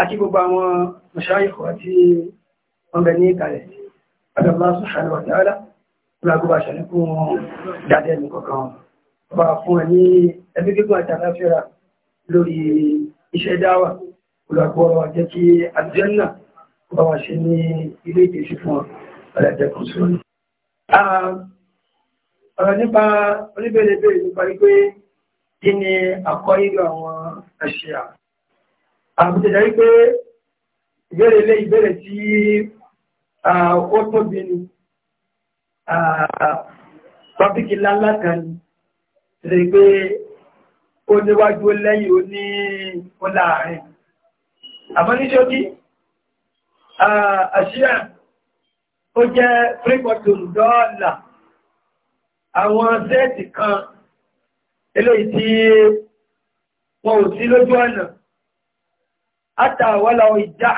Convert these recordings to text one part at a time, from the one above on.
àti gbogbo àwọn mọ̀ṣáyìkọ̀ àti ọmọ ní ìkàlẹ̀ adọ́lá subhanahu wa ta'ala lágbàbà ṣàlékún dáadẹ́ ní kọ̀kan bá fún ẹ ní ẹbí gígùn àtàláfẹ́ra lórí iṣẹ́ dáwà olùgbọ́ jẹ́ kí àjẹ́nà bá wà ṣe ní ilé ọ̀rọ̀ nípa oníbẹ̀rẹ̀ nípa wípé kí ni àkọ́yìnlọ àwọn ẹ̀ṣẹ́ àwọn àbújẹ̀dẹ̀ wípé ìbéèrè ilé ìbéèrè tí ó tóbi ni tọ́píkì lálá kan ni ṣe pé ó níwájú lẹ́yìn ó ní ó láàrin àmọ́ ní ṣókí àṣíyà ó jẹ́ fríkọtùn dọ́ọ̀là àwọn sẹ́ẹ̀tì kan eléyìí tí wọ́n ò sí lójú ọ̀nà àtàwọ́lá ìjà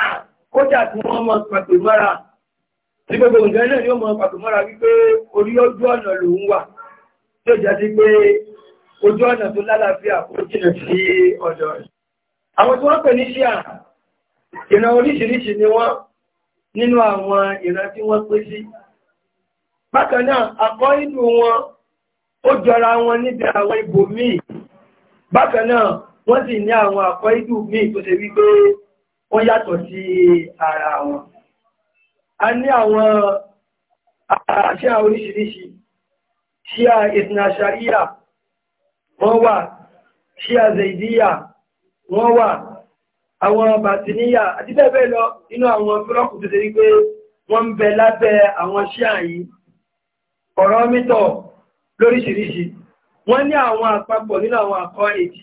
kódà tí wọ́n mọ pàtó mọ́ra tí gbogbo nǹkan náà ni ó mọ pàtó mọ́ra wípé orí ojú ọ̀nà lòun wà tí ó jẹ́ sí pé ojú ọ̀nà tó lálàáfíà ó jìnà sí ọ̀dọ̀ rẹ̀. àwọn tí wọ́n pè ní ṣíà ìran oríṣiríṣi ni wọ́n nínú àwọn ìran tí wọ́n pé sí. bákan náà akọ́ inú wọn ó jọra wọn níbi àwọn ibòmíì bákan náà wọ́n sì ní àwọn àkọ́ ìdù míì tó ṣe wípé wọ́n yàtọ̀ sí ara wọn a ní àwọn àṣà oríṣiríṣi ṣíà ìsìnàṣàríyà wọ́n wà ṣíà zaidiyya wọ́n wà àwọn bàtíníyà àti bẹ́ẹ̀ bẹ́ẹ̀ lọ inú àwọn fúrọ́kù tó wípé wọ́n ń bẹ lábẹ́ àwọn ṣíà yìí ọ̀rọ̀ mítọ̀ lóríṣiríṣi wọ́n ní àwọn àpapọ̀ nínú àwọn àkọ́ èjì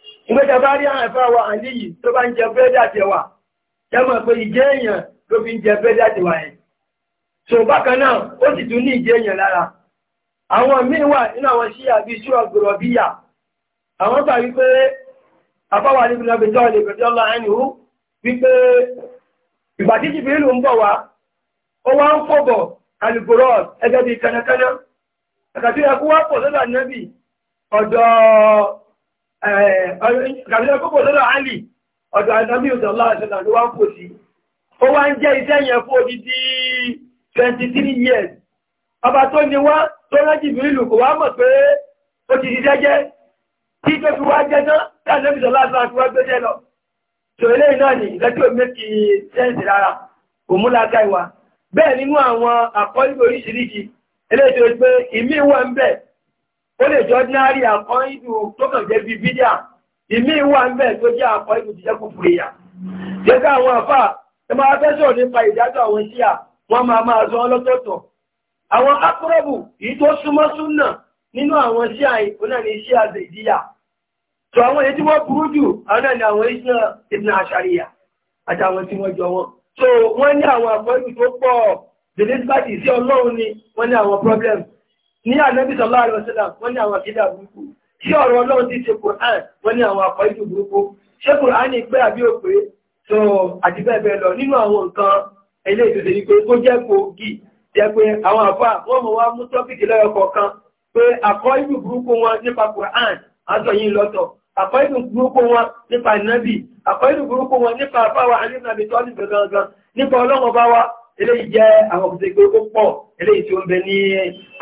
ìgbẹ́ta bá rí àwọn ẹ̀fà wa àní yìí tó bá ń jẹ bẹ́ẹ̀dì ya jẹ́mọ̀ pé ìjẹ́ èèyàn tó fi ń jẹ bẹ́ẹ̀dì so bákan náà ó sì tún ní ìjẹ́ èèyàn lára àwọn míì wà nínú àwọn sí àbí sí ọgbọ̀rọ̀ bí yà àwọn bá afáwà lè ẹni ìgbà tí ń bọ̀ wá ó wá ń fọ̀bọ̀ ẹgẹ́ kàbílẹ̀ kókò lọ́lọ́ àlì ọ̀dọ̀ àdámí òdọ̀lá àṣẹ́lá ló wá kò sí ó wá ń jẹ́ iṣẹ́ yẹn fún odidi 23 years ọba tó ní wá tó rájì mílù kò wá mọ̀ pé ó ti ṣiṣẹ́ jẹ́ tí tó fi wá jẹ́ tán láàrín òdọ̀lá àṣẹ́lá fi wá gbé jẹ́ lọ tò ilé náà ní ìgbẹ́ tí ó mẹ́kì sẹ́ǹsì rárá kò mú láká ìwà bẹ́ẹ̀ nínú àwọn àkọ́lù oríṣiríṣi eléyìí tó pé ìmí wà ń bẹ̀ ó lè jọ ordinary àkọ́lù tó kàn jẹ́ bíi bídíà ìmí wà ń bẹ̀ tó jẹ́ àpọ̀ ìlú ti jẹ́ kó fúre yà jẹ́kọ́ àwọn àfà ẹ máa fẹ́ sọ̀rọ̀ nípa ìdájọ́ àwọn iṣẹ́ à wọ́n máa máa sọ ọlọ́tọ̀ọ̀tọ̀ àwọn akọ́rọ̀bù yìí tó súnmọ́ súnà nínú àwọn iṣẹ́ àyè ní iṣẹ́ àzẹ ìdíyà tó àwọn èyí tí wọ́n burú jù àwọn náà ni àwọn iṣẹ́ ìdìnà àṣàríyà àtàwọn tí wọ́n jọ so wọ́n ní àwọn àpọ̀ ìlú tó pọ̀ delivery sí ọlọ́run ni wọ́n problem ní ànábì sallallahu alaihi wasallam wọ́n ní àwọn ṣé ọ̀rọ̀ ọlọ́run ti ṣe Qur'an wọ́n ní àwọn àpá ìdù burúkú ṣé Qur'an pé àbí òpè tó àti lọ nínú àwọn nǹkan ilé ìtòsí ni pé ó jẹ́ kòógì jẹ́ pé àwọn àfà wọ́n mọ̀ wá mú tọ́pìkì lọ́yọ̀ kọ̀ọ̀kan pé àkọ́ ìdù burúkú wọn nípa Qur'an aṣọ yìí lọ́tọ̀ àkọ́ ìdù burúkú wọn nípa ìnábì àkọ́ ìdù burúkú wọn nípa àfáwà alínàbì tó ní gbẹ̀gbẹ̀gbẹ̀ nípa ọlọ́run bá wá eléyìí jẹ́ àwọn òkúta ìgbé ó pọ̀ eléyìí tí ó ń bẹ ní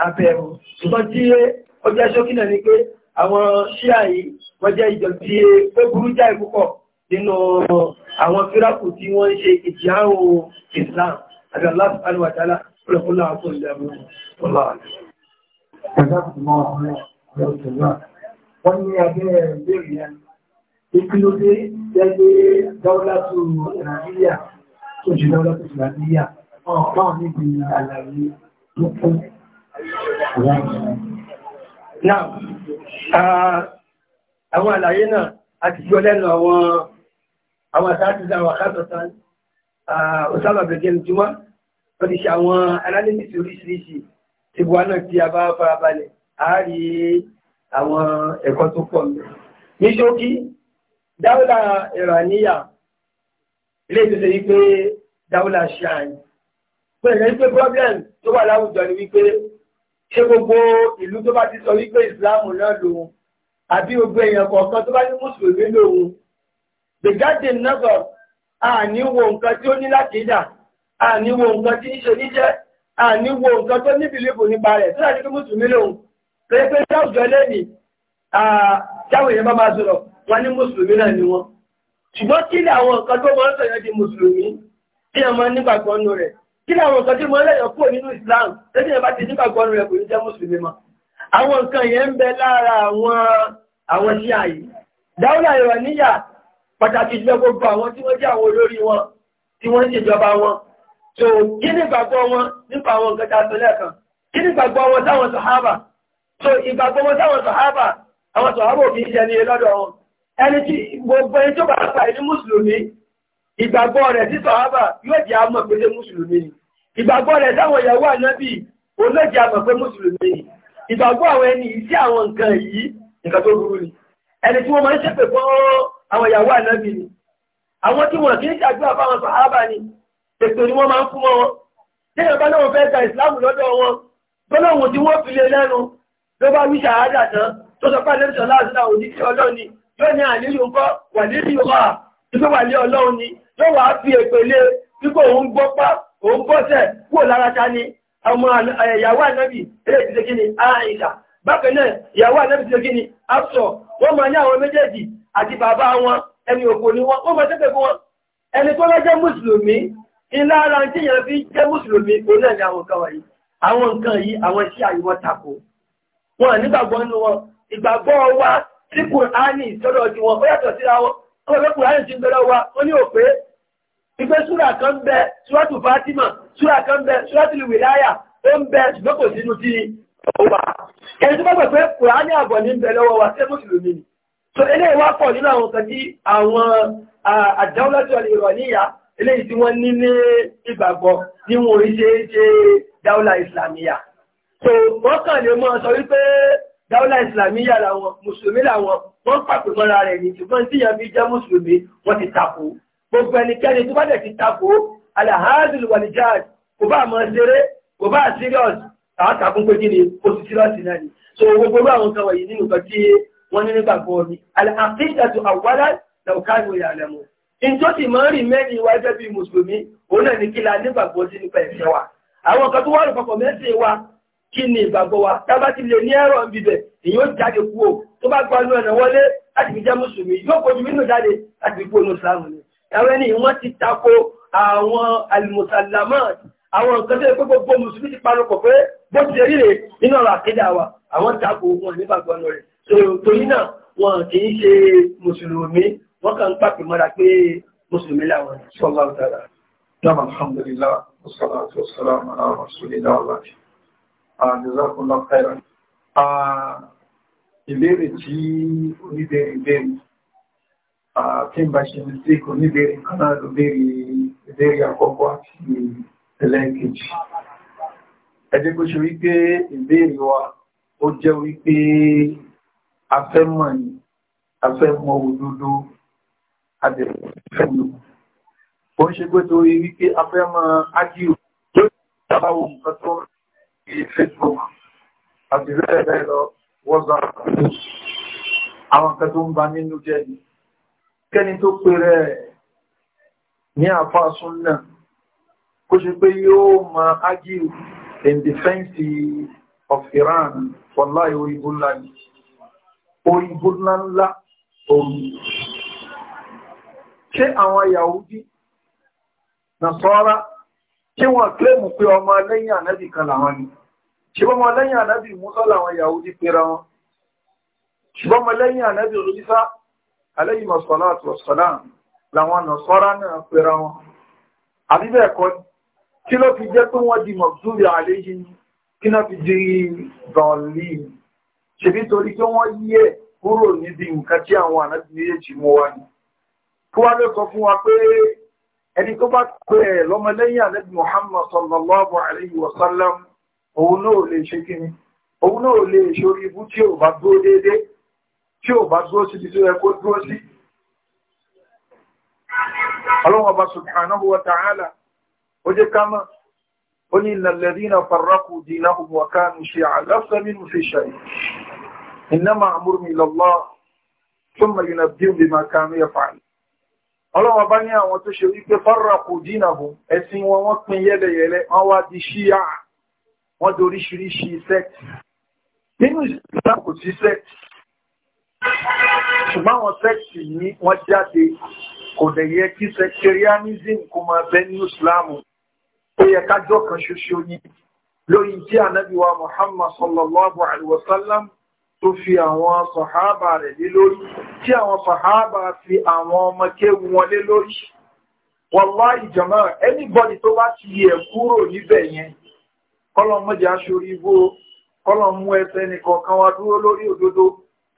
abẹ́rù ṣùgbọ́n tí ó jẹ́ ṣókí ni pé àwọn ṣíà yìí wọ́n jẹ́ ìjọ tí ó burú jáì púpọ̀ nínú àwọn fíráàkù tí wọ́n ń ṣe ìjìyàwó Islam àti Allah subhanahu wa ta'ala pẹ̀lúpọ̀lá àtọ́ ìlẹ̀mú ọlá Wọ́n ní abẹ́ ìbéèrè yẹn, ìpínlódé jẹ́ pé dáúlátù Nàìjíríà tó jù dáúlátù Nàìjíríà, ọ̀pá ní ìpínlẹ̀ àlàyé tó kún. Now, uh, àwọn àlàyé náà a ti jọ lẹ́nu àwọn àwọn àtàtìsà àwọn àkàtọ̀tàn òsàlọ̀ bẹ̀gẹ̀ ìjúmọ́ tó ti ṣe àwọn analysis oríṣiríṣi ti buwa náà tí a bá farabalẹ̀ àárí àwọn ẹ̀kọ́ tó pọ̀ mẹ́. ní ṣókí dáúlà ìràníyà ilé ìtòsẹ̀ wípé dáúlà ṣáàyìn pẹ̀lú pé problem tó wà láwùjọ ni ṣe gbogbo ìlú tó bá ti sọ wípé ìsìláàmù náà lòun àbí gbogbo èèyàn kọ̀ọ̀kan tó bá ní mùsùlùmí lòun gbèjáde nọ́gọ̀ àníwò nǹkan tí ó ní lákìídà àníwò nǹkan tí ń ṣe níṣẹ́ àníwò nǹkan tó ní bìlífù nípa rẹ̀ tó láti pé mùsùlùmí lòun pé pé láwùjọ lẹ́yìn táwọn èèyàn bá máa sọ̀rọ̀ wọn ní mùsùlùmí náà ni wọn ṣùgbọ́n kí ni àwọn nǹkan tó máa ń sọ̀yọ́ di mùsùlùmí tí ẹ máa nígbàgbọ́ rẹ̀ kí ni àwọn nǹkan tí mo kúrò nínú Islam tẹ́sí rẹ̀ àwọn nǹkan yẹn ń bẹ lára àwọn àwọn ní àyè dáúlà ìrọ̀ níyà pàtàkì jùlọ gbogbo àwọn tí wọ́n jẹ́ wọn tí wọ́n wọn so kí wọn nípa àwọn nǹkan a lẹ́ẹ̀kan kí wọn táwọn sọ̀hábà so ìgbàgbọ́ wọn táwọn sọ̀hábà àwọn sọ̀hábà ìgbàgbọ́ rẹ̀ sí sàhábà yóò jẹ́ àmọ̀ pé mùsùlùmí ni ìgbàgbọ́ rẹ̀ sáwọn ìyàwó ànábì olóòjì àmọ̀ pé mùsùlùmí ni ìgbàgbọ́ àwọn ẹni sí àwọn nǹkan yìí nǹkan tó burú ni ẹni tí wọ́n máa ń ṣépè fún àwọn ìyàwó ànábì ni àwọn tí wọ́n kì í ṣàdúrà fáwọn sàhábà ni ètò ni wọ́n máa ń fún wọn tí ìyàbá náà fẹ́ gba ìsìláàmù lọ́dọ̀ wọn gbọ́lọ́hùn tí wọ́n fi lé lẹ́nu ló bá wí ṣàhádà tán tó sọ pé àlejò láàrín àwọn òjíṣẹ́ ọlọ́run ni yóò ní àlejò ńkọ́ wà lérí ọlọ́run ni yóò wá fi èpèlé pípò òun gbọ́pá òun gbọ́sẹ̀ kúrò lára ta ni ọmọ eh, ìyàwó ànábì eré ti ni àìsà bákan náà ìyàwó ànábì ti kí ni afsọ wọ́n máa ní àwọn méjèèjì àti bàbá wọn ẹni òkò ni wọ́n wọ́n máa tẹ́pẹ̀ fún wọn ẹni tó lọ́jẹ́ mùsùlùmí ilá ara tí yẹn fi jẹ́ mùsùlùmí òun náà ni àwọn nǹkan wọ̀nyí àwọn nǹkan yìí àwọn iṣẹ́ àyíwọ́ tako wọn nígbàgbọ́ nínú wọn ìgbàgbọ́ wa tí kùránì sọ́dọ̀ ti wọn ó yàtọ̀ síra wọn ọmọ pé kùránì ti ń ó ní òpé ìgbé súrà kan bẹ súrátù Fátímà súrà kan bẹ súrátù Wìláyà ó ń bẹ ṣùgbọ́n kò sínú tí ó wà ẹni tó bá gbà pé Kùránì àbọ̀ ní bẹ lọ́wọ́ wa ṣé mùsùlùmí ni so eléyìí wá pọ̀ nínú àwọn kan àwọn àdáwọ́lájú ìrọ̀níyà eléyìí tí so wọ́n kàn lè mọ́ sọ wípé dáwọ́lá ìsìlàmíyà làwọn mùsùlùmí làwọn wọ́n pàpè mọ́ra rẹ̀ gbogbo ẹnikẹ́ni tó bá dẹ̀ ti takò alahazul walijad kò bá mọ̀ ṣeré kò bá serious àákàkún pé kí ni ó ti serious náà ni so gbogbo àwọn kan wọ̀nyí nínú kan tí wọ́n ní nígbàgbọ́ ni al-aqidatu awwalan law kanu ya'lamun ìjọ sì máa ń rìn mẹ́rin wá jẹ́ bí mùsùlùmí òun ni ìgbàgbọ́ wa tábà ti lè ní ẹ̀rọ ìbíbẹ̀ èyí ó jáde kú o tó bá gbanú ẹ̀nà wọlé láti fi jẹ́ mùsùlùmí yóò kojú nínú jáde láti fi kú ònú ẹ̀rọ ni wọ́n ti tako àwọn alìmùsàlámọ́t àwọn nǹkan tó yẹ pé gbogbo mùsùlùmí ti parọ́pọ̀ pé bó ti rí rè nínú ọ̀rọ̀ àkéde àwa àwọn tako wọn nígbà gbọ́nà rẹ̀ torí náà wọn kì í ṣe mùsùlùmí wọ́n kàn ń pàpè mọ́ra pé mùsùlùmí làwọn sọ́lá ọ̀tàrà. Dáàmà alhamdulillah, wassalatu wassalamu ala rasulillah wa ba'd. Ah, jazakumullahu khairan. Ah, ìbéèrè tí oníbẹ̀rẹ̀ bẹ̀rẹ̀ tí ń bá ṣe ní sí kò níbèrè kan náà ló béèrè ìbéèrè àkọ́kọ́ àti ẹlẹ́ẹ̀kejì ẹ jẹ́ ṣe wípé ìbéèrè wa ó jẹ́ wípé afẹ́mọ̀ ni afẹ́mọ̀ òdodo adẹ̀fẹ́lò ó ń ṣe pé torí wípé afẹ́mọ̀ ágíò tó dábáwò nǹkan tó rí Facebook àti bẹ́ẹ̀ bẹ́ẹ̀ lọ WhatsApp àwọn kan tó ń ba nínú jẹ́ ni kẹ́ni tó pè rẹ̀ ní àfáàsún náà kó ṣe pé yóò ma argue in defense of Iran fọ́nlá orígbó ńlá ní orígbó ńlá ńlá orí ṣé àwọn Yahudi Nasara ṣé wọ́n kílèmù pé ọmọ lẹ́yìn ànábì kan làwọn ni ṣùgbọ́n ọmọ lẹ́yìn ànábì Musa làwọn Yahudi pera wọn ṣùgbọ́n ọmọ lẹ́yìn ànábì Isa alayhim as-salatu was-salam làwọn nọ̀sọ́rá náà pera wọn àbí bẹ́ẹ̀ kọ́ kí ló fi jẹ́ pé wọ́n di mọ̀túrì alayhim kí náà fi di dọ̀ọ̀lì ṣèbí torí pé wọ́n yí ẹ̀ kúrò níbi nǹkan tí àwọn ànábì méjèèjì mú wa ni kó wá ló sọ fún wa pé ẹni tó bá pè lọ́mọlẹ́yìn ànábì Muhammad sallallahu alayhi wa sallam òun náà lè ṣe kíni òun náà lè ṣorí ibú tí ò bá dúró déédéé tí ò bá dúró sí ti tó yẹ kó dúró sí ọlọ́wọ́ bá subhanahu wa ta'ala ó jẹ́ ká mọ́ ó ní ìlàlẹ́dínà farrakù dínà òmùwàká ní ṣe àlọ́fẹ́ nínú fi ṣàyí innama amúrùmí illallah thumma yunabbi'uhum bima kanu yaf'alun ọlọ́wọ́ bá ní àwọn tó ṣe wípé farrakù dínà hùn ẹ̀sìn wọn wọ́n pín yẹ́lẹ̀yẹ́lẹ́ wọ́n wá di ṣíyà wọ́n doríṣiríṣi sẹ́ẹ̀tì nínú ìsìnkú sí sẹ́ẹ̀tì ṣùgbọ́n àwọn sẹ́ẹ̀sì yìí wọ́n jáde kò dẹ̀ yẹ kí sectarianism kò máa bẹ ní ìsìláàmù ó yẹ kájọ́ kan ṣoṣo ní lórí tí ànábìwá Muhammad sallallahu alaihi wasallam tó fi àwọn sọ̀hábà rẹ̀ lé lórí tí àwọn sọ̀hábà fi àwọn ọmọ kéwu wọn lé lórí wallahi jama'a anybody tó bá ti yẹ kúrò níbẹ̀ yẹn kọ́lọ̀ mọ́jà aṣorí ibó kọ́lọ̀ ẹsẹ̀ nìkan kan wá dúró lórí òdodo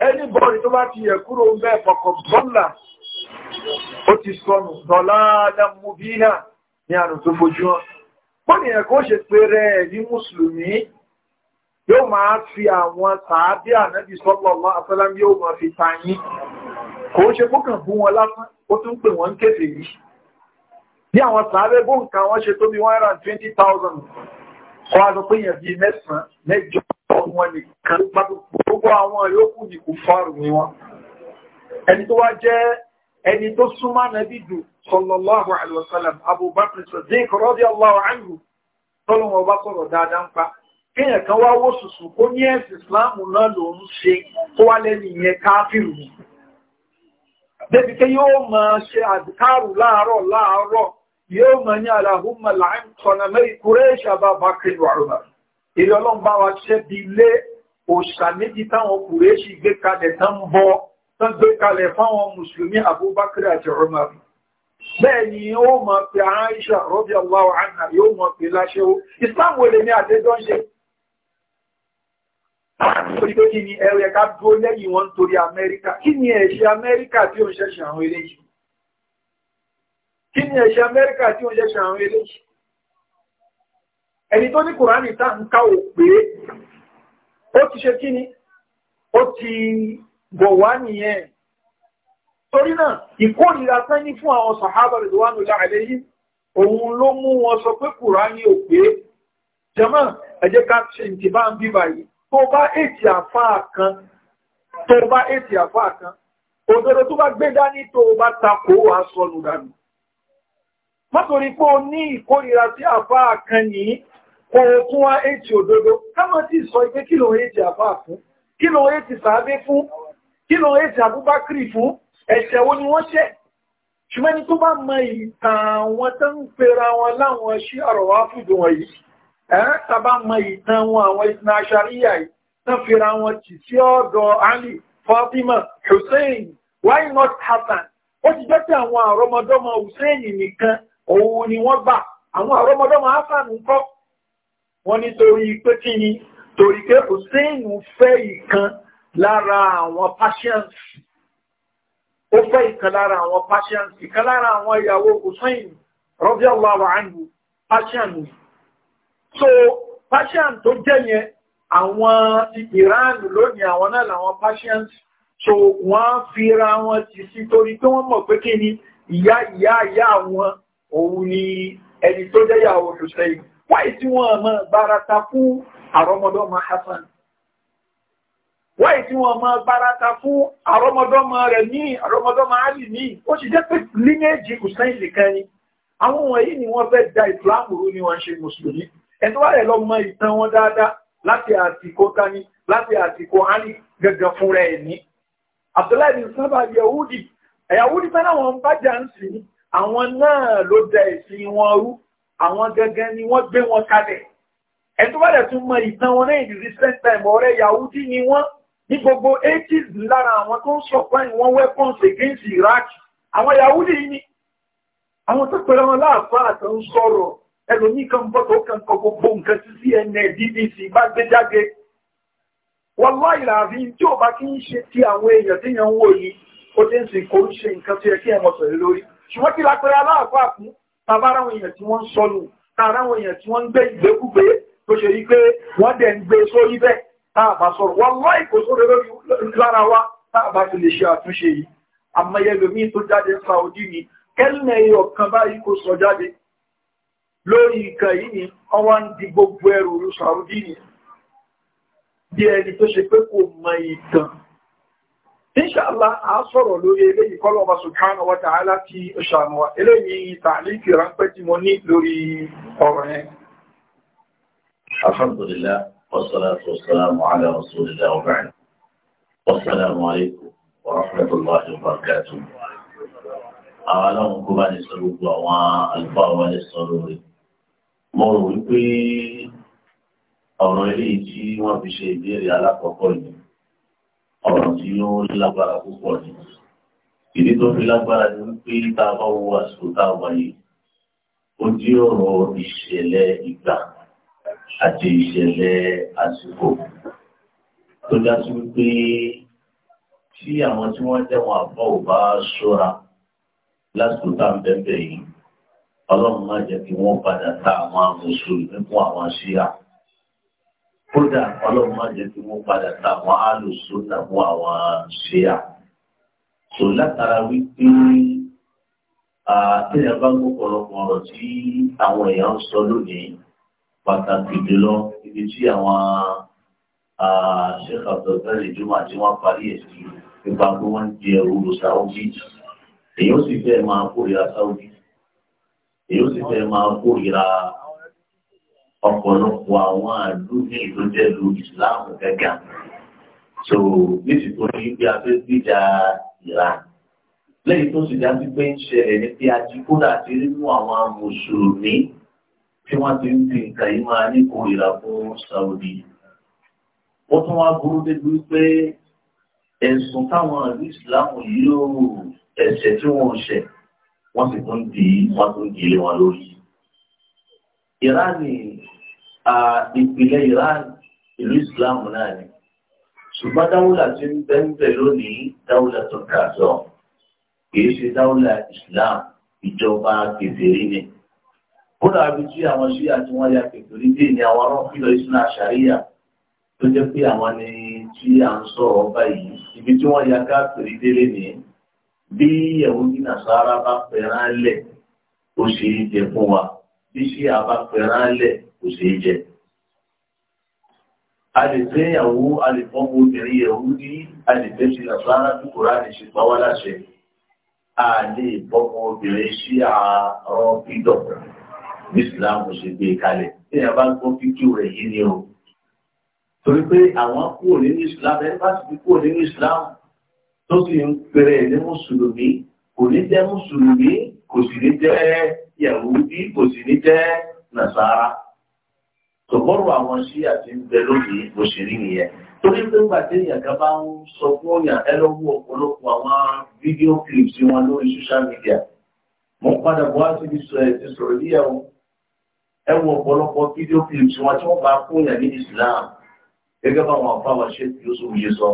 anybody tó bá ti yẹ kúrò mẹ́ fọkàn bọ́là ó ti sọnù dọ̀láàdá mubina ní àrùn tó fojú wọn pọ́nì ẹ̀kọ́ ṣe pé rẹ̀ ní mùsùlùmí yóò máa fi àwọn sàábí ànábì sallallahu alaihi wasallam yóò máa fi ta yín kò ṣe kókàn fún wọn lásán ó tún pè wọ́n kéfè yìí bí àwọn sàábé bó nǹkan ṣe tó bí one hundred and twenty thousand kọ́ àdọ́pẹ́yìn bíi mẹ́sàn-án mẹ́jọ wọn nìkan gbogbo àwọn yòókù ní kò fárù ní wọn ẹni tó wá jẹ́ ẹni tó súnmọ́ nàbí dù sallallahu alaihi wasallam abubakar sadiq radiyallahu anhu tọ́lọ́wọ́ bá sọ̀rọ̀ dáadáa ń pa kéèyàn kan wá wó sùsù kó yóò máa ní aláhùnmọ̀ láàrín sọ̀nà mẹ́rin kúrẹ́ ìṣàbá bá kéwàá rẹ̀ ilé ọlọ́run bá wa ṣiṣẹ́ bí ilé òṣà méjì táwọn kùrẹ́ṣì gbé kalẹ̀ tán ń bọ tán gbé kalẹ̀ fáwọn mùsùlùmí abubakar àti umar bẹ́ẹ̀ ni ó mọ̀ pé aisha radiyallahu anha yóò mọ̀ pé láṣẹ́wó islam wọlé ní àdéjọ́ ṣe torí pé kí ni ẹ̀rẹ̀ ká dúró lẹ́yìn wọn torí amẹ́ríkà kí ni ẹ̀ṣẹ̀ amẹ́ríkà tí ó ń ṣẹ̀ṣẹ̀ àwọn eléyìí kí ni ẹ̀ṣẹ̀ amẹ́ríkà tí ó ń ṣẹ̀ṣẹ̀ àwọn eléyìí ẹni tó ní kùránì tá ń ká ò pé ó ti ṣe kíni ó ti bọ̀ wá nìyẹn torí náà ìkórìíra tán ní fún àwọn sàhábà rẹ̀ wà nílá àlẹ́yìn òun ló mú wọn sọ pé kùránì ò pé jẹ́mọ́ ẹ jẹ́ ká ṣe ìtì bá ń bíbà yìí tó bá ètì àfáà kan tó bá ètì àfáà kan òdodo tó bá gbé dání tó bá takò wà sọnù dànù mọ́tòrí pé o ní ìkórìíra sí àfáà kan yìí kò tún wá èjì òdodo kámọ́ tí sọ ipé kí lòun èjì àbá fún kí lòun èjì sàábé fún kí lòun èjì àbúbákìrì fún ẹ̀ṣẹ̀ wo ni wọ́n ṣẹ̀ ṣùgbọ́n tó bá mọ ìtàn àwọn tó ń pera wọn láwọn ṣí àrọ̀wá fùdù wọn yìí ẹ̀rẹ́ tàbá mọ ìtàn wọn àwọn ìtàn àṣàríyà yìí tán fira wọn tì sí ọ̀dọ̀ Ali Fatima Hussein why not Hassan ó ti jẹ́ pé àwọn àrọ́mọdọ́mọ Hussein nìkan òun ni wọ́n gbà àwọn àrọ́mọdọ́mọ Hassan ń kọ́ wọ́n ní torí pé kí ni torí pé hussein fẹ́ ìkan lára àwọn patients ó fẹ́ ìkan lára àwọn patients ìkan lára àwọn ìyàwó hussein radiyallahu anhu patients so patients tó jẹ́ yẹn àwọn ti iran lónìí àwọn náà làwọn patients so wọ́n fira wọn ti sí torí pé wọ́n mọ̀ pé kí ni ìyá ìyá ìyá àwọn òun ni ẹni tó jẹ́ ìyàwó hussein wáyé tí wọ́n máa gbárata fún àrọmọdọ́mọ Hasan wáyé tí wọ́n máa gbárata fún àrọmọdọ́mọ rẹ̀ ní àrọmọdọ́mọ Ali ní ó sì jẹ́ pé lineage Hussein nìkan ni àwọn wọ̀nyí ni wọ́n fẹ́ da ìsìláàmù rú ni wọ́n ṣe mùsùlùmí ẹ̀tọ́ wà rẹ̀ lọ mọ ìtàn wọn dáadáa láti àsìkò kání láti àsìkò Ali gẹ́gẹ́ fún rẹ̀ ní Abdullahi bin Saba Yahudi Yahudi fẹ́ náà wọn bá jà ń sìn àwọn náà ló da ìsìn wọn rú àwọn gẹ́gẹ́ ni wọ́n gbé wọn kalẹ̀ ẹ̀tọ́wọ́dẹ̀ tún mọ ìtàn wọn lẹ́yìn recent time ọ̀rẹ́ Yahudi ni wọ́n ní gbogbo 80s lára àwọn tó ń supply wọn weapons against Iraq àwọn Yahudi ni àwọn tó pẹ̀lú wọn láàfáà tó ń sọ̀rọ̀ ẹlòmí kan bọ́ tó kàn kọ gbogbo nǹkan sí CNN BBC bá gbé jáde wàláì làbí tí ò bá kí ń ṣe ti àwọn èèyàn tí yẹn ń wò yìí ó ti ń sìn kó ń ṣe nǹkan tí ẹ kí ẹ mọ̀ sọ̀rọ̀ lórí ṣùgbọ́n kí lápẹ̀rẹ̀ aláàfáà fún tàbáráwọn èèyàn tí wọ́n ń sọnù tàbáráwọn èèyàn tí wọ́n ń gbé ìgbékúgbé tó ṣe yí pé wọ́n dẹ̀ ń gbé sórí bẹ́ẹ̀ tàbá sọ̀rọ̀ wọ́n lọ́ ìkòsóre lára wa tàbá ti lè ṣe àtúnṣe yìí àmọ́yẹlòmí tó jáde Saudi ni kẹ́lẹ̀ ọ̀kan báyìí kò sọ jáde lórí ìkan yìí ni ọwá ń di gbogbo ẹrù Saudi ni bí ẹni tó ṣe pé kò mọ ìtàn inṣàlá a sọ̀rọ̀ lórí eléyìí kọ́lọ̀ ọba subhanahu wa ta'ala ti ṣàmùwà eléyìí tààlìkì ránpẹ́ tí mo ní lórí ọ̀rọ̀ yẹn. alhamdulillah wassalatu wassalamu ala rasulillah wa ba'd wassalamu alaykum wa rahmatullahi wa barakatuh. àwọn aláwọn kó bá ní sọ̀rọ̀ gbogbo àwọn àlùfáà wọ́n ọ̀rọ̀ tí ó lágbára púpọ̀ ni ìdí tó fi lágbára ni wípé tá a bá wo àsìkò tá a wáyé ó jẹ́ ọ̀rọ̀ ìṣẹ̀lẹ̀ ìgbà àti ìṣẹ̀lẹ̀ àsìkò tó já sí wípé tí àwọn tí wọ́n jẹ́wọ́n àbọ̀ ò bá ṣọ́ra lásìkò tá a ń bẹ́ẹ̀ bẹ́ẹ̀ yìí ọlọ́run má jẹ́ kí wọ́n padà ta àwọn mùsùlùmí fún àwọn ṣíà kódà ọlọ́run má jẹ́ kí wọ́n padà ta àwọn alùsù tàbí àwọn ṣíà. sò látara wípé àtẹ̀yà bá gbọ́pọ̀lọpọ̀ ọ̀rọ̀ tí àwọn èèyàn ń sọ lónìí pàtàkì jùlọ ibi tí àwọn Sheikh Abdulbari Juma tí wọ́n parí ẹ̀ sí nípa pé wọ́n ń jẹ orú Saudi èyí ó sì fẹ́ máa kórìíra Saudi èyí ó sì fẹ́ máa kórìíra ọ̀pọ̀lọpọ̀ àwọn àdúgbò tó jẹ́ lu ìsìláàmù gẹ́gẹ́ so nísìkò ní bí a fẹ́ gbìjà ìran lẹ́yìn tó sì dájú pé ń ṣẹlẹ̀ ní pé ajíkúdà ti rí mú àwọn mùsùlùmí tí wọ́n ti ń fi nǹkan yìí máa ní kórìíra fún Saudi ó tún wá burú débi pé ẹ̀sùn táwọn ìlú ìsìláàmù yìí ó ẹ̀ṣẹ̀ tí wọ́n ń ṣẹ̀ wọ́n sì tún dì wọ́n tún dì í wọn lórí ìran ìpìlẹ̀ Iran ìlú Islam náà ni ṣùgbọ́n dáwùlà tí ń bẹ́ ń bẹ̀ lónìí dáwùlà tó kà sọ kìí ṣe dáwùlà Islam ìjọba kèfèrí ni kódà àbí tí àwọn ṣíyà tí wọ́n ya kèfèrí dé ni àwọn ọlọ́fíìlọ Islam àṣàríyà tó jẹ́ pé àwọn ni tí à ń sọ̀rọ̀ báyìí ibi tí wọ́n ya káàkiri délé ni bí ẹ̀wọ̀n ní nàṣàrà bá fẹ́ràn lẹ̀ ó ṣe é jẹ fún wa bí ṣíyà bá fẹ́ràn lẹ̀ kò sí jẹ. A lè fẹ́ ìyàwó, a lè fọ́mọ obìnrin ìyàwó ní, a lè fẹ́ ṣe àsára tó kòrá lè ṣe pa wá láṣẹ. A lè fọ́mọ obìnrin sí àwọn fídọ̀ ní ìsìláàmù ṣe gbé e kalẹ̀. Bí a bá gbọ́ fídíò rẹ̀ yìí ni o. Torí pé àwọn kúrò nínú ìsìláàmù, ẹni bá sì fi kúrò nínú ìsìláàmù tó sì ń pèrè ní mùsùlùmí, kò ní jẹ́ mùsùlùmí, kò sì ní jẹ́ Yahudi, kò sì ní jẹ́ Nàṣàrà tòbọ́rọ̀ àwọn sí àti ń bẹ lóde bó ṣe rí nìyẹn torí pé nígbà tí èèyàn kan bá ń sọ fún òyìn ẹlọ́wọ́ ọ̀pọ̀lọpọ̀ àwọn fídíò clips wọn lórí social media mo padà bọ́ láti fi sọ ẹ̀ ti sọ̀rọ̀ ní ẹ̀wọ̀n ẹ̀wọ̀n ọ̀pọ̀lọpọ̀ fídíò clips wọn tí wọ́n bá fún òyìn ní Islam gẹ́gẹ́ bá wọn fáwọn ṣe tí ó sòwòye sọ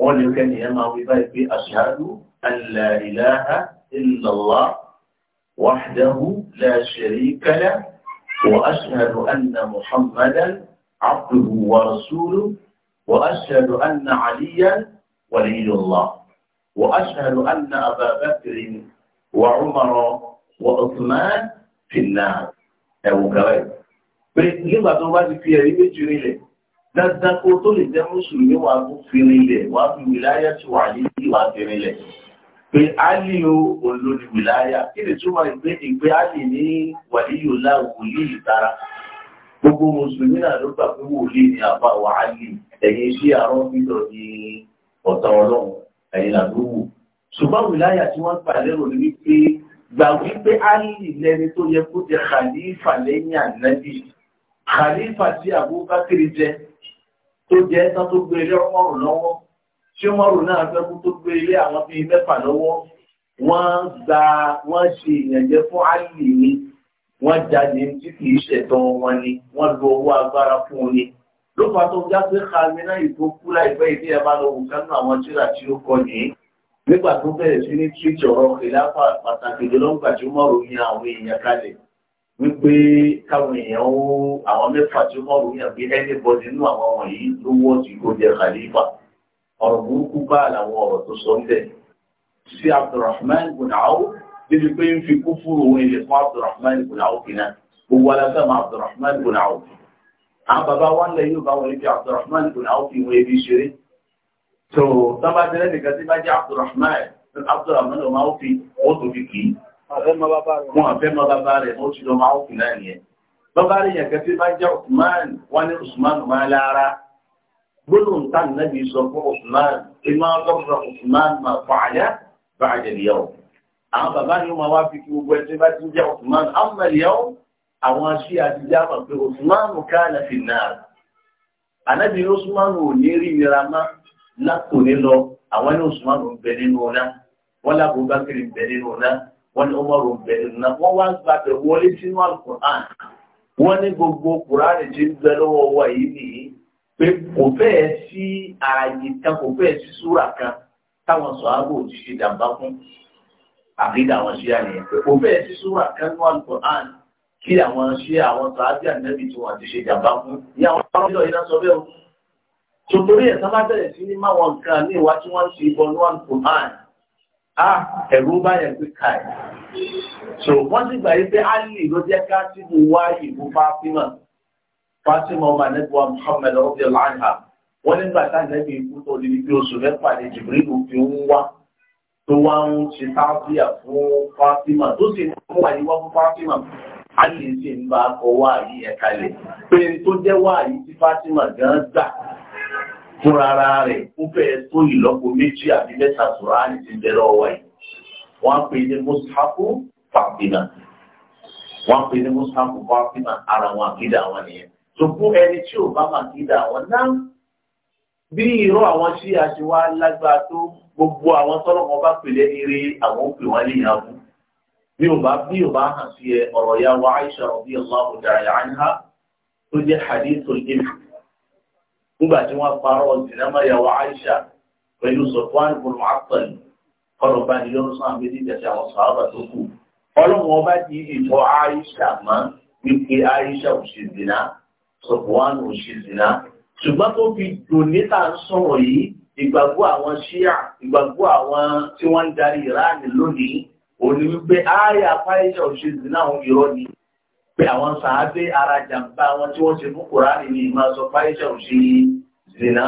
wọ́n lè kẹ́ni ẹ̀ máa wí báyìí pé ashhadu an la ilaha illallah wahdahu وأشهد أن محمدا عبده ورسوله وأشهد أن عليا ولي الله وأشهد أن أبا بكر وعمر وعثمان في النار أبو كريم nígbà tó bá ti fi ẹ̀rí méjì rinlẹ̀ dáadáa kó tó lè jẹ́ mùsùlùmí wàá tó fi rinlẹ̀ wàá fi wìláyà tí wàá yé wàá fi rinlẹ̀ pé alì o olórí wìláyà kí ni túmọ̀ ìgbé ìgbé alì ní wàlíyò láwù ní ìtara gbogbo mùsùlùmí náà ló gbà pé wòlíì ní àbá wa alì ẹ̀yìn sí àrùn bídọ̀ ní ọ̀tá ọlọ́run ẹ̀yìn àdúgbò ṣùgbọ́n wìláyà tí wọ́n gbà lérò ní wípé gbà wípé alì lẹni tó yẹ kó jẹ khalifa lẹ́yìn ànábì khalifa tí Abubakar jẹ tó jẹ tán tó gbé lọ́wọ́ lọ́wọ́ tí wọ́n rò náà fẹ́ kú tó gbé ilé àwọn bíi mẹ́fà lọ́wọ́ wọ́n gba wọ́n ṣe ìyànjẹ fún àlè ni wọ́n jáde tí kì ṣẹ̀tàn wọn ni wọ́n lo owó agbára fún un ni ló fà tó já pé kàmínà ìbò kú láìpẹ́ ìdí ẹ̀ bá lọ wù kánú àwọn tíra tí ó kọ nìyí nígbà tó bẹ̀rẹ̀ sí ní tíríkì ọ̀rọ̀ ìlápá pàtàkì ìdólọ́gbà tí ó mọ̀ ròyìn àwọn èèyàn kalẹ̀ wípé káwọn èèyàn ó àwọn mẹ́fà tí ó mọ̀ ròyìn àbí ẹnìbọdì nínú àwọn wọ̀nyí ló ti kó jẹ kàlífà ọ̀rọ̀ burúkú bá làwọn ọ̀rọ̀ tó sọ bẹ́ẹ̀ sí Abdurrahman ibn Awf débi pé ń fi kú fúru òun ilẹ̀ fún Abdurrahman ibn Awf kìíná gbogbo alásàmù Abdurrahman ibn Awf àwọn bàbá wa ń lẹ yóò bá wọn ibi Abdurrahman ibn Awf fi wọn ibi ṣeré tó sábà tẹ́lẹ̀ nìkan tí bá jẹ́ Abdurrahman Abdurrahman ibn Awf fi wọ́n tó fi kì í àfẹ́ mọ́ bàbá rẹ̀ wọ́n ti lọ máa ń fi náà nìyẹn bàbá rẹ̀ yẹn kẹ́tí bá jẹ́ Usman wọn ní Usman máa lára gbólóhùn tá nàbí sọ fún Usman ìmọ̀ ọlọ́pàá Usman máa fọ àyà bá àjẹlẹ̀ yẹ̀wò àwọn bàbá yìí máa wá fi kí gbogbo ẹni tí bá ti ń jẹ́ Usman àmàlẹ̀ yẹ̀wò àwọn aṣí àtijọ́ àmà pé Usman kánà fi náà ànábì Usman ò ní rí ìnira má látòní lọ àwọn ní Usman ń bẹ nínú ọ̀nà wọn lábò bá ń bẹ nínú ọ̀nà wọn ní Umar ń bẹ nínú ọ̀nà wọn wá gbàgbé wọlé sínú al wọn ní gbogbo Qur'an ti ń bẹ lọ́wọ́ wa nìyí pé kò fẹ́ẹ̀ sí ààyè kan kò fẹ́ẹ̀ sí súrà kan táwọn sọ̀hábò ti ṣe dàmbá fún àbídà àwọn ṣíà nìyẹn pé kò fẹ́ẹ̀ sí súrà kan ní alukur'an kí àwọn ṣíà àwọn sọ̀hábì ànábì tí wọ́n ti ṣe dàmbá fún ní àwọn ọlọ́dọ̀ yìí náà sọ bẹ́ẹ̀ o. tòtòrí ẹ̀ sábà bẹ̀rẹ̀ sí ní má wọn kan ní ìwà tí wọ́n ń ṣe ìbọn ní alukur'an á ẹ̀rú báyẹn pé káì. so wọ́n sì gbà yí pé Àlì ló jẹ́ ká Fátímà ọmọ anẹ́gbọ́ Muhammad radiyallahu anha wọ́n nígbà tá ànẹ́bí ikú tó lè ní bí oṣù mẹ́fà ní Jibril fi ń wá tó wá ń ṣe tábíà fún Fátímà tó sì ń fún wáyé wá fún Fátímà á lè ṣe ń bá akọ wáyé ẹ̀ka lẹ̀ pé tó jẹ́ wáyé tí Fátímà gan gbà fúnra ara rẹ̀ ó fẹ́ tó ìlọ́po méjì àbí mẹ́ta sọ̀rọ̀ á lè ti bẹ̀rẹ̀ ọwọ́ yìí wọ́n á pè ní mọ́sáfù Fátímà wọ́n pè ní mọ́sáfù Fátímà ara wọn àbídà wọn nìyẹn ṣùgbọ́n ẹni tí ò bá mà kí dà wọ́n náà bí irọ́ àwọn tí a ti wá lágbára tó gbogbo àwọn tọ́lọ́ wọn bá pèlè ní rí àwọn òpè wọn lè yàn fún bí ò bá bí ò bá hàn sí ẹ ọ̀rọ̀ ya wa Aisha radiyallahu ta'ala anha tó jẹ́ hadithul ifk nígbà tí wọ́n parọ́ ìdìnnàmọ́ ya wa Aisha pẹ̀lú Safwan ibn Mu'attal kọlọ̀ bá ní lọ́rùn sáà méjì tẹ̀sí àwọn sàábà tó kù ọlọ́run ọba ti ìtọ́ Aisha mọ́ wípé Aisha ò ṣe dìnnà sọ̀pọ̀wánù òṣìṣìná ṣùgbọ́n tó fi dònétà ń sọ̀rọ̀ yìí ìgbàgbọ́ àwọn ṣíà ìgbàgbọ́ àwọn tí wọ́n ń darí ìránì lónìí òní wípé ààyè apáyéṣà òṣìṣìná òun irọ́ ni pé àwọn sàábé ara jàǹbá àwọn tí wọ́n ṣe fún kùránì ni ìmọ̀ sọ páyéṣà òṣìṣìná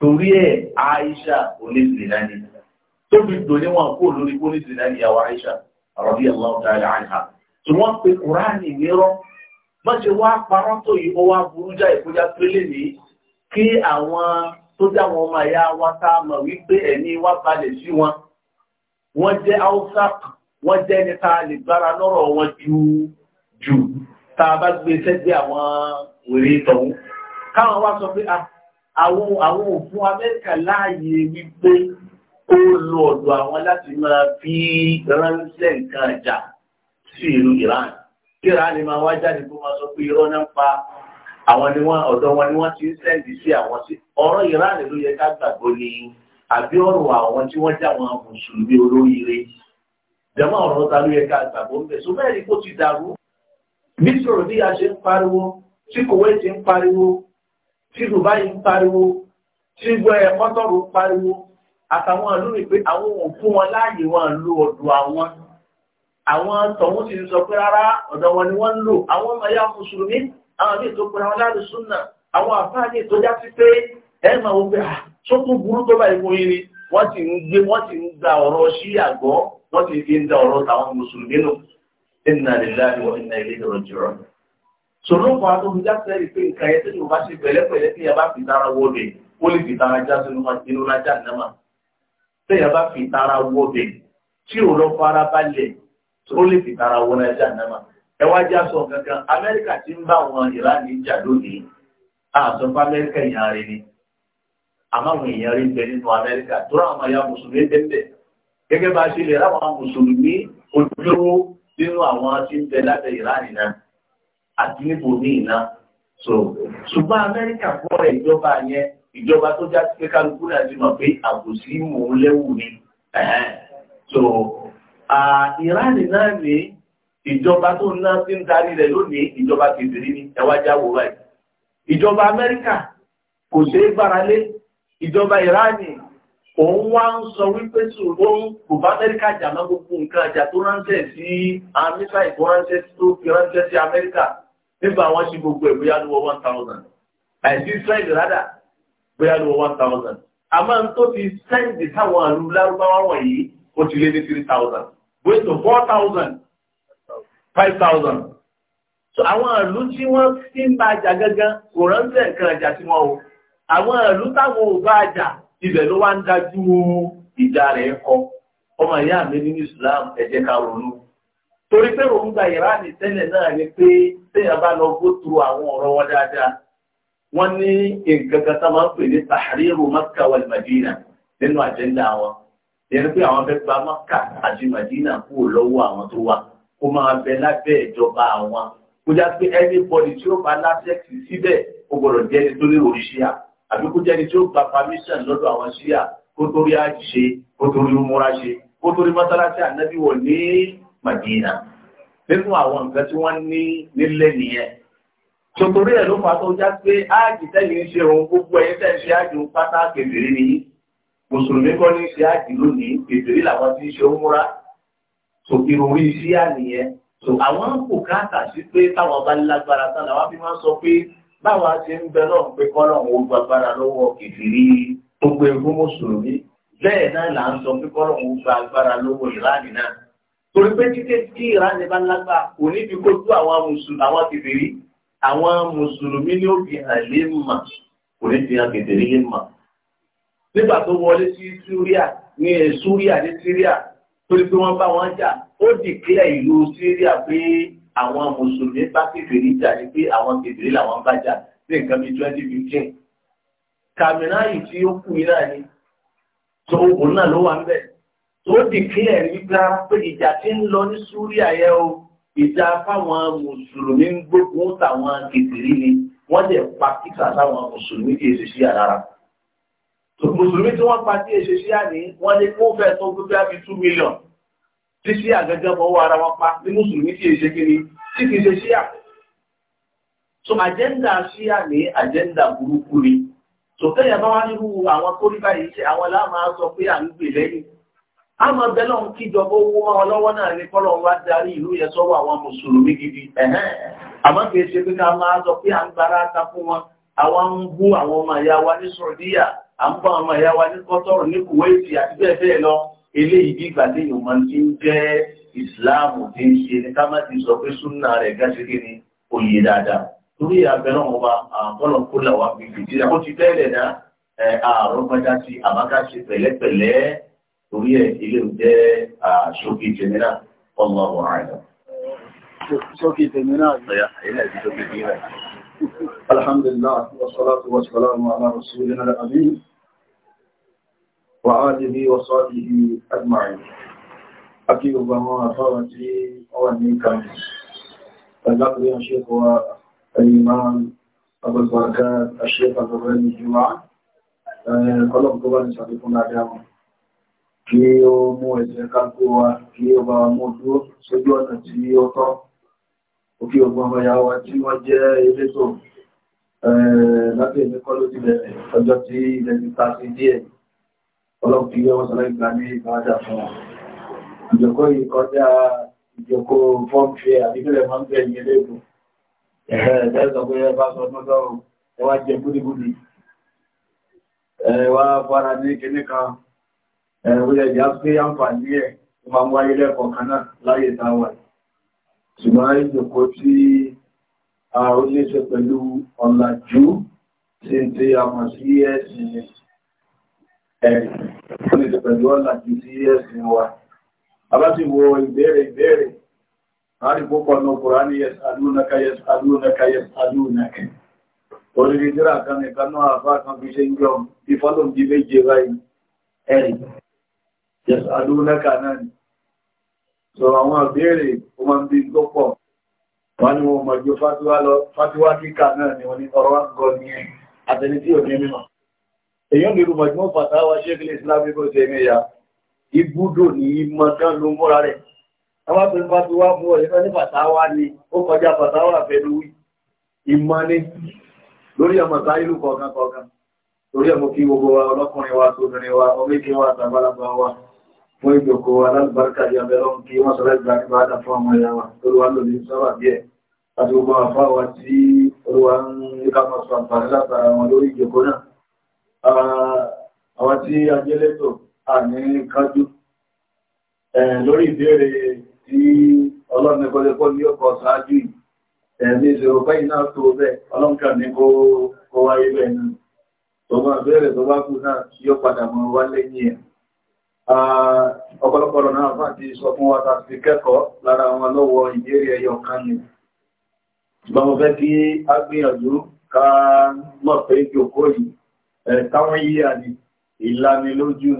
torí ẹ̀ àìṣà oníṣìṣìná ni tó fi dòní kó lórí oníṣìṣìná ni àwọn àìṣà radiyallahu ta'ala anha wọ́n ṣe wá parọ́ tó yìí ó wá burú já ìkójá pélé ní kí àwọn tó já wọn ọmọ ẹ̀yà wa tá a mọ̀ wípé ẹ̀mí wá balẹ̀ sí wọn wọ́n jẹ́ haúsá wọ́n jẹ́ ẹni tá a lè gbára lọ́rọ̀ wọn ju jù tá a bá gbé sẹ́gbẹ́ àwọn wèrè tọ̀hún káwọn wá sọ pé àwọn òfin amẹ́ríkà láàyè wípé ó lo ọ̀dọ̀ àwọn láti máa fi ránṣẹ́ nǹkan ìjà sí ìlú Iran kíra ni máa wá jáde tó máa sọ pé irọ́ náà ń pa àwọn ni wọ́n ọ̀dọ̀ wọn ni wọ́n ti ń sẹ́ǹdì sí àwọn sí ọ̀rọ̀ Iran ló yẹ ká gbàgbọ́ ni àbí ọ̀rọ̀ àwọn tí wọ́n já wọn mùsùlùmí olóríire jẹ́mọ́ ọ̀rọ̀ ta ló yẹ ká gbàgbọ́ ń bẹ̀ so bẹ́ẹ̀ ni kò ti dàrú bí sọ̀rọ̀ bí a ṣe ń pariwo tí Kuwait ti ń pariwo tí Dubai ń pariwo tí gbọ́ ẹ̀ mọ́tọ́rù pariwo àtàwọn àlúrin pé àwọn òkú wọn láàyè wọn lo ọ̀dọ̀ àwọn àwọn tọ̀hún sì sọ pé rárá ọ̀dọ̀ wọn ni wọ́n ń lò àwọn ọmọ ya mùsùlùmí àwọn míì tó pera wọn láti súnà àwọn àfáà ní ìtọ́já sí pé ẹ máa wọ pé à tó tún burú tó báyìí fún yín wọ́n ti ń gbé wọ́n ti ń gba ọ̀rọ̀ sí àgọ́ wọ́n ti fi ń da ọ̀rọ̀ táwọn mùsùlùmí nù inna lillahi wa inna ilayhi raji'un. sọ̀rọ̀ kan tó fi jáde rí pé nǹkan yẹn tó ti bá ṣe pẹ̀lẹ́pẹ̀lẹ́ tí yẹn bá fi tara wọlé ó lè fi tara já sínú tó lè fi tara wọn ẹja nàmà ẹ wá já sọ kankan amẹ́ríkà ti ń bá wọn ìran ní lónìí àṣọ fún amẹ́ríkà ìyàn rẹ ni àmọ́ àwọn èèyàn rí bẹ nínú amẹ́ríkà tó rà àwọn ya mùsùlùmí bẹ́ẹ̀ gẹ́gẹ́ bá a ṣe lè ráwọn mùsùlùmí ojúlówó nínú àwọn tí ń bẹ lábẹ́ ìran nìna àti níbo ní ìná so ṣùgbọ́n amẹ́ríkà fọ́ ìjọba yẹn ìjọba tó já sí pé kálukú náà ti mọ̀ pé àbòsí mò ń léwu ni so ìránì náà ní ìjọba tó ná sí ń darí rẹ̀ lónìí ìjọba kìdìrí ni ẹwájá wò báyìí ìjọba amẹ́ríkà kò ṣeé gbára lé ìjọba ìránì òun wá ń sọ wípé ṣùgbọ́n kò bá amẹ́ríkà jà mọ́ gbogbo nǹkan àjà tó ránṣẹ́ sí amísà ìtò ránṣẹ́ tó fi ránṣẹ́ sí amẹ́ríkà nígbà wọn ṣe gbogbo ẹ̀ bóyá lówó one thousand àìsí israel rádà bóyá lówó one thousand àmọ́ n tó fi sẹ́ǹdì táwọn àlù lárúbáwá wọ̀nyí ó ti lé ní three thousand. going to 4,000 5,000 so àwọn ìlú tí wọ́n tí ń bá jà gángan kò ránṣẹ́ kan wọn o àwọn ìlú táwọn ò bá jà ibẹ̀ ló wá ń dájú ìjà rẹ̀ kọ ọmọ ìyá mi ní Islam ẹ ká ronú torí pé òun gba tẹ́lẹ̀ náà ni pé téèyàn wọn dáadáa wọ́n ní nǹkan kan ń pè ní yẹn pé àwọn fẹ́ gba mọ́kà àti màdínà kúrò lọ́wọ́ àwọn tó wà kó máa bẹ lábẹ́ ìjọba àwọn kó já pé anybody tí ó bá lásẹ̀kì síbẹ̀ ó gbọ́dọ̀ jẹ́ ẹni tó lérò ṣíà àbí kó jẹ́ ẹni tí ó gba permission lọ́dọ̀ àwọn ṣíà kó torí àjì ṣe kó torí múra ṣe kó torí mọ́sálásí ànábì wọ̀ ní màdínà nínú àwọn nǹkan tí wọ́n ní nílẹ̀ nìyẹn tòtòrí ẹ̀ ló fà tó já pé áàjì tẹ́yìn ń mùsùlùmí kọ́ ní ṣe àjì lónìí ètòrí làwọn tí ń ṣe ń múra tó irun orí sí àníyẹn tó àwọn kò káàkà sí pé táwọn bá lágbára tán làwọn fi máa ń sọ pé báwa ṣe ń bẹ lọ́run pé kọ́ lọ́run ó gbàgbára lọ́wọ́ kìfìrí tó gbé e fún mùsùlùmí bẹ́ẹ̀ náà là ń sọ pé kọ́ lọ́run ó gbàgbára lọ́wọ́ ìránì náà torí pé títí tí ìránì bá lágbára kò ní fi kó tú àwọn mùsùlùmí ní ó fi hàn mà kò ní fi hàn kètè nígbà tó wọlé sí Syria ní Syria ní Syria torí pé wọ́n bá wọn jà ó dìklẹ̀ ìlú Syria pé àwọn mùsùlùmí bá kékeré jà ní pé àwọn kékeré làwọn bá jà ní nǹkan bíi twenty fifteen kàmínáyì tí ó kù yín náà ni tó òun náà ló wà ń bẹ̀ tó dìklẹ̀ nígbà pé ìjà tí ń lọ ní Syria yẹ o ìjà fáwọn mùsùlùmí ń gbógun táwọn kékeré ni wọ́n dẹ̀ pa kíkà táwọn mùsùlùmí kì í ṣe sí àdára mùsùlùmí tí wọ́n pa tí èṣe ṣíà ní wọ́n ní kó fẹ́ tó gbé bí two million tí ṣíà gẹ́gẹ́ fọwọ́ ara wọn pa ní mùsùlùmí tí èṣe kiri tí kì í ṣe ṣíà. so agenda ṣíà ní agenda burúkú ni so kẹ́yà bá wá nírú àwọn tó rí báyìí ṣe àwọn láàmà sọ pé à ń gbè lẹ́yìn. àmọ́ bẹ́lẹ̀ ń kíjọba owó mọ́ wọn lọ́wọ́ náà ní kọ́lọ́ wa darí ìlú yẹn sọ́wọ́ àwọn mùsùlùmí gidi àmọ́ kì í ṣe pé ká máa sọ pé à ń gbára ta fún wọn àwọn ń bú àwọn ọmọ ìyá wa ní sọ̀díyà à ń bá ọmọ ìyá wa ní kọ́tọ́rù ní kuwaiti àti bẹ́ẹ̀ bẹ́ẹ̀ lọ eléyìí bí ìgbà tí yorùbá ti ń jẹ́ ìsìláàmù ti ń ṣe ní ká má ti sọ pé súnà rẹ̀ gáṣe kí ni òye dáadáa torí abẹ náà wọn bá àbọ̀lọ̀ kó là wá fi fìdí ó ti tẹ́lẹ̀ dá ààrùn kọjá sí àbákáṣe pẹ̀lẹ́pẹ̀lẹ́ torí ẹ̀ ilé ò jẹ́ ṣókè jẹmínà ọmọ ọmọ àìdá. ṣókè jẹmínà ọ̀yà ilé ẹ̀ ti ṣókè وآله وصحبه أجمعين أكيد بما أثارتي وأنيكم فلقي الشيخ الإمام أبو البركات الشيخ أبو الغني الجمعة قلوب قبان سابقون عليهم kí ó mú ẹ̀sẹ̀ kákó wa kí ó bá mú dúró sójú ọ̀nà láti ẹ̀mí ló ti bẹ̀rẹ̀ ọjọ́ tí ilẹ̀ ti ta sí díẹ̀ ọlọ́pù ilé wọ́n sọ́lọ́ ìgbà ní ìgbàjá fún wọn ìjọkó ìkọjá ìjọkó fọ́nfẹ́ àbíkẹ́lẹ̀ máa ń bẹ̀ ní ẹlẹ́gbù ẹ̀ẹ́dẹ́sọ̀ pé ẹ bá sọ mọ́sọ́rùn ẹ wá jẹ búdíbúdí ẹ wá fara ní kinní kan ẹ wúlẹ̀ jẹ́ pé àǹfààní ẹ̀ tó máa ń wáyé lẹ́kọ̀ọ́ kan náà láyé táwà ṣùgbọ́n ìjọkó tí a ó lè ṣe pẹ̀lú ọ̀làjú sí ti àmọ̀ sí ẹ̀sìn ẹ̀sìn pẹ̀lú ọ̀nà kì sí ẹ̀sìn wa. A bá ti wo ìbéèrè ìbéèrè, láti púpọ̀ ní ọkùnrin ní yẹ̀sàdúnaka yẹ̀sàdúnaka yẹ̀sàdúnaka. Orílẹ̀ ìdíra kan nìkan náà àfá kan fi ṣe ń jọ ti fọ́lọ̀ di méje báyìí. Ẹ̀rì, yẹ̀sàdúnaka náà ni. Sọ àwọn ìbéèrè ó máa ń bí tó pọ̀. Wọ́n ní wọn mọ̀ ju fátíwá kíkà náà ni wọ́n ní ọ̀rọ̀ àgọ́ ni àtẹni tí èyàn lè rú mọ̀júmọ́ fàtàwà ṣékìlẹ̀ islam ibò tèmíyà ibùdó ní ìmọ̀tán ló múra rẹ̀ àwọn tó ń bá ti wá mú ọ̀yẹ́ ní fàtàwà ni ó kọjá fàtàwà fẹ́lú ìmọ̀ ni lórí ọmọ sáyìlú kọ̀ọ̀kan kọ̀ọ̀kan lórí ọmọ kí gbogbo wa ọlọ́kùnrin wa tóbìnrin wa ọmọkí wa tàbálàbà wa fún ìjòkó alábàárkà yàbẹ̀lọ́n kí wọ́n sọ̀rọ̀ ìgbà nípa àdá fún ọmọ ìyá wa tó wà lòdì sábà bí ẹ̀ àti gbogbo àfáwà tí olúwa ń yíká mọ̀ sọ àǹfààní látara wọn lórí ìjòkó náà àwọn tí a jẹ́ lẹ́tọ̀ àní kájú lórí ìbéèrè tí ọlọ́mẹkọ́lẹ́kọ́ ní ọkọ̀ ṣáájú ẹ̀mí ìṣòro báyìí náà tó bẹ́ ọlọ́nkà ní kó wáyé bẹ́ẹ̀ náà tó máa bẹ̀rẹ̀ tó bá kú náà yóò padà mọ́ wá lẹ́yìn ẹ̀ ọ̀pọ̀lọpọ̀lọ̀ náà fà ti sọ fún wa tàbí kẹ́kọ̀ọ́ lára wọn lọ́wọ́ ìbéèrè ẹyọ kan ni ṣùgbọ́n mo fẹ́ kí a gbìyànjú ká mọ̀ pé jòkó yìí ẹ̀káwọn yíyà ni ìlanilójú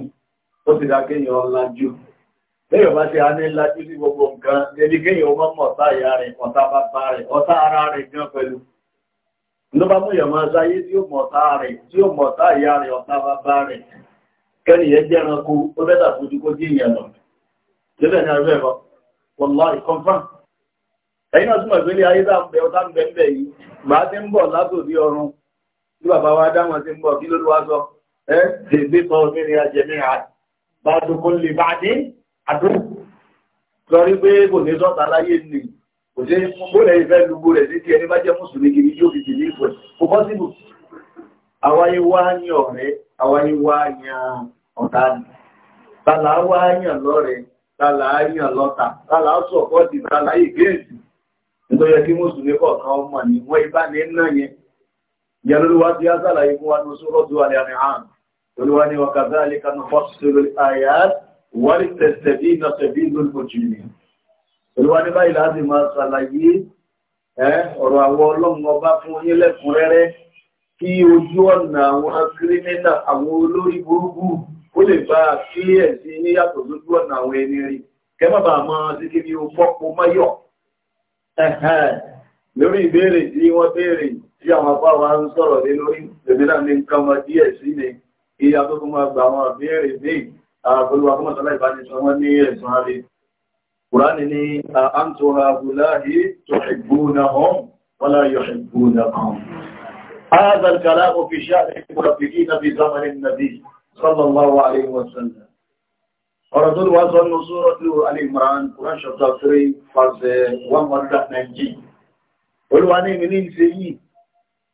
ó ti dákéyàn ọlájú lẹ́yọ̀ bá ti a ní lájú sí gbogbo nǹkan ẹni kéyàn ọmọ mọ̀tá ìyá rẹ̀ ọ̀tá bàbá rẹ̀ ọ̀tá ara rẹ̀ gan pẹ̀lú ló bá mú ìyàmọ́ sáyé tí ó mọ̀tá rẹ̀ tí ó mọ̀tá ìyá rẹ̀ ọ̀tá bàbá rẹ̀ kẹ́nìyàn jẹ́ ẹranko ó bẹ́tà fojú kó jí ìyẹn lọ síbẹ̀ ní arúgbó ẹ̀kọ́ wallahi confirm ẹ̀yin náà túmọ̀ ìgbélé ayé tá ń bẹ ọ̀tá ń bẹ ń bẹ yìí gbà ti ń bọ̀ látòdì ọrùn tí bàbá wa dáwọn sí ń bọ̀ kí ló wá sọ ẹ́ tèbí sọ mẹ́rin ajẹ́mí àbádùkú lè bá ní àdúrà lọ́rí pé kò ní sọ́ta láyé nì kò sí bóòlẹ̀ ìfẹ́ lúgbó rẹ̀ sí ti ẹni bá jẹ́ mùsùlùmí kiri yóò fi jìlí ìfẹ́ kò bọ́ síbù àwáyé wá ní ọ̀rẹ́ àwáyé wá yan ọ̀tá ni tàlà wá yàn lọ́rẹ̀ tàlà yàn lọ́ta tàlà sọ̀kọ́ ti tàlà ìgbéèsì nítorí kí mùsùlùmí kọ̀ọ̀kan ọmọ ni wọ́n ibà ní náà yẹn yalúwa tí a sàlàyé fún wa ní sọ́rọ̀tù alẹ́rìnhàn olúwa ni wàkàtà alẹ́kànà fọ́sílù ayat wọ́n tẹ̀sẹ̀bí na sẹ̀bí lóòjìnì olúwa ní báyìí láti máa sàlàyé ọ̀rọ̀ àwọn ọlọ́run ọba fún yín lẹ́kùnrẹ́rẹ́ kí ojú ọ̀nà àwọn kírímínà àwọn olórí burúkú ó lè bá ni o fọ́pọ̀ mọ́yọ̀ lórí ìbéèrè tí wọ́n béèrè yìí tí àwọn apá wa ń sọ̀rọ̀ lé lórí lèmínà ní nǹkan ọmọ díẹ̀ sí ni ìyá tó tún máa gba àwọn àbẹ́rẹ̀ ní àpolúwa fún mọ̀tàlá ìbánisọ wọn ní ẹ̀sùn àrí kùránì ní àǹtọ́ra abúláhì tó ẹ̀gbóná hàn wọ́n láyọ̀ ẹ̀gbóná kan هذا الكلام في شأن المنافقين في زمن النبي صلى الله عليه وسلم ورسول وصل سورة آل عمران قرآن chapter 3 verse 190 olùwà ní ìmìnì ìṣe yìí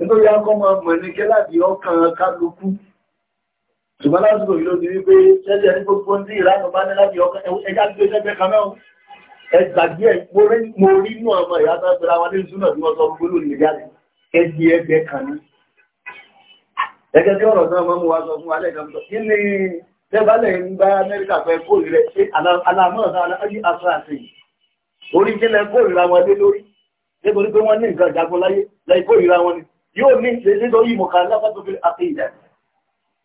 nítorí akọ́mọ mọ̀ ní kí láti ọkàn kálukú ṣùgbọ́n lásìkò yìí ló di wípé tẹ́lẹ̀ ní gbogbo ní ìlànà bá ní láti ọkàn ẹjá gbé sẹ́gbẹ́ kan náà ẹgbàgbé ẹ̀ mo rí inú ọmọ ìyá tó gbéra wọn nínú súnà tí wọ́n sọ gbogbo lónìí jáde ẹgbẹ́ ẹgbẹ́ kan ní. ẹgbẹ́ tí ọ̀rọ̀ náà máa mú wa sọ fún wa yóò ní ṣe nítorí mọ̀kànláfà tó fi àkídà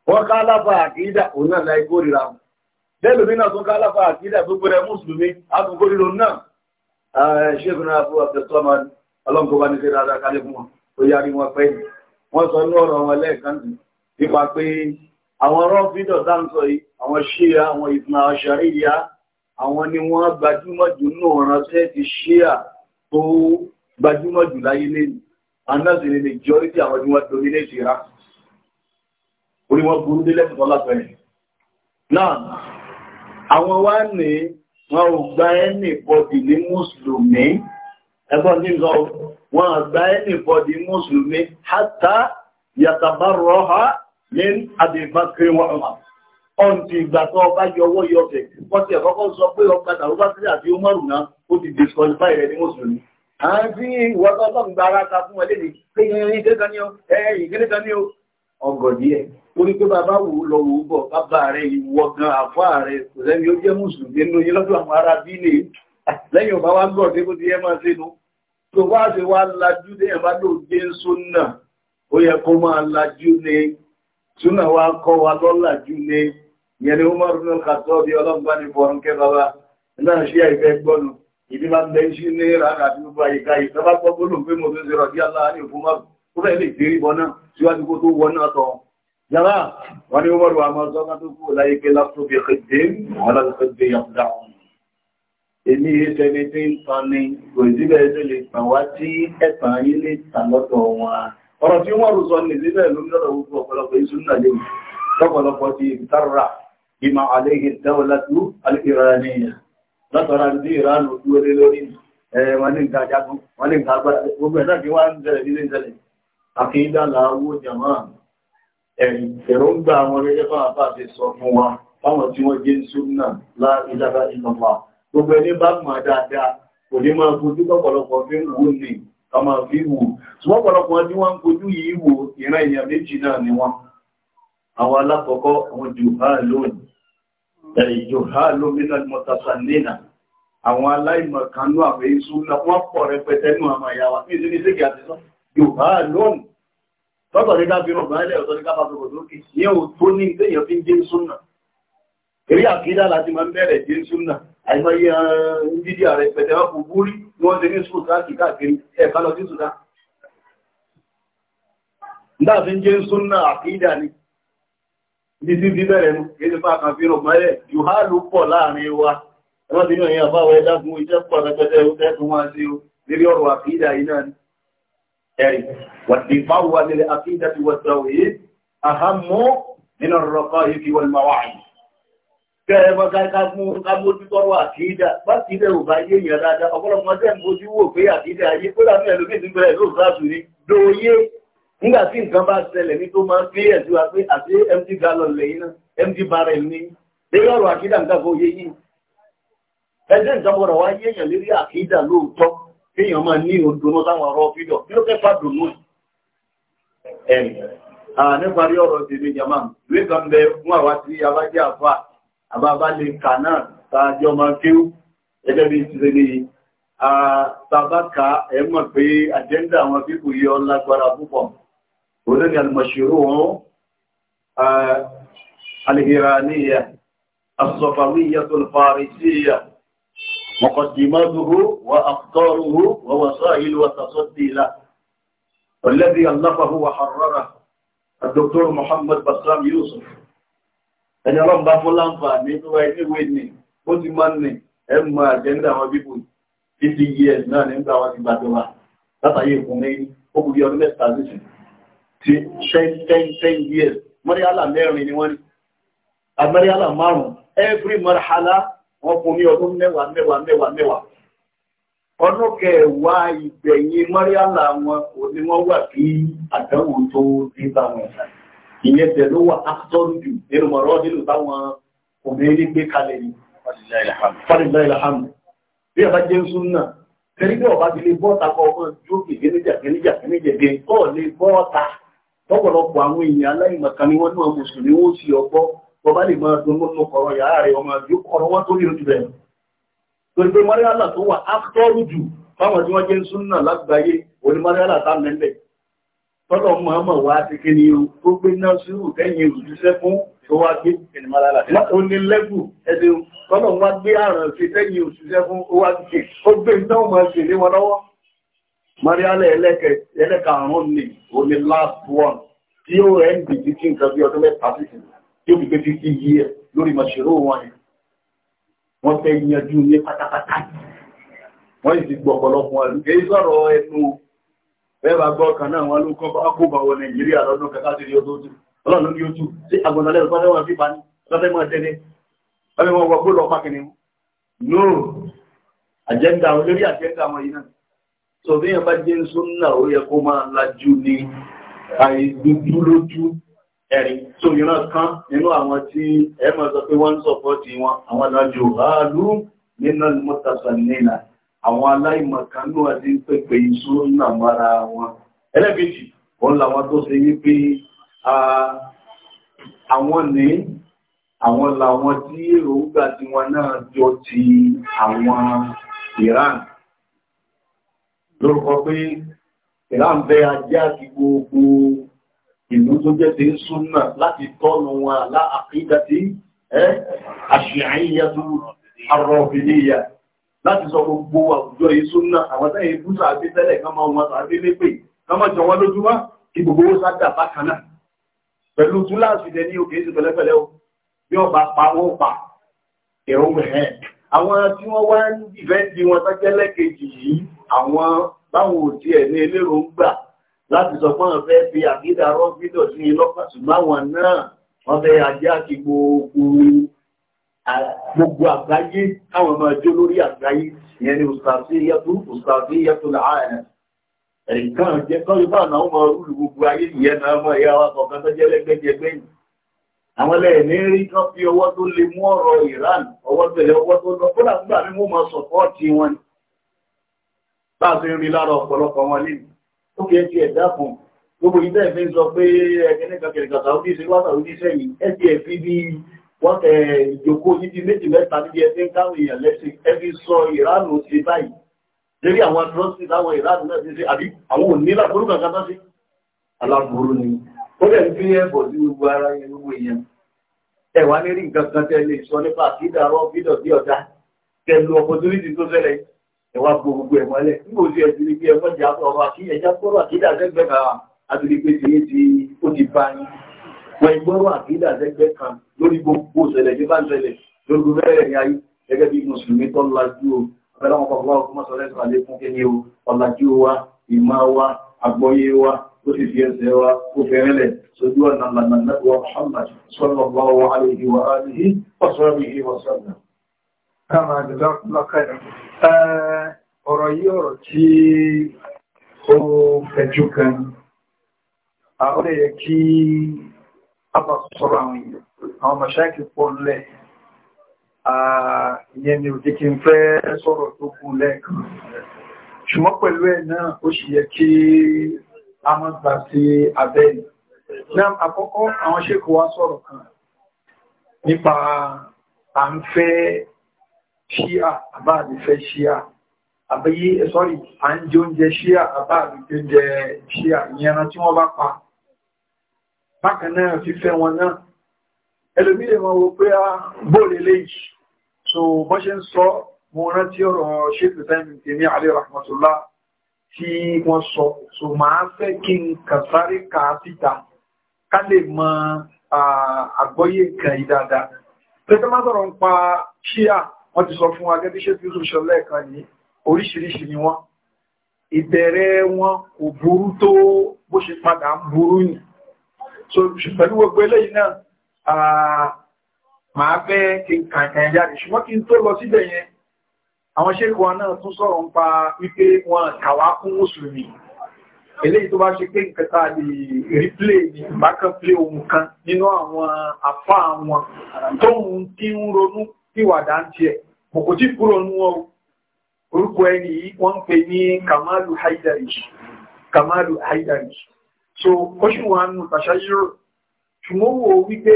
wọ́n kálàfà àkídà òun náà láì kórìíra wọn lẹ́lùmí náà tó kálàfà àkídà tó gbẹrẹ mùsùlùmí àtúnkórìíra náà ṣégun náà fún abdulsọ́mà ọlọ́nkọba ní sẹ́dá adákalẹ̀ fún wọn ó yára wọn pẹ́ wọ́n sọ ní ọ̀rọ̀ wọn lẹ́ẹ̀kan nípa pé àwọn rọ́fídọ̀ dáńsọ yìí àwọn ṣíà àwọn ìfúnà ṣàríyà àwọn ni wọ́n gbajúmọ̀ jù náà ránṣẹ́ ti ṣíà tó gbajúmọ̀ jù láyé lẹ́yìn and that's the majority àwọn tí wọ́n dominate Iraq orí wọn burú délẹ̀ fún tọ́lá pẹ̀lẹ̀ náà àwọn wá ní wọn ò gba ẹnì bọ́dì ní mùsùlùmí ẹgbọ́n ní sọ wọn àgbá ẹnì bọ́dì mùsùlùmí hátà yàtàbárọ̀ ha ní àdìbákiri wọn ọmọ ọ̀ntì ìgbà tó ọba yọwọ́ yọfẹ̀ wọ́n ti ẹ̀kọ́kọ́ sọ pé ọgbà tàbí bá sílẹ̀ àti ó márùn-ún ó ti disqualify rẹ̀ ní mùsùlùmí à ń tí ìwọ tó ọlọ́run gba ara ta fún wọn léde pé ìrìn ìgbésẹ̀ ni ó ẹ̀yìn ìgbésẹ̀ ni ó ọgọ̀ díẹ̀ torí pé bàbá wò lọ wò bọ̀ bàbá rẹ̀ ìwọ gan àfọ́ rẹ̀ kò lẹ́yìn ó jẹ́ mùsùlùmí nínú yín lọ́dọ̀ àwọn ará bí lè lẹ́yìn ọba wa gbọ́ dé bó ti yẹ máa sínú tó wá sí wá lajú dé ẹ̀ bá lò dé súnà ó yẹ kó máa lajú ní súnà wa kọ́ wa lọ́làjú ní ìyẹn ni ó máa rún ní kàtọ́ bí ọlọ́mùbá ìdí bá bẹ́ ṣí ní rárá tí ó bá yíká ìtọ́bá gbọ́gbọ́lùm pé mo tó ṣe rọ̀ sí aláàrí òkú mọ́ ó fẹ́ lè dérí bọ́ náà síwájú kó tó wọ́n náà tọ́ yàrá wọn ni ó mọ̀rọ̀ àmọ́ sọ́nà tó kú láyé pé lápútọ́bì ẹ̀kẹ́dẹ́ wọn láti fẹ́ gbé yàtúdà wọn látara ní ìránù dúró lé lórí wọn ní nǹkan ajagun wọn ní nǹkan agbára gbogbo ẹ̀ náà kí wọ́n ń jẹ́rẹ̀ nílé ìjẹ́lẹ̀ àkíńdà làwọ̀ jàmá èròǹgbà wọn gẹ́gẹ́ fún àbá àti sọ fún wa fáwọn tí wọ́n jẹ́ súnmọ́ láìlára ìlọ́pàá gbogbo ẹni bá mọ̀ dáadáa kò ní máa fojú pọ̀pọ̀lọpọ̀ fi ń wò ní ọmọ fi wò ṣùgbọ́n pọ̀lọpọ̀ tí wọ́n ń fojú yìí wò ìran èèyàn méjì náà ni wọ́n àwọn alákọ̀ọ́kọ́ àwọn jù bá lónìí ìjòhálò mínà mọ̀tàṣánínà àwọn aláìmọ̀kánú àwọn èsù wọ́n pọ̀ rẹpẹtẹ ní àmà ìyàwó ní ìsinmi sí ìgbà àtìsọ́ ìjòhálò tọ́tọ̀ ní ká fi rọ̀ báyẹ̀lẹ̀ ọ̀tọ̀ ní ká fàtọ̀ kò lókè yẹ́ ò tó ní ìtẹ́yàn fi ń jẹ́ súnà eré àkídá láti máa ń bẹ̀rẹ̀ jẹ́ súnà àìmọye dídí uh, ààrẹ pẹ̀tẹ́ wọ́n kò búrí ní ti ní sùkúta kíkàkiri ẹ̀ka lọ sí sùkúta. ń dáàfin jẹ́ súnà àkídá ni ní sí bíbẹ̀rẹ̀ mú kéde fà kan fíràn mọ́lẹ̀ yóò há ló pọ̀ láàrin wa ẹwọ́n ti ní ọ̀yìn àbáwọ̀ ẹ̀dágun iṣẹ́ pọ̀ rẹpẹtẹ ẹ̀rùtẹ́ tó máa ṣe lérí ọ̀rọ̀ àkídà yìí náà ẹ̀rì wàtí fáwọ̀ nílẹ̀ àkídà ti wọ́n sọ̀rọ̀ yìí àhámọ́ nínú rọ̀kọ́ ibi wọn máa wà yìí kẹ́ẹ̀mọ kábójú tọ́rọ̀ àkídà bá ti ilẹ̀ ò nígbà tí nǹkan bá ṣẹlẹ̀ ní tó máa ń pé ẹ̀jú wa pé àti md gallon lẹ́yìn náà md barrel ní lórí ọ̀rọ̀ àkídà nǹkan fún oyé yìí ẹjẹ́ nǹkan bọ̀rọ̀ wá yéèyàn lórí àkídà lóòótọ́ kéèyàn máa ní òdòdó táwọn ọ̀rọ̀ fídọ̀ kí ló fẹ́ fàdùnú ẹ̀ níparí ọ̀rọ̀ tèmi jama ìwé kan bẹ fún àwa tí a bá jẹ́ àfa àbábá lè kà náà tààjọ máa kéwú ẹgbẹ́ bí ti ṣe tàbá ka ẹ̀ mọ̀ pé àjẹ́ńdà àwọn fífò yọ lágbára púpọ̀ ولم المشروع الإيرانية الصفوية الفارسية مقدماته وأخطاره ووسائل وتصدي له والذي ألفه وحرره الدكتور محمد بسام يوسف ẹni ọlọ́run bá fún láǹfà ní ìwé ìwé ní ó ti máa ń ní ẹmọ àjẹ́ndà àwọn bíbù títí yẹ náà nígbà wọn ti gbàjọba látàyè ìkùnrin ó kù bí ọdún mẹ́ta nísìnyí tí ten ten ten years mọ́ríálà mẹ́rin ni wọ́n ní àmọ́ríálà márùn-ún every marhala wọ́n fún ní ọdún mẹ́wàá mẹ́wàá mẹ́wàá mẹ́wàá ọdún kẹwàá ìgbẹ̀yìn mọ́ríálà wọn kò ní wọ́n wà kí àdánwò tó dé bá wọn ìyẹn tẹ̀ ló wà ákítọ́rù jù nínú mọ̀rọ́ nínú táwọn òmìnirí gbé kalẹ̀ ni fàdìláìlàhàmù bí ọba jẹ́ súnnà tẹ́lifí ọba ti lè bọ́ta kọ ọmọ jókè gẹ́nìjà gẹ́nìjà gẹ́nìjẹ̀dẹ̀ kọ́ lè bọ́ta tọ́pọ̀lọpọ̀ àwọn èèyàn aláìmọ̀kan ni wọ́n ní wọn mùsùlùmí ó sì ọgbọ́ wọ́n bá lè máa dùn mọ́nà kọ̀rọ̀ yàrá rẹ̀ ọmọ àjò kọ̀rọ̀ wọ́n tó rí ojú rẹ̀ torí pé mariala tó wà áfítọ́rù jù fáwọn tí wọ́n jẹ́ súnà lágbàáyé òní mariala tá mẹ́lẹ̀ tọ́lọ̀ mọ̀ọ́mọ̀ wá ti kí ni o tó gbé náà sírù tẹ́yìn òjíṣẹ́ fún tó wá gbé ẹni mariala ó ní lẹ́gù ẹ̀sìn tọ́lọ̀ wá gbé àrùn sí tẹ́yìn òjíṣẹ́ fún ó wá gbé ó gbé ìtọ́ Mariala ẹlẹ́ka àrùn ní òní last one tí ó rẹ̀ ń bì títí nǹkan bí tí ó fi pé títí lórí mọ̀ṣẹ̀rọ wọn ni. Wọ́n Wọ́n sì ti gbọ́ ní ojú ní lọ́fẹ́ mọ́ tẹ́lẹ̀ ọlọ́run wọ́n gbọ́dọ̀ pákínni. No, agenda olórí agenda sọ̀bí yẹn bá jẹ́ súnnà ó yẹ kó máa lajú ní àìdúdú lójú ẹ̀rin tó ìran kan nínú àwọn tí ẹ máa sọ pé wọ́n ń sọ̀pọ̀ tí wọn àwọn alájò ààlú nínú mọ́tàṣà nínà àwọn aláìmọ̀kánú àti pẹ̀pẹ̀ ìsúnnà mara wọn ẹlẹ́bìtì wọ́n làwọn tó ṣe wípé àwọn ní àwọn làwọn tí èròǹgbà tí wọn náà jọ ti àwọn Iran lórúkọ pé ìlànbẹ́ ajé àti gbogbo ìlú tó jẹ́ ti ń súnmà láti tọ́nu wọn láàkídà tí ẹ́ àṣìyàíyà tó arọ̀bìnìyà láti sọ gbogbo àwùjọ yìí súnmà àwọn tẹ́ ìbú sàbí tẹ́lẹ̀ kán máa wọn sàbí lépè kán máa jọ wọn lójú wá kí gbogbo ó sádà bákan náà pẹ̀lú túláàsì dẹ ní òkè sí pẹ̀lẹ́pẹ̀lẹ́ o bí ọba pa ó pa èrò ń àwọn tí wọ́n wá ń dìbẹ́ǹdì wọn tọ́jẹ́lẹ́ kejì yìí àwọn báwọn ò tiẹ̀ ní elérò ń gbà láti sọ fún àwọn fẹ́ fi àkídà rọ́fídọ̀ sí i lọ́pàá ṣùgbọ́n àwọn náà wọ́n fẹ́ ajá kí gbogbo àgbáyé káwọn máa jó lórí àgbáyé ìyẹn ni ustaziyatu ustaziyatu láàárín ẹ̀rìn kan àwọn ẹlẹ́ẹ̀ ní rí kán fi ọwọ́ tó lè mú ọ̀rọ̀ Iran ọwọ́ tẹ̀lé ọwọ́ tó lọ kódà nígbà ní wọ́n máa sọ̀pọ́ọ̀tì wọn ni bá a fi rí lára ọ̀pọ̀lọpọ̀ wọn lè ní ó kẹ́ ti ẹ̀dá kan gbogbo ìdá ẹ̀fẹ́ ń sọ pé ẹ̀kẹ́nìkan kẹ̀kẹ́ sàúdí ṣe wá sàúdí sẹ́yìn ẹ̀fí ẹ̀fí bí wọ́n tẹ̀ ìjókòó níbi méjì mẹ́ta níbi ẹ̀fẹ́ ń káwọn èèyàn lẹ́sìn ẹ̀fí sọ Iran ò ṣe báyìí lórí àwọn atrocities àwọn Iran náà ti ṣe ó dẹ̀ ń bí ẹ̀bọ̀ sí gbogbo ara yẹn gbogbo èèyàn ẹ̀wà ní rí nǹkan kan tẹ́ lè sọ nípa àkídà rọ́ bídọ̀ sí ọ̀dá tẹ̀lú opportunity tó fẹ́lẹ̀ ẹ̀wà gbo gbogbo ẹ̀ mọ́lẹ̀ nígbà tí ẹ̀ ti rí pé ẹ̀fọ́ ìjà ọ̀rọ̀ àkíyẹ̀já kọ́rọ̀ àkídà sẹ́gbẹ́ kan àtúndì pé tìyẹ́ ti ó ti bá yín wọ́n ìgbọ́rọ̀ àkídà sẹ́gbẹ́ kan lórí gbogbo ìṣẹ̀lẹ̀ tí bá ń ṣẹlẹ̀ lórí bẹ́ẹ̀ ni ayé gẹ́gẹ́ bí mùsùlùmí tó lajú o ọ̀pẹ̀lọ́wọ́ pọ̀ pọ̀ kọ́mọ́sọ̀lẹ́sọ̀ àlékún kí ni o ọ̀làjú wa ìmọ̀ wa àgbọ́yé wa ó sì fi ẹsẹ̀ wa ó fẹ́rẹ́lẹ̀ sójú ọ̀nà lànàlẹ́wà Muhammad sallallahu alayhi wa alihi wa sahbihi wa sallam. Káàmà àjọ̀dá lọ́kàrẹ̀. Ọ̀rọ̀ yí ọ̀rọ̀ tí ó fẹjú Ìyẹn ni òjì kí n fẹ́ sọ̀rọ̀ tó kún lẹ́ẹ̀kan. Ṣùgbọ́n pẹ̀lú ẹ̀ náà ó sì kí a mọ́ gbà sí abẹ́ni náà àkọ́kọ́ àwọn ṣékò wá sọ̀rọ̀ kan nípa à ń fẹ́ ṣíà àbáàdì fẹ́ ṣíà àbáyé sọ́rì à ń jẹ oúnjẹ ṣíà àbáàdì tó jẹ ṣíà ìyẹn tí wọ́n bá pa bákan náà fífẹ́ wọn náà ẹlòmílẹ̀ wọn wo pé a ah, bóòlè léyìí so bọ́ṣe ń sọ mo rántí ọ̀rọ̀ ṣékù tẹ́mì tèmi àlè rahmatullah tí wọ́n sọ so máa fẹ́ kí n kà sáré kà á síta ká lè mọ àgbọ́yé nǹkan yìí dáadáa pẹ̀tẹ́ má sọ̀rọ̀ ń pa ṣíà wọ́n ti sọ fún wa gẹ́gẹ́ bí ṣe fi ṣọ lẹ́ẹ̀kan ní oríṣiríṣi ni wọ́n ìbẹ̀rẹ̀ wọn kò burú tó bó ṣe padà ń burú yìí so pẹ̀lú gbogbo eléyìí náà máa fẹ́ kí n kà kàn jáde ṣùgbọ́n kí n tó lọ síbẹ̀ yẹn àwọn ṣéèkù wọn náà tún sọ̀rọ̀ ń pa wípé wọn kàwá fún mùsùlùmí eléyìí tó bá ṣe pé nǹkan tá a lè ríplé ní ìbákan plé ohun kan nínú àwọn afá wọn tóun tí ń ronú ìwàdà ń tiẹ̀ kò kò tí kúrò nú ọ orúkọ ẹni yìí wọ́n ń pè ní Kamalu Haidari Kamalu Haidari so ó ṣì wọ́n nù tàṣáyírò ṣùgbọ́n wo wípé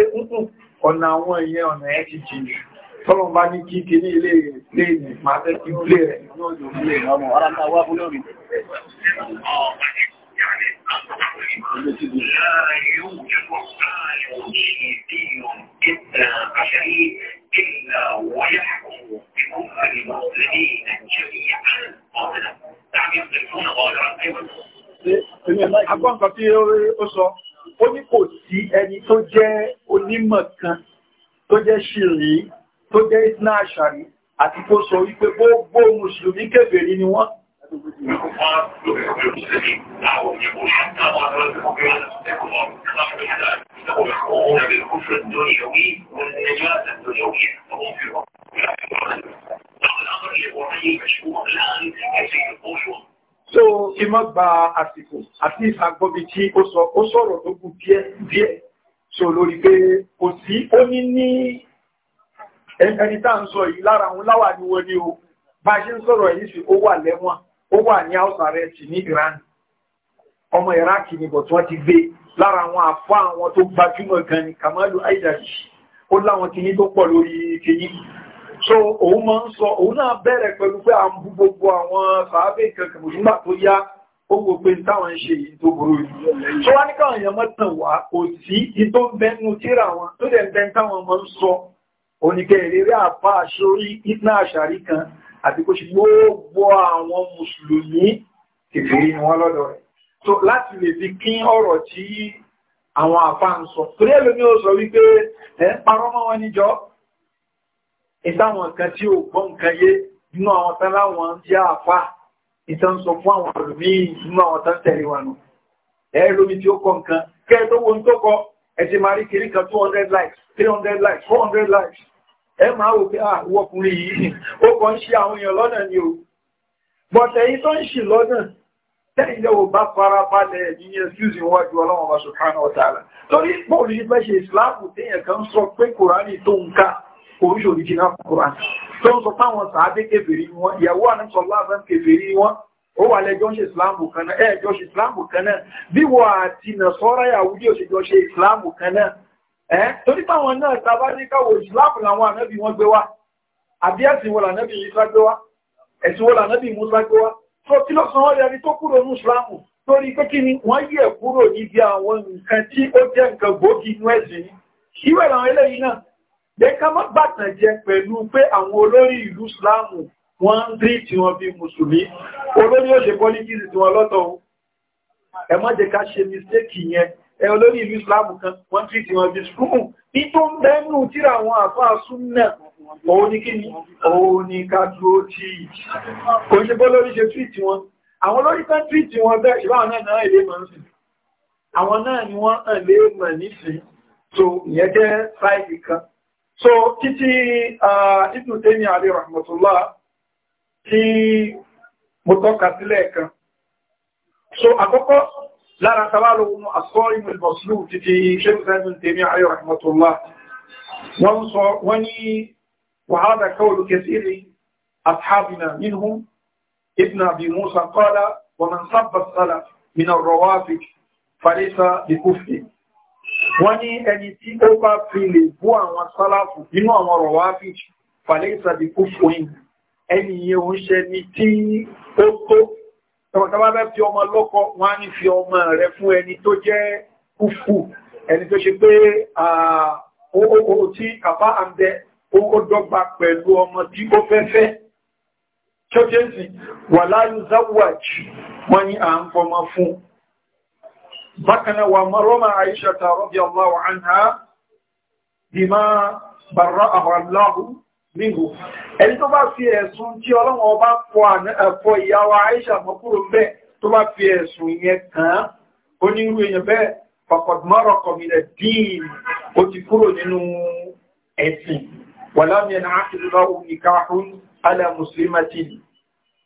ọ̀nà àwọn ìyẹn ọ̀nà ẹ̀ ti jìn jù tọ́lọ̀n bá ní kíkì ní ilé ìlẹ́yìn máa fẹ́ kí ó lè rẹ̀ Agbọ́nkọ̀ tí ó sọ, ó ní kò sí ẹni tó jẹ́ onímọ̀ kan tó jẹ́ ṣìrí tó jẹ́ ìtìná àṣàrí àti kó sọ wípé gbogbo mùsùlùmí kèfèrí ni wọ́n So, ìmọ̀ gba àsìkò àti ìfàgbọ́bi tí ó sọ̀rọ̀ tó kù díẹ̀ díẹ̀. So, lórí pé kò sí ó ní ní ẹni tá ń sọ yìí lára àwọn láwà ní wọ́n ní o bá ṣe ń sọ̀rọ̀ yìí sí ó wà lẹ́wọ̀n ó wà ní house arrest ní Iran ọmọ Iraq ni bọ̀ tí wọ́n ti gbé lára àwọn àfọ́ àwọn tó gbajúmọ̀ gan ni Kamalu Aidash ó láwọn kìíní tó pọ̀ lórí kìíní so òun máa ń sọ òun náà bẹ̀rẹ̀ pẹ̀lú pé à ń bú gbogbo àwọn sàábé kankan nígbà tó yá ó wo pé táwọn ṣe èyí tó burú yìí tó wá ní káwọn èèyàn mọ́tàn wá kò sí ìtó ń bẹnu tíra wọn tó dẹ̀ ń bẹ táwọn ọmọ ń sọ oníkẹ́ ìrírí àpá sórí ìtná àṣàrí kan àti kó ṣe gbogbo àwọn mùsùlùmí kèfèrí ni lọ́dọ̀ rẹ̀ so láti lè fi kí ọ̀rọ̀ tí àwọn àpá ń sọ torí ẹlòmí ó sọ wípé ẹ̀ ń parọ́ mọ́ wọn níjọ ìtàwọn nǹkan tí ò gbọ́ nǹkan yé nínú àwọn tán láwọn jẹ́ àpá ìtàn sọ fún àwọn ẹlòmí nínú àwọn tán tẹ̀lé wọn nù ẹ̀ lómi tí ó kọ nǹkan kẹ́ẹ̀dọ́wọ́n tó kọ ẹ ti máa rí kiri kan two hundred likes three hundred likes four hundred likes ẹ máa wò pé àwọkùnrin ah, yìí ó kàn ń ṣe àwọn èèyàn lọ́nà ni o bọ̀tẹ̀ yìí tó ń ṣì lọ́nà tẹ́yìn lẹ́wọ̀ bá fara balẹ̀ ní ẹ̀sùsì wájú ọlọ́run ọba subhanahu wa ta'ala torí bọ́ọ̀lù yìí fẹ́ ṣe ìsìláàmù téèyàn kan sọ pé kùránì tó ń ká oríṣi òrìjìnà kùránì tó ń sọ fáwọn sàádé kèfèrí wọn ìyàwó àníṣọlá àbẹ́ kèfèrí wọn ó wà lẹ́jọ́ ṣe ìsìláàmù kan náà ẹ̀ẹ́jọ́ ṣe ìsìláàmù kan náà bí wọ́n àti nàṣọ́rá yàwúdí òṣèjọ́ ṣe ìsìláàmù kan náà ẹ̀ torí táwọn náà tàbá ní káwọ̀ ìsìláàmù làwọn ànábì wọn gbé wá àbí ẹ̀sìn wọn lànábì Ìsá gbé wá ẹ̀sìn wọn lànábì Mùsá gbé wá tó kí ló san ọ́yẹ́ni tó kúrò ní ìsìláàmù torí pé kí ni wọ́n yẹ̀ kúrò níbi àwọn nǹkan tí ó jẹ́ nǹkan gbòógì inú ẹ̀sìn ìwé làwọn eléyìí náà lè ká má bàtàn jẹ pẹ̀lú pé àwọn olórí ìlú ìsìláàmù wọ́n ń rí tí wọ́n bí mùsùlùmí olórí ó ṣe politics tí wọ́n lọ́tọ̀ ohun ẹ má jẹ́ ká ṣe mistake yẹn ẹ olórí ìlú Islam kan wọ́n rí tí wọ́n bí sùkúrù ní tó ń bẹ́ẹ̀nù tíra àwọn àfáà súnnà ní kí ni òun ní ká dúró tí kò ń ṣe bọ́ lórí ṣe so ìyẹn jẹ́ so títí uh, ibùdó rahmatullah tí mo tọ́ka sílẹ̀ kan so àkọ́kọ́ lára tàbálò ohun àsọ́ ìmọ̀ ìbọ̀sílù títí ṣẹ́gbẹ̀sẹ́gbẹ̀ tèmi ayọ̀ rahmatullah wọ́n sọ wọ́n ní وهذا قول كثير أصحابنا منهم ابن أبي موسى قال ومن صب السلف من الروافق فليس بكفر wọ́n ní ẹni tí ó bá fi lè bú àwọn sálàfù nínú ẹni yẹn ń ṣe ni tí ó tó tọmọtàbá bẹ́ fi ọmọ lọ́kọ wọ́n á ní fi ọmọ rẹ̀ fún ẹni tó jẹ́ kúfù ẹni tó ṣe pé ó tí kàfá àǹdẹ ó dọ́gba pẹ̀lú ọmọ tí ó fẹ́fẹ́ ṣọ́jẹ́sì wà láyú záwàjì wọ́n ní Allahu níhù ẹni tó bá fi ẹ̀sùn tí ọlọ́run ọba fọ ìyàwó Aisha mọ́kúrò bẹ́ẹ̀ tó bá fi ẹ̀sùn yẹn kàn án onírú èèyàn bẹ́ẹ̀ fọkọ̀dùmọ́rọ̀ kọ̀mílẹ̀ dín ó ti kúrò nínú ẹ̀sìn wàlámi ẹ̀nà ákìlúláwò nìkáhún alẹ́ mùsùlùmí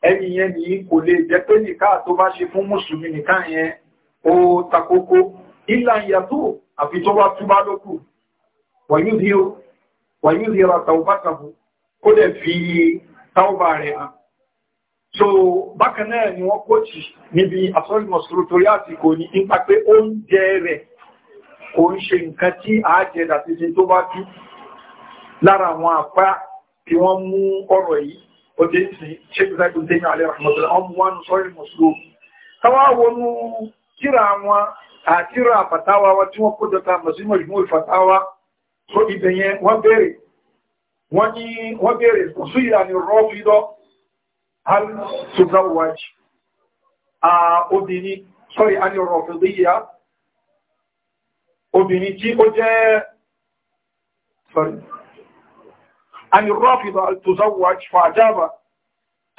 ẹni yẹn ni kò lè jẹ́ pé nìká tó bá ṣe fún mùsùlùmí nìká yẹn wàyí zira taubatahu kó dẹ̀ fi tauba rẹ̀ hàn so bákan náà ni wọ́n kóòtì níbi asọ́lì mọ̀sùlù torí àsìkò ní ipa pé oúnjẹ rẹ̀ kò ń ṣe nǹkan tí a jẹ dàtíṣe tó bá tú lára àwọn apá tí wọ́n mú ọ̀rọ̀ yìí ó dé sí ṣékù sáìkù tẹ́yìn alẹ́ rahmatulah ọmọ wọn sọ́lì mọ̀sùlù táwa wọnú kíra àwọn àtìrà àfàtàwà wa tí wọ́n kójọ ta mọ̀sùlùmọ̀ ìfàtàwà so ibẹ̀ yẹn wọ́n bèèrè wọ́n ní wọ́n bèèrè sí ìlànà rọ́fídọ́ al-tuzawwaj obìnrin sọ́rí a ní rọ̀fìdíyà obìnrin tí ó jẹ́ sọ́rí a ní rọ́fídọ́ al-tuzawwaj fàjábà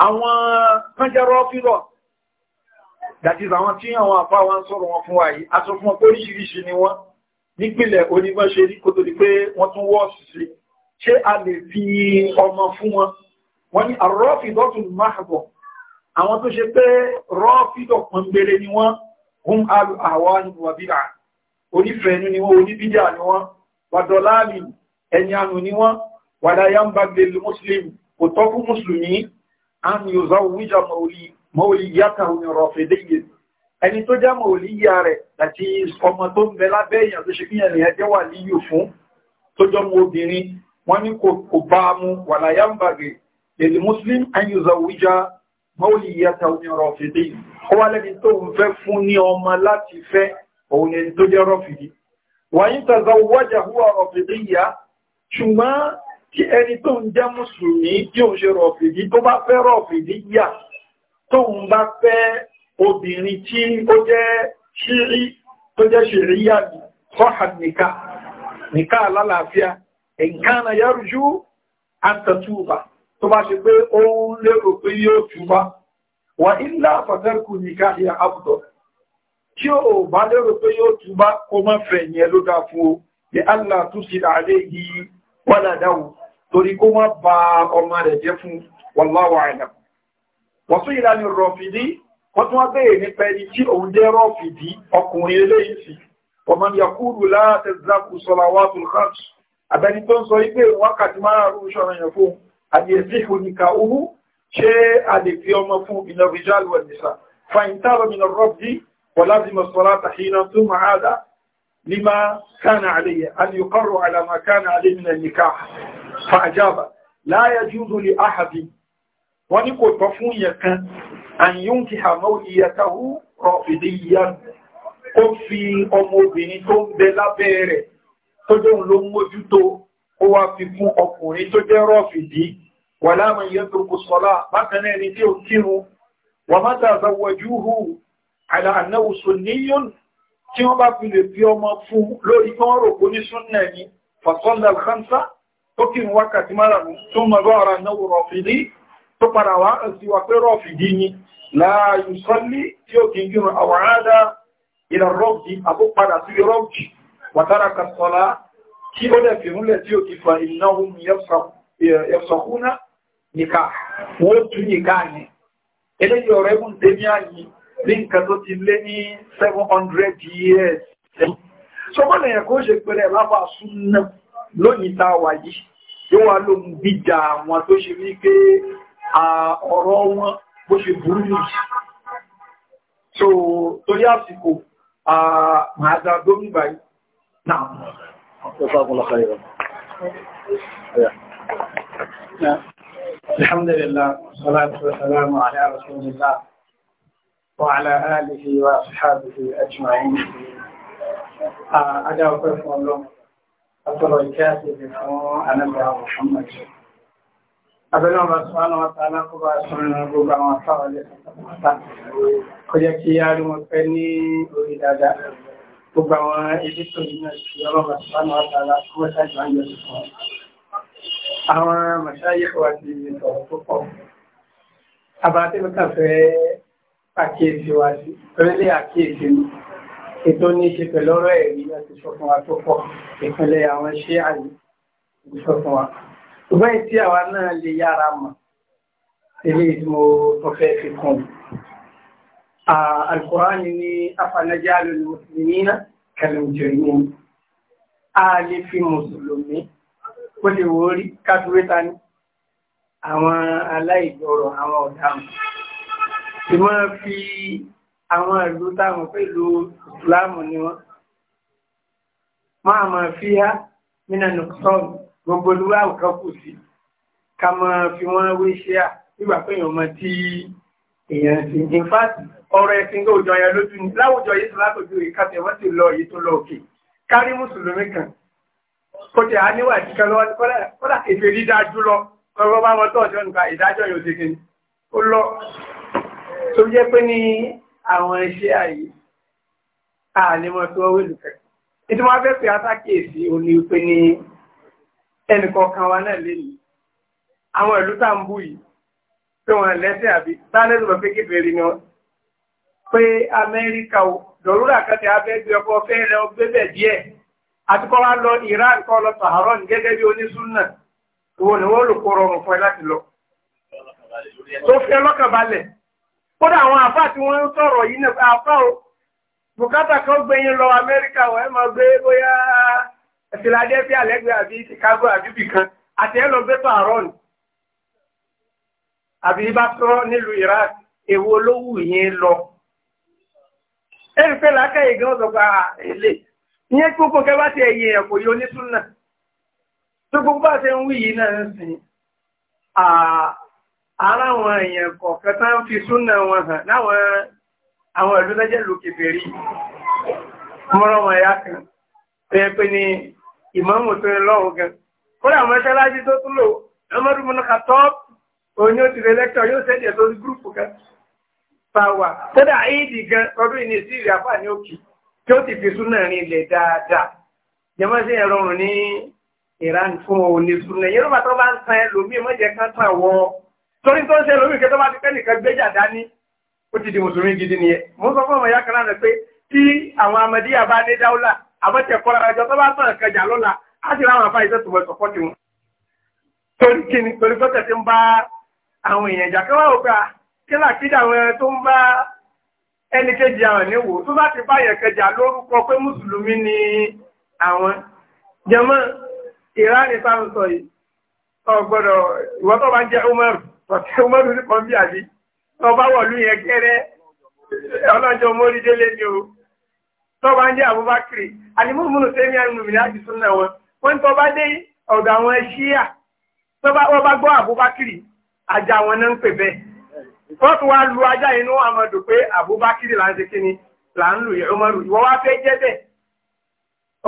àwọn kánjẹ́ rọ́fídọ́ dàtí àwọn tí àwọn àfáwọn sọ̀rọ̀ wọn fún wáyé a sọ fún ni wọ́n nípìnlẹ̀ onímọ̀ ṣe rí kó tó di pé wọ́n tún wọ́ sí ṣé a lè fi ọmọ fún wọn wọ́n ní àrọ́fìdọ́tún máàbọ̀ àwọn tó ṣe pé rọ́fìdọ̀ pọ̀ngbèrè ni wọ́n hum alu àwa ni wàbíra onífẹ̀ẹ́nu ni wọ́n oníbídà ni wọ́n wàdọ̀láàmì ẹni ànù ni wọ́n wàdáyà ń gbèlú mùsùlùmí kò tọ́ mùsùlùmí àmì òzàwùwíjà ẹni tó jẹ́ mọ̀ òlíyà rẹ̀ àti ọmọ tó ń bẹ lábẹ́ èèyàn tó ṣe kíyàn nìyẹn jẹ́ wà líyù fún tó jọ mọ obìnrin wọ́n ní kò bá mú wà láyá ń bàgẹ̀ èdè muslim ayùzàwíjà mọ́wòlíyà táwọn rọ̀fìdì ó wá lẹ́ni tó ń fẹ́ ni tó jẹ́ rọ̀fìdì wà ní tàzà wájà húwà rọ̀fìdì yá ṣùgbọ́n tí ẹni tó ń bá fẹ́ obìnrin tí ó jẹ́ ṣírí tó jẹ́ ṣìríyà sọ́hà nìká nìká alálàáfíà ẹ̀nkánà yárùjú àtàtúbà tó bá ṣe pé ó ń lérò pé yóò túbá wà ilá fàtàkù nìká ìyà àbùdọ̀ tí ó bá lérò pé yóò túbá kó má fẹ̀ yẹn ló dá fún o ní allah tó sì ìlànà rọ̀fìdí wọ́n tún wá bèèrè nípa ẹni tí òun jẹ́ rọ́ọ̀fì bí ọkùnrin eléyìí sí ọmọ yakúrù látẹ̀zákù sọlá wà tó kàtù àbẹni tó ń sọ wípé wákàtí márùn-ún ṣọ̀rọ̀ yẹn fún àdìyẹsí ìhòníkà òun ṣé a lè fi ọmọ fún ìlọrìjálù ẹ̀nìsà fàyíntàrọ̀ mi lọ́rọ̀ bí ولازم الصلاة حين ثم هذا لما كان عليه أن يقر على ما كان عليه wọ́n ní kò tọ́ fún ìyẹ̀ kan àyíyún ti hàmọ́ ìyàtàwó rọ̀ èdè ìyá ó fi ọmọ obìnrin tó ń bẹ lábẹ́ rẹ̀ tó jẹ́ òun ló ń mójútó ó wá fi fún ọkùnrin tó jẹ́ rọ́ọ̀fìdí wà láwọn ìyẹn fasọ́lá al-khamsa wákàtí márùn-ún tó mọ̀ lọ́ra náà rọ̀fìdí tó padà wá sí wà pé rọ́ọ̀fì dí ní láàáyù sọ́lé tí ó kì í gírùn àwọn àádá ìlà rọ́ọ̀fì àbó padà sí rọ́ọ̀fì wàtàrà kàtọ́lá tí ó dẹ̀ fi múlẹ̀ tí ó ti fa ìnáhùn years sọ́kọ́nà yẹn kó ṣe pẹ̀lẹ̀ lábà súnmọ́ lónìí tá a wà yóò wá lóhun gbíjà àwọn tó ṣe wípé ọ̀rọ̀ wọn bó ṣe burú nìyí so torí àsìkò máa dá dómi báyìí náà الحمد لله والصلاة والسلام على رسول الله وعلى آله وأصحابه أجمعين أدعو كفر الله أطلع الكاتب أنا الله محمد abẹ́lẹ́ ọba sọ́nà àtàlá kó bá sọ́nà gbogbo àwọn afáwà lè sọ́tàpátá kó jẹ́ kí a rí wọn pẹ́ ní orí dáadáa gbogbo àwọn ibi tó ní ọlọ́ba sọ́nà àtàlá kó bá sáàjì wáyé ọdún fún wọn àwọn màṣáyé wa ti sọ̀rọ̀ púpọ̀ abatẹ́lẹ́ ètò ní ṣe pẹ̀lú ẹ̀rí láti sọ wa tó pọ̀ ìpínlẹ̀ àwọn iṣẹ́ àyè sọ wa ṣùgbọ́n ìtí àwa náà lè yára mọ̀ ilé ìdímọ̀ tọ́fẹ́ fi kún alkùránì ní afanajáàlù mùsùlùmí náà kẹlùmjìrìmù a lè fi mùsùlùmí kó lè wórí káfíwéta ní àwọn aláìgbọ̀rọ̀ àwọn ọ̀daràn tí wọ́n fi àwọn ìlú táwọn pẹ̀lú ìsìláàmù ni wọ́n máa máa fi há mínà nùkúsọ́ọ̀nù gbogbo olúwa ọ̀kan kù sí ká máa fi wọ́n wé iṣẹ́ à nígbà pé èèyàn mọ tí èèyàn sì in fact ọ̀rọ̀ ẹ̀sìn gbòòjọ yẹn lójú ni láwùjọ yìí tó látòjú rẹ̀ kàtẹ́ wọ́n sì lọ èyí tó lọ òkè kárí mùsùlùmí kan kó tẹ̀ á níwà ìdíkan lọ́wọ́ kódà èfè rí dájú lọ kọ́rọ́ bá wọn tọ́jọ́ nǹkan ìdájọ́ yóò ṣe kí ni ó lọ tó jẹ́ pé ní àwọn iṣẹ́ àyè àlèmọ̀ tó wọ́wé lùkẹ́ nítorí wọ́n fẹ́ pè á sákèèsí òní pé ní enikọ wa náà lẹ́nu àwọn ìlú tá ń bú yìí pé wọ́n lẹ́sẹ̀ àbí sáré lọ pé kékeré ni wọ́n pé amẹ́ríkà ò lọ́rùrà kẹtẹ abẹ́gbẹ́ ọkọ̀ fẹ́ lọ gbébẹ̀ lọ iran kọ́ lọ sàárọ̀ ní gẹ́gẹ́ bí onísúnà wọn ni wọ́n lò kó rọrùn fún ẹ láti lọ. tó fẹ́ lọ́kànbalẹ̀ kódà àwọn àfá tí wọn ń sọ̀rọ̀ yìí náà àfá o bùkátà kan lọ ẹ̀sìnládẹ́ bí alẹ́gbẹ́ àbí Chicago àbí bìkan àti ẹ̀lọ bẹ́tọ̀ àrọ́nù àbí bá tọ́ nílùú Iraq èwo olówù yẹn lọ ẹ̀rìfẹ́ làákàyè gan ọ̀dọ̀gba ah, èlé ìyẹn gbogbo kẹ bá ti ẹ̀yẹ ẹ̀kọ́ yìí onítúnà tó gbogbo bá ti ń wí yìí náà ń sìn ara àwọn èèyàn kọ̀ọ̀kan tá ń fi súnà wọn hàn láwọn àwọn ìlú lẹ́jẹ̀ lókè bèrè mọ́rọ̀ wọn ẹ̀yà kan tó yẹ pé ìmáàmù tó ń lọ́wọ́ gan kódà mọ́ṣáláṣí tó tún lò ọmọdé mọ́nà ká tọ́ọ̀pù òní ó ti rẹ lẹ́kítọ̀ yóò sẹ́dí ẹ̀ lórí gúrùpù gan fáwà kódà éèdì gan ọdún ìní sí ìrì àpá ní òkè tí ó ti fi súnà rin ilẹ̀ dáadáa jẹmọ́ sí ẹ̀rọ rùn ní ìran fún òní súnà yẹ́rọ bá tó bá ń tan ẹlòmíì mọ́jẹ kan tàn wọ́ torí tó ń ṣe ẹlòmíì kẹtọ́ bá ti pẹ́ nìkan gbéjà dání ó ti di mùsùlùmí gidi ni mo sọ fún ọmọ ìyá kan náà pé tí àwọn amadíyà bá ní dáúlà àbọ̀tẹ̀ kọ́ra ẹjọ tó bá sọ̀rọ̀ kẹjà lọ́la á sì ráwọn afá iṣẹ́ tòwọ́ ìsọ̀pọ̀ tiwọn. torí kí ni torí pé tẹ̀sí ń bá àwọn èèyàn jà kí wọ́n wò pé à kí làkídà àwọn ẹran tó ń bá ẹni kejì àwọn níwò tó bá ti bá yẹn lórúkọ pé mùsùlùmí ni àwọn. jẹ́mọ́ ìránì sáwọn sọ yìí ọgbọ́dọ̀ ìwọ́n tó bá ń jẹ́ umaru tọ̀tí umaru ní kan bí àbí tó bá wọ̀lú yẹn kẹ́rẹ́ ọlọ́jọ́ mórí ni o tó bá ń jẹ́ Abubakri alimúmúnù tẹ́mi alùmùmìnì àti súnà wọn wọ́n tó bá dé ọ̀dọ̀ àwọn ṣíà tó bá wọ́n bá gbọ́ Abubakri ajá wọn náà ń pè bẹ́ẹ̀ wọ́n tún wá lu ajá inú amadu pé Abubakri là ń ṣe kíni là ń lu Umaru ìwọ wá fẹ́ jẹ́ bẹ́ẹ̀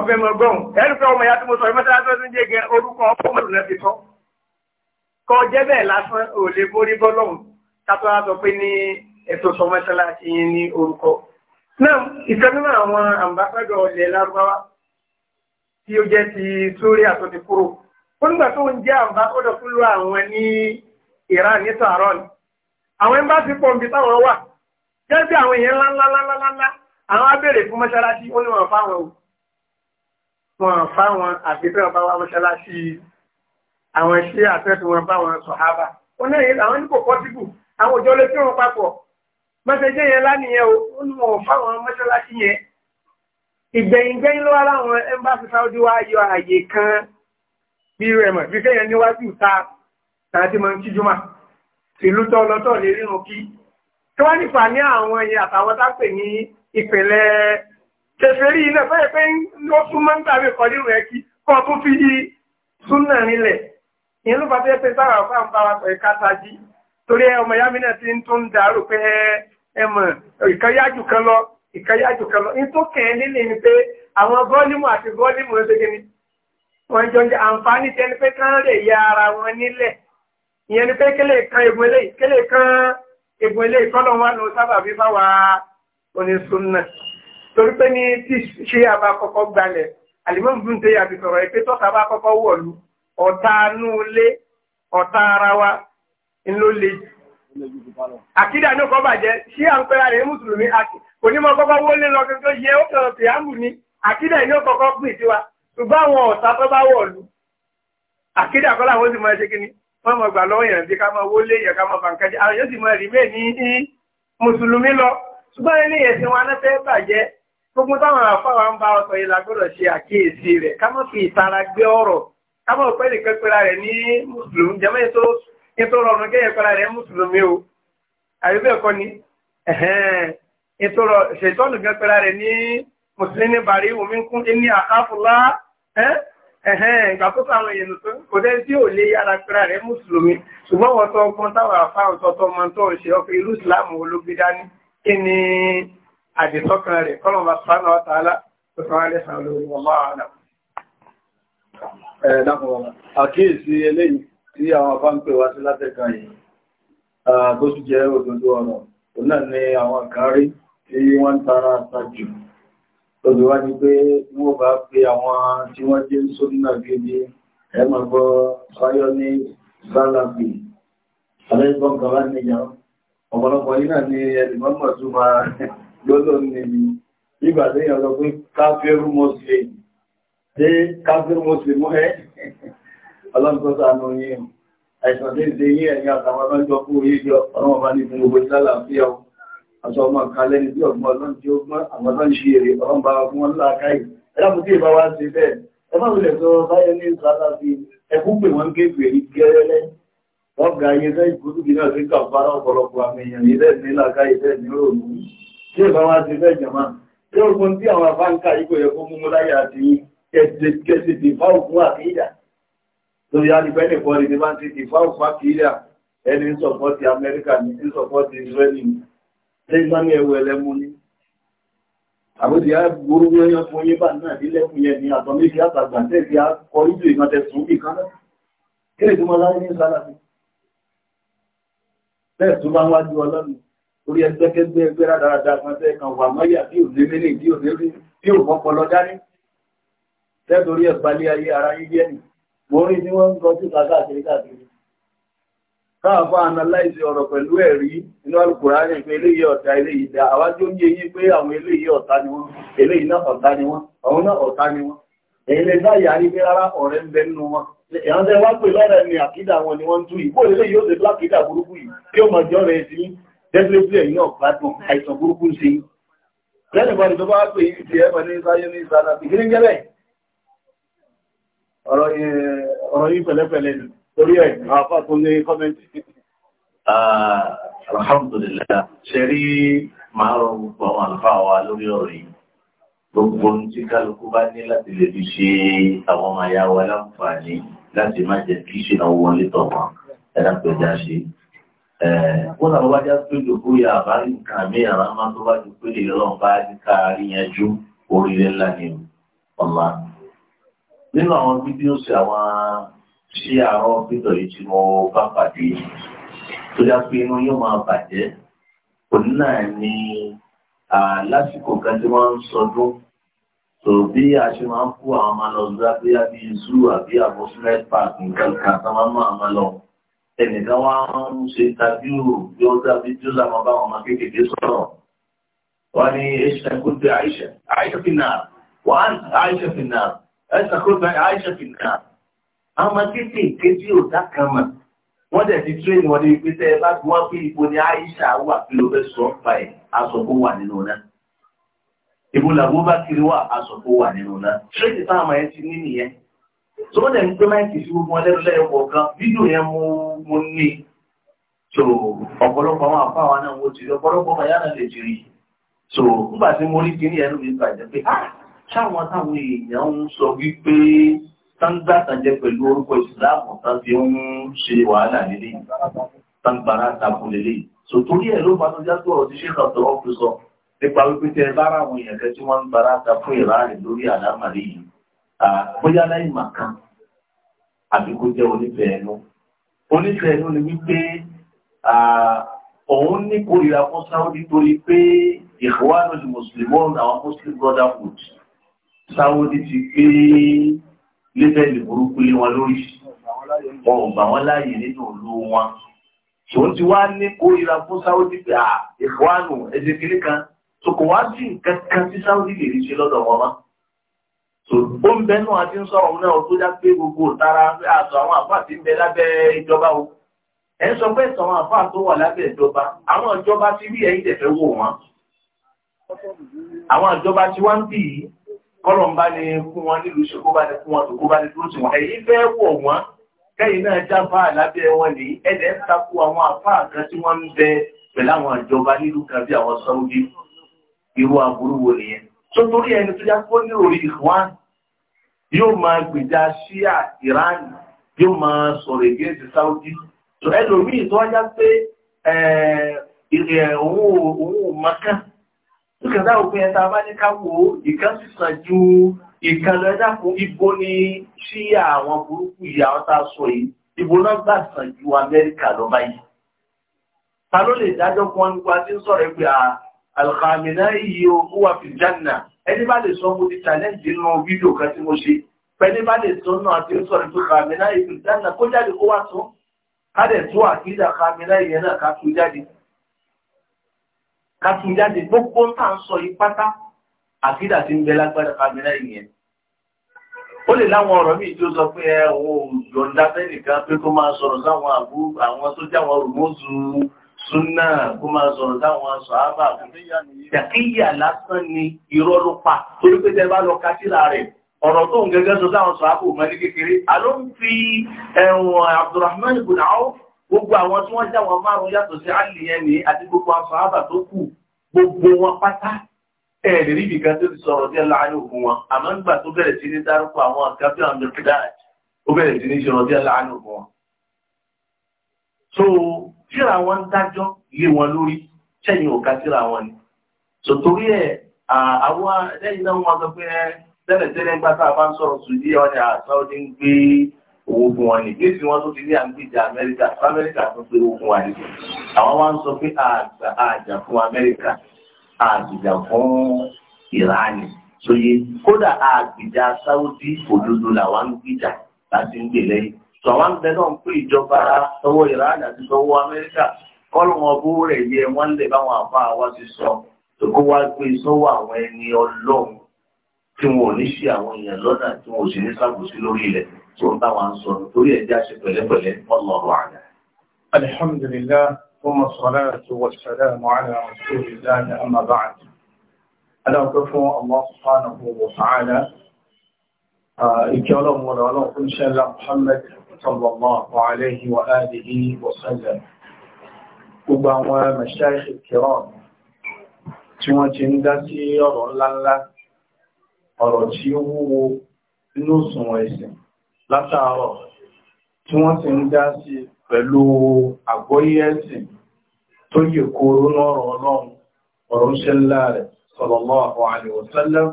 ọ̀fẹ́ mọ̀ gbọ́n ẹ̀rù pé ọmọ ìyá tó mo sọ ìmọ̀tàlásọ tó ń jẹ́ gẹ orúkọ Umaru náà ti tọ́ kọ jẹ́ bẹ́ẹ̀ lásán ò lè borí bọ́lọ́hùn kátó wá sọ pé ní ètò sọmọ́sálásí yín ní orúkọ náà ìkànnì àwọn àmbáfẹ́dọ̀ ilẹ̀ lárúbáwá tí ó jẹ́ ti sórí àtúntí kúrò ó nígbà tó ń jẹ́ àmbáfẹ́dọ̀ fúlù àwọn ní Iran ní sàárọ̀ ni àwọn ẹmbá ti pọ̀ níbi táwọn wà jẹ́ bí àwọn èèyàn ńláńláńláńlá àwọn abèrè fún mọ́ṣáláṣí ó ní wọn fáwọn o wọn fáwọn àgbẹ̀fẹ́ ọba wa mọ́ṣáláṣí àwọn iṣẹ́ àfẹ́fẹ́ mọ́sẹ̀jẹ́ yẹn lánìyẹn o ó ní wọn fáwọn mọ́ṣáláṣí yẹn ìgbẹ̀yìngbẹ́yìn ló wá láwọn ẹmbáṣí Saudi wá yọ àyè kan bí rẹ̀ mọ̀ bí kẹ́yẹn níwájú ta tàbí mọ̀ kí jùmọ̀ ìlú tọ́ lọ́tọ̀ lè rírun kí tí wọ́n nípa ní àwọn ẹyẹ àtàwọn tápè ní ìpìlẹ̀ kẹfẹ́rí iná fẹ́yẹ pé ó tún máa ń tàbí kọ́ nínú ẹ kí kọ́ tún fi súnà nílẹ̀ ìyẹn ló bá fẹ́ pé sára ọ̀fà ń bá wa pẹ̀ kásájí torí ọmọ yá ti ń tún dàrú pé ẹmọ̀ ìkẹyájú kan lọ ìkẹyájú kan lọ ní tó kẹ̀ẹ́ nílé ni pé àwọn gọ́ọ̀lìmù àti gọ́ọ̀lìmù ló ṣe wọ́n jọ jẹ́ àǹfààní tẹni pé kán lè ya ara wọn nílẹ̀ ìyẹn ni pé kélé kan egun eléyìí kélé kan egun eléyìí kọ́nà wà ló sábà bí bá wa onísùnnà torí pé ní tí ṣe àbá kọ́kọ́ gbalẹ̀ àlìmọ́n bí ń tẹ́ yàbí sọ̀rọ̀ ẹ̀ pé tọ́ka bá kọ́kọ́ wọ̀lú àkídà ní ọkọ̀ bàjẹ́ ṣí à ń pẹ́ra rẹ̀ mùsùlùmí àti kò ní mọ kọ́kọ́ wọlé lọ kí ó yẹ ó kàn fi àmù ní àkídà ní ọkọ̀ kọ́ pè sí wa ṣùgbọ́n àwọn ọ̀tá tó bá wọ̀ lù àkídà kọ́ làwọn sì máa ṣe kí ni wọ́n mọ̀ gbà lọ́wọ́ yẹn bí ká máa wọlé yẹn ká máa bàǹkà jẹ́ àwọn yóò sì máa rí bẹ́ẹ̀ ní mùsùlùmí lọ ṣùgbọ́n ilé ẹ̀sìn wa náà fẹ́ bàjẹ́ gbogbo táwọn àfáwà ń bá ọsọ yìí la gbọ́dọ̀ ṣe àkíyèsí rẹ̀ ká má fi ìtara gbé ọ̀rọ̀ ká má ètò rọrùn kéèyàn kọ́ra rẹ̀ mùsùlùmí o àbí bẹ́ẹ̀ kọ́ ni ètò ṣètọ́nù kan pẹ́ra rẹ̀ ní mùsùlùmí bàrí omi kún ní àkáfùlá ìgbà tó sáwọn èèyàn tó kò dẹ́ tí ò lè yára pẹ́ra rẹ̀ mùsùlùmí ṣùgbọ́n wọ́n tọ́ ọgbọ́n táwọn àfá ọ̀tọ̀ọ̀tọ̀ ọmọ tó ń ṣe ọkọ̀ irú ìsìláàmù olóbi dání kí ni àdìsọ́kàn rẹ̀ kọ́lọ̀mà sọ́nà ọ̀tàálá tó sọ wá lẹ́sàn olórí ọmọ àdàkùn. Àkíyèsí eléyìí tí àwọn afá ń pè wá sí látẹ̀ka yìí tó sì jẹ́ òdòdó ọ̀rọ̀ tó náà ní àwọn kárí tí wọ́n ń tara sájù tó ti wá ní pé wọ́n bá pé àwọn tí wọ́n jẹ́ sódínà gidi ẹ sáyọ́ ní sálàbì alẹ́gbọ́n kan bá níyàn ọ̀pọ̀lọpọ̀ ni ẹ̀lìmọ́mọ̀ tó máa ọlọ́nkọ́sà ní oyin àìsàn tí ìdè yí ẹ̀yìn àtàwọn ọlọ́jọ́ kú orí jọ ọlọ́wọ́ bá ní fún gbogbo ìlàlà fi ọ àṣọ ọmọ kalẹ́ ní bí ọgbọ́n ọlọ́njẹ́ ọgbọ́n àwọn ọlọ́nṣe èrè ọlọ́n bá fún wọn láàkáì ẹlọ́pù tí ìbá wá sí bẹ́ẹ̀ ẹ má wulẹ̀ sọ báyọ̀ ní ìsàlá sí ẹkú pè wọ́n kéèkì èyí gẹ́rẹ́lẹ́ wọ́n ga ayé fẹ́ ìgbódùgbì náà sí kàfárá ọ̀pọ̀lọpọ̀ àmì èèyàn ní bẹ́ẹ̀ ní làákàyè bẹ́ẹ̀ ní òòlù tí ìbá wá sí bẹ́ẹ̀ jẹ̀má tí ó gbọ́n tí àwọn afáǹkà yìí kò yẹ àti ẹ̀ẹ́dẹ̀kẹsìtì fáwọn fún àkíyà torí alìpẹ́ nìkan rí ní bá ti ìfáùfá kìíyà ẹni ń sọ̀pọ́tì amẹ́ríkà ní ń sọ̀pọ́tì israeli ṣe iná ní ẹwọ ẹlẹ́mú ní àbúdí á gbóró ní ọyọ́ fún yíbà náà nílẹ̀kùn yẹn ní àtọ́ méjì àtàgbà tẹ́ ti á kọ ìlú ìmọ̀tẹ̀ sùn bí kan náà kí lè túnmọ́ láyé ní sálàfí bẹ́ẹ̀ tó bá wájú ọlọ́run orí ẹgbẹ́kẹ́gbẹ́ ẹgbẹ́ rádaràdà kan tẹ́ kan wà mọ́yà bí ò lé mélè bí ò lé rí bí ò mọ́pọlọ dání tẹ́ torí ẹ̀gbálé ayé ara yíyẹ́ nìí Wọ́n rí ní wọ́n ń kọ́ sí káàkiri káàkiri. Káàfà analyze ọ̀rọ̀ pẹ̀lú ẹ̀rí inú alùkùránì pé eléyìí ọ̀tá eléyìí dá. Àwájú ó pé àwọn eléyìí ọ̀tá ni wọ́n, eléyìí ọ̀tá ni àwọn náà ọ̀tá ni Èyí lè dá ìyá pé ọ̀rẹ́ ń bẹ nínú wọn. tẹ wá pè lọ́rẹ̀ ni àkídà ọ̀rọ̀ yìí pẹ̀lẹ́pẹ̀lẹ́ torí ẹ̀ àfà tó ní kọ́mẹ́ntì. Ah, alhamdulillah ṣe rí máa rọ gbogbo àwọn àlùfáà wa lórí ọ̀rọ̀ yìí gbogbo ohun tí kálukú bá ní láti lè fi ṣe àwọn ọmọ ayá wa láǹfààní láti má jẹ kí ṣe náà wọlé tọ̀mọ́ ẹ̀dàpẹ̀já ṣe. wọ́n náà bá já pé ya àbárí nǹkan mi àrà tó bá ju pé lè lọ́n bá kárí oríire ńlá ni ọ̀la nínú àwọn fídíòsì àwọn sí àwọn fídíò yìí tí mo bá pàdé tó dá pé inú yóò máa bàjẹ́ òun náà ni lásìkò kan tí wọ́n ń sọdún tó bí a ṣe máa ń kó àwọn ọmọ lọ lábẹ́ àbí zoo àbí amusement park nǹkan kan tó máa ń mú àwọn lọ ẹnìkan wá ń ṣe tàbíù bí ó dábí tí ó sàmọ́ bá wọn kékeré sọ̀rọ̀ wọ́n ní aṣọ ẹ̀kọ́ ti àìṣẹ́ fi náà wọ́n á fi náà ẹ̀sà kó bẹ̀rẹ̀ àìṣẹ́ fi nà àmọ́ títí ìkéjì òdá kan mà wọ́n dẹ̀ ti tírẹ́nì wọn ní ibi tẹ́ láti wọ́n fi ipò ní àìṣà wà kí ló fẹ́ sọ pa ẹ̀ aṣọ kó wà nínú náà ìbò làbó bá kiri wà aṣọ kó wà nínú náà tírẹ́nì táwọn ẹ̀ ti ní nìyẹn tó wọ́n dẹ̀ ń pé máìkì sí gbogbo ọlẹ́rú lẹ́yọ̀kọ̀ kan fídíò yẹn mo ní so ọ̀pọ̀lọpọ̀ àwọn àfáwọn náà wọ́n ti rí ọ̀pọ̀lọpọ̀ sáwọn táwọn èèyàn ń sọ wípé táńgbàtàjẹ pẹ̀lú orúkọ ìsìláàmù tán fi ń ṣe wàhálà nílé táńgbàrá takùn lélẹ so torí ẹ̀ ló bá tó jásọ ọ̀rọ̀ tí ṣe kàtọ ọkùnrin sọ nípa wípé tẹ bára àwọn èèyàn kẹ tí wọ́n ń gbàrá ta fún ìráàlì lórí àlámàrí yìí bóyá láì màkàn àbí kó jẹ́ onífẹ̀ẹ́ ẹnu onífẹ̀ẹ́ ẹnu ni wípé òun ní kórìíra fún sáwọ́dí torí pé Ikhwanul Muslimun àwọn Muslim Brotherhood sáwọ́dí ti gbé lébẹ́lì burúkú lé wọn lórí wọn ò gbà wọn láàyè nínú ìlú wọn tòun ti wá ní kórìíra fún sáwọ́dí pé ìfọ́nù ẹ̀jẹ̀ kìíní kan tó kò wá sí nǹkan kan tí sáwọ́dí lè rí ṣe lọ́dọ̀ wọn mọ́ ó ń bẹ́nu àti ń sọ̀rọ̀ náà tó já pé gbogbo tara àtọ àwọn àfáà ti ń bẹ lábẹ́ ìjọba o ẹ̀ ń sọ pé ìtàn àwọn àfáà tó wà lábẹ́ ìjọba àwọn ìjọba ti rí ẹ̀yìn tẹ̀fẹ́ wò wọ́n àwọn ìjọba ti wá ń bì yìí kọ́lọ̀ ń bá ní fún wọn nílùú ṣe kó bá ní fún wọn tó kó bá ní dúró sí wọn ẹ̀yin fẹ́ wọ̀ wọ́n kẹ́yìn náà jáfa àlábẹ́ wọn nìyí ẹ̀dẹ̀ ń takú àwọn àfáà kan tí wọ́n ń bẹ pẹ̀lú àwọn ìjọba nílùú kan bí àwọn Saudi irú aburú wo nìyẹn tó torí ẹni tó yá fún ní orí ìwọ́n yóò máa gbèjà ṣíà Iran yóò máa sọ̀rọ̀ ìgbésí Saudi ẹlòmíì tó wájá pé òun ò mọ̀kàn ìkàdá òpin ẹta bá ní káwò ìkan sísan ju ìkan lọ ẹ̀dá fún ibo ní sí àwọn burúkú ìyá ọ̀tá sọ yìí ibo náà gbà sàn ju amẹ́ríkà lọ báyìí ta ló lè dájọ́ fún wọn nípa tí ń sọ̀rọ̀ ẹgbẹ́ alhàmìnà iye owó wà fi jánà ẹni bá lè sọ mo ti challenge nínú fídíò kan tí mo ṣe pẹ̀lú bá lè sọ náà tí ń sọ̀rọ̀ ẹgbẹ́ alhàmìnà iye fi jánà kó jáde kó wá sọ ká kásùn jáde gbogbo ń tà ń sọ yí pátá àkídà tí ń bẹ lágbára kàmínà ìyẹn ó lè láwọn ọ̀rọ̀ míì tí ó sọ pé ẹ òun yọ̀ǹda fẹ́nìkan pé kó máa sọ̀rọ̀ sáwọn àbú àwọn tó jáwọn rùmọ́sù súnà kó máa sọ̀rọ̀ sáwọn sọ̀hábà ìyàkíyà lásán ni irọ́ ló pa torí pé tẹ bá lọ kásíra rẹ̀ ọ̀rọ̀ tó ń gẹ́gẹ́ sọ sáwọn sọ̀hábà òmọ́ ní kékeré àló ń fi ẹ̀wọ̀n Abdurrahman ibùdó àwọn gbogbo àwọn tí wọ́n já wọn márùn yàtọ̀ sí àlì yẹn ní àti gbogbo àfàábà tó kù gbogbo wọn pátá ẹ̀rì ríbi kan tó ti sọ̀rọ̀ díẹ̀ láàrin òkú wọn àmọ́ nígbà tó bẹ̀rẹ̀ sí ní dárúkọ àwọn nǹkan bí àwọn mẹ́tẹ́dáàj ó bẹ̀rẹ̀ sí ní sọ̀rọ̀ díẹ̀ láàrin òkú wọn. so síra wọn dájọ́ lé wọn lórí sẹ́yìn òka síra wọn ni so torí ẹ̀ àwọn lẹ́yìn náà wọn sọ pé tẹ́lẹ̀tẹ́lẹ̀ gbá tá a bá ń sọ̀rọ̀ sùdí ọ̀ owó fún wọn ni kéèsì wọn tó ti ní àgbèjà amẹ́ríkà amẹ́ríkà tó pé owó fún wa ní. àwọn wá ń sọ pé àjà àjà fún amẹ́ríkà àgbèjà fún ìránì sóye kódà àgbèjà sáwọ́dí òdodo làwọn ń gbèjà láti ń gbè lẹ́yìn. sọ àwọn ń bẹ náà ń pè ìjọba sọwọ́ ìránì àti sọwọ́ amẹ́ríkà kọ́lùn ọbú rẹ̀ yẹ wọ́n lè báwọn àfa wa ti sọ tòkó wá gbé e sọ́wọ́ àwọn ẹni ọlọ́run tí wọn ò ní ṣe àwọn èèyàn lọ́nà tí wọn ò sì ní ṣàkóso lórí ilẹ̀ tó ń bá wa sọ torí ẹ̀ já ṣe pẹ̀lẹ́pẹ̀lẹ́ ọlọ́rọ̀ àgbà. alhamdulillah fún salatu wa salamu ala rasulillah amma ba'd aláwọ̀ fún Allah subhanahu wa ta'ala ìkẹ́ ọlọ́run wọlé ọlọ́run fún ṣẹlá Muhammad sallallahu alayhi wa alihi wa sallam gbogbo àwọn mashayikh kiram tí wọ́n ti ń dá sí ọ̀rọ̀ ńláńlá ọ̀rọ̀ tí ó wúwo nínú òṣùwọ̀n ẹ̀sìn látàárọ̀ tí wọ́n ti ń dá sí pẹ̀lú àgbọ́yé tó yẹ kóró lọ́rọ̀ ọlọ́run ọ̀rọ̀ ṣe ńlá rẹ̀ sallallahu alaihi wasallam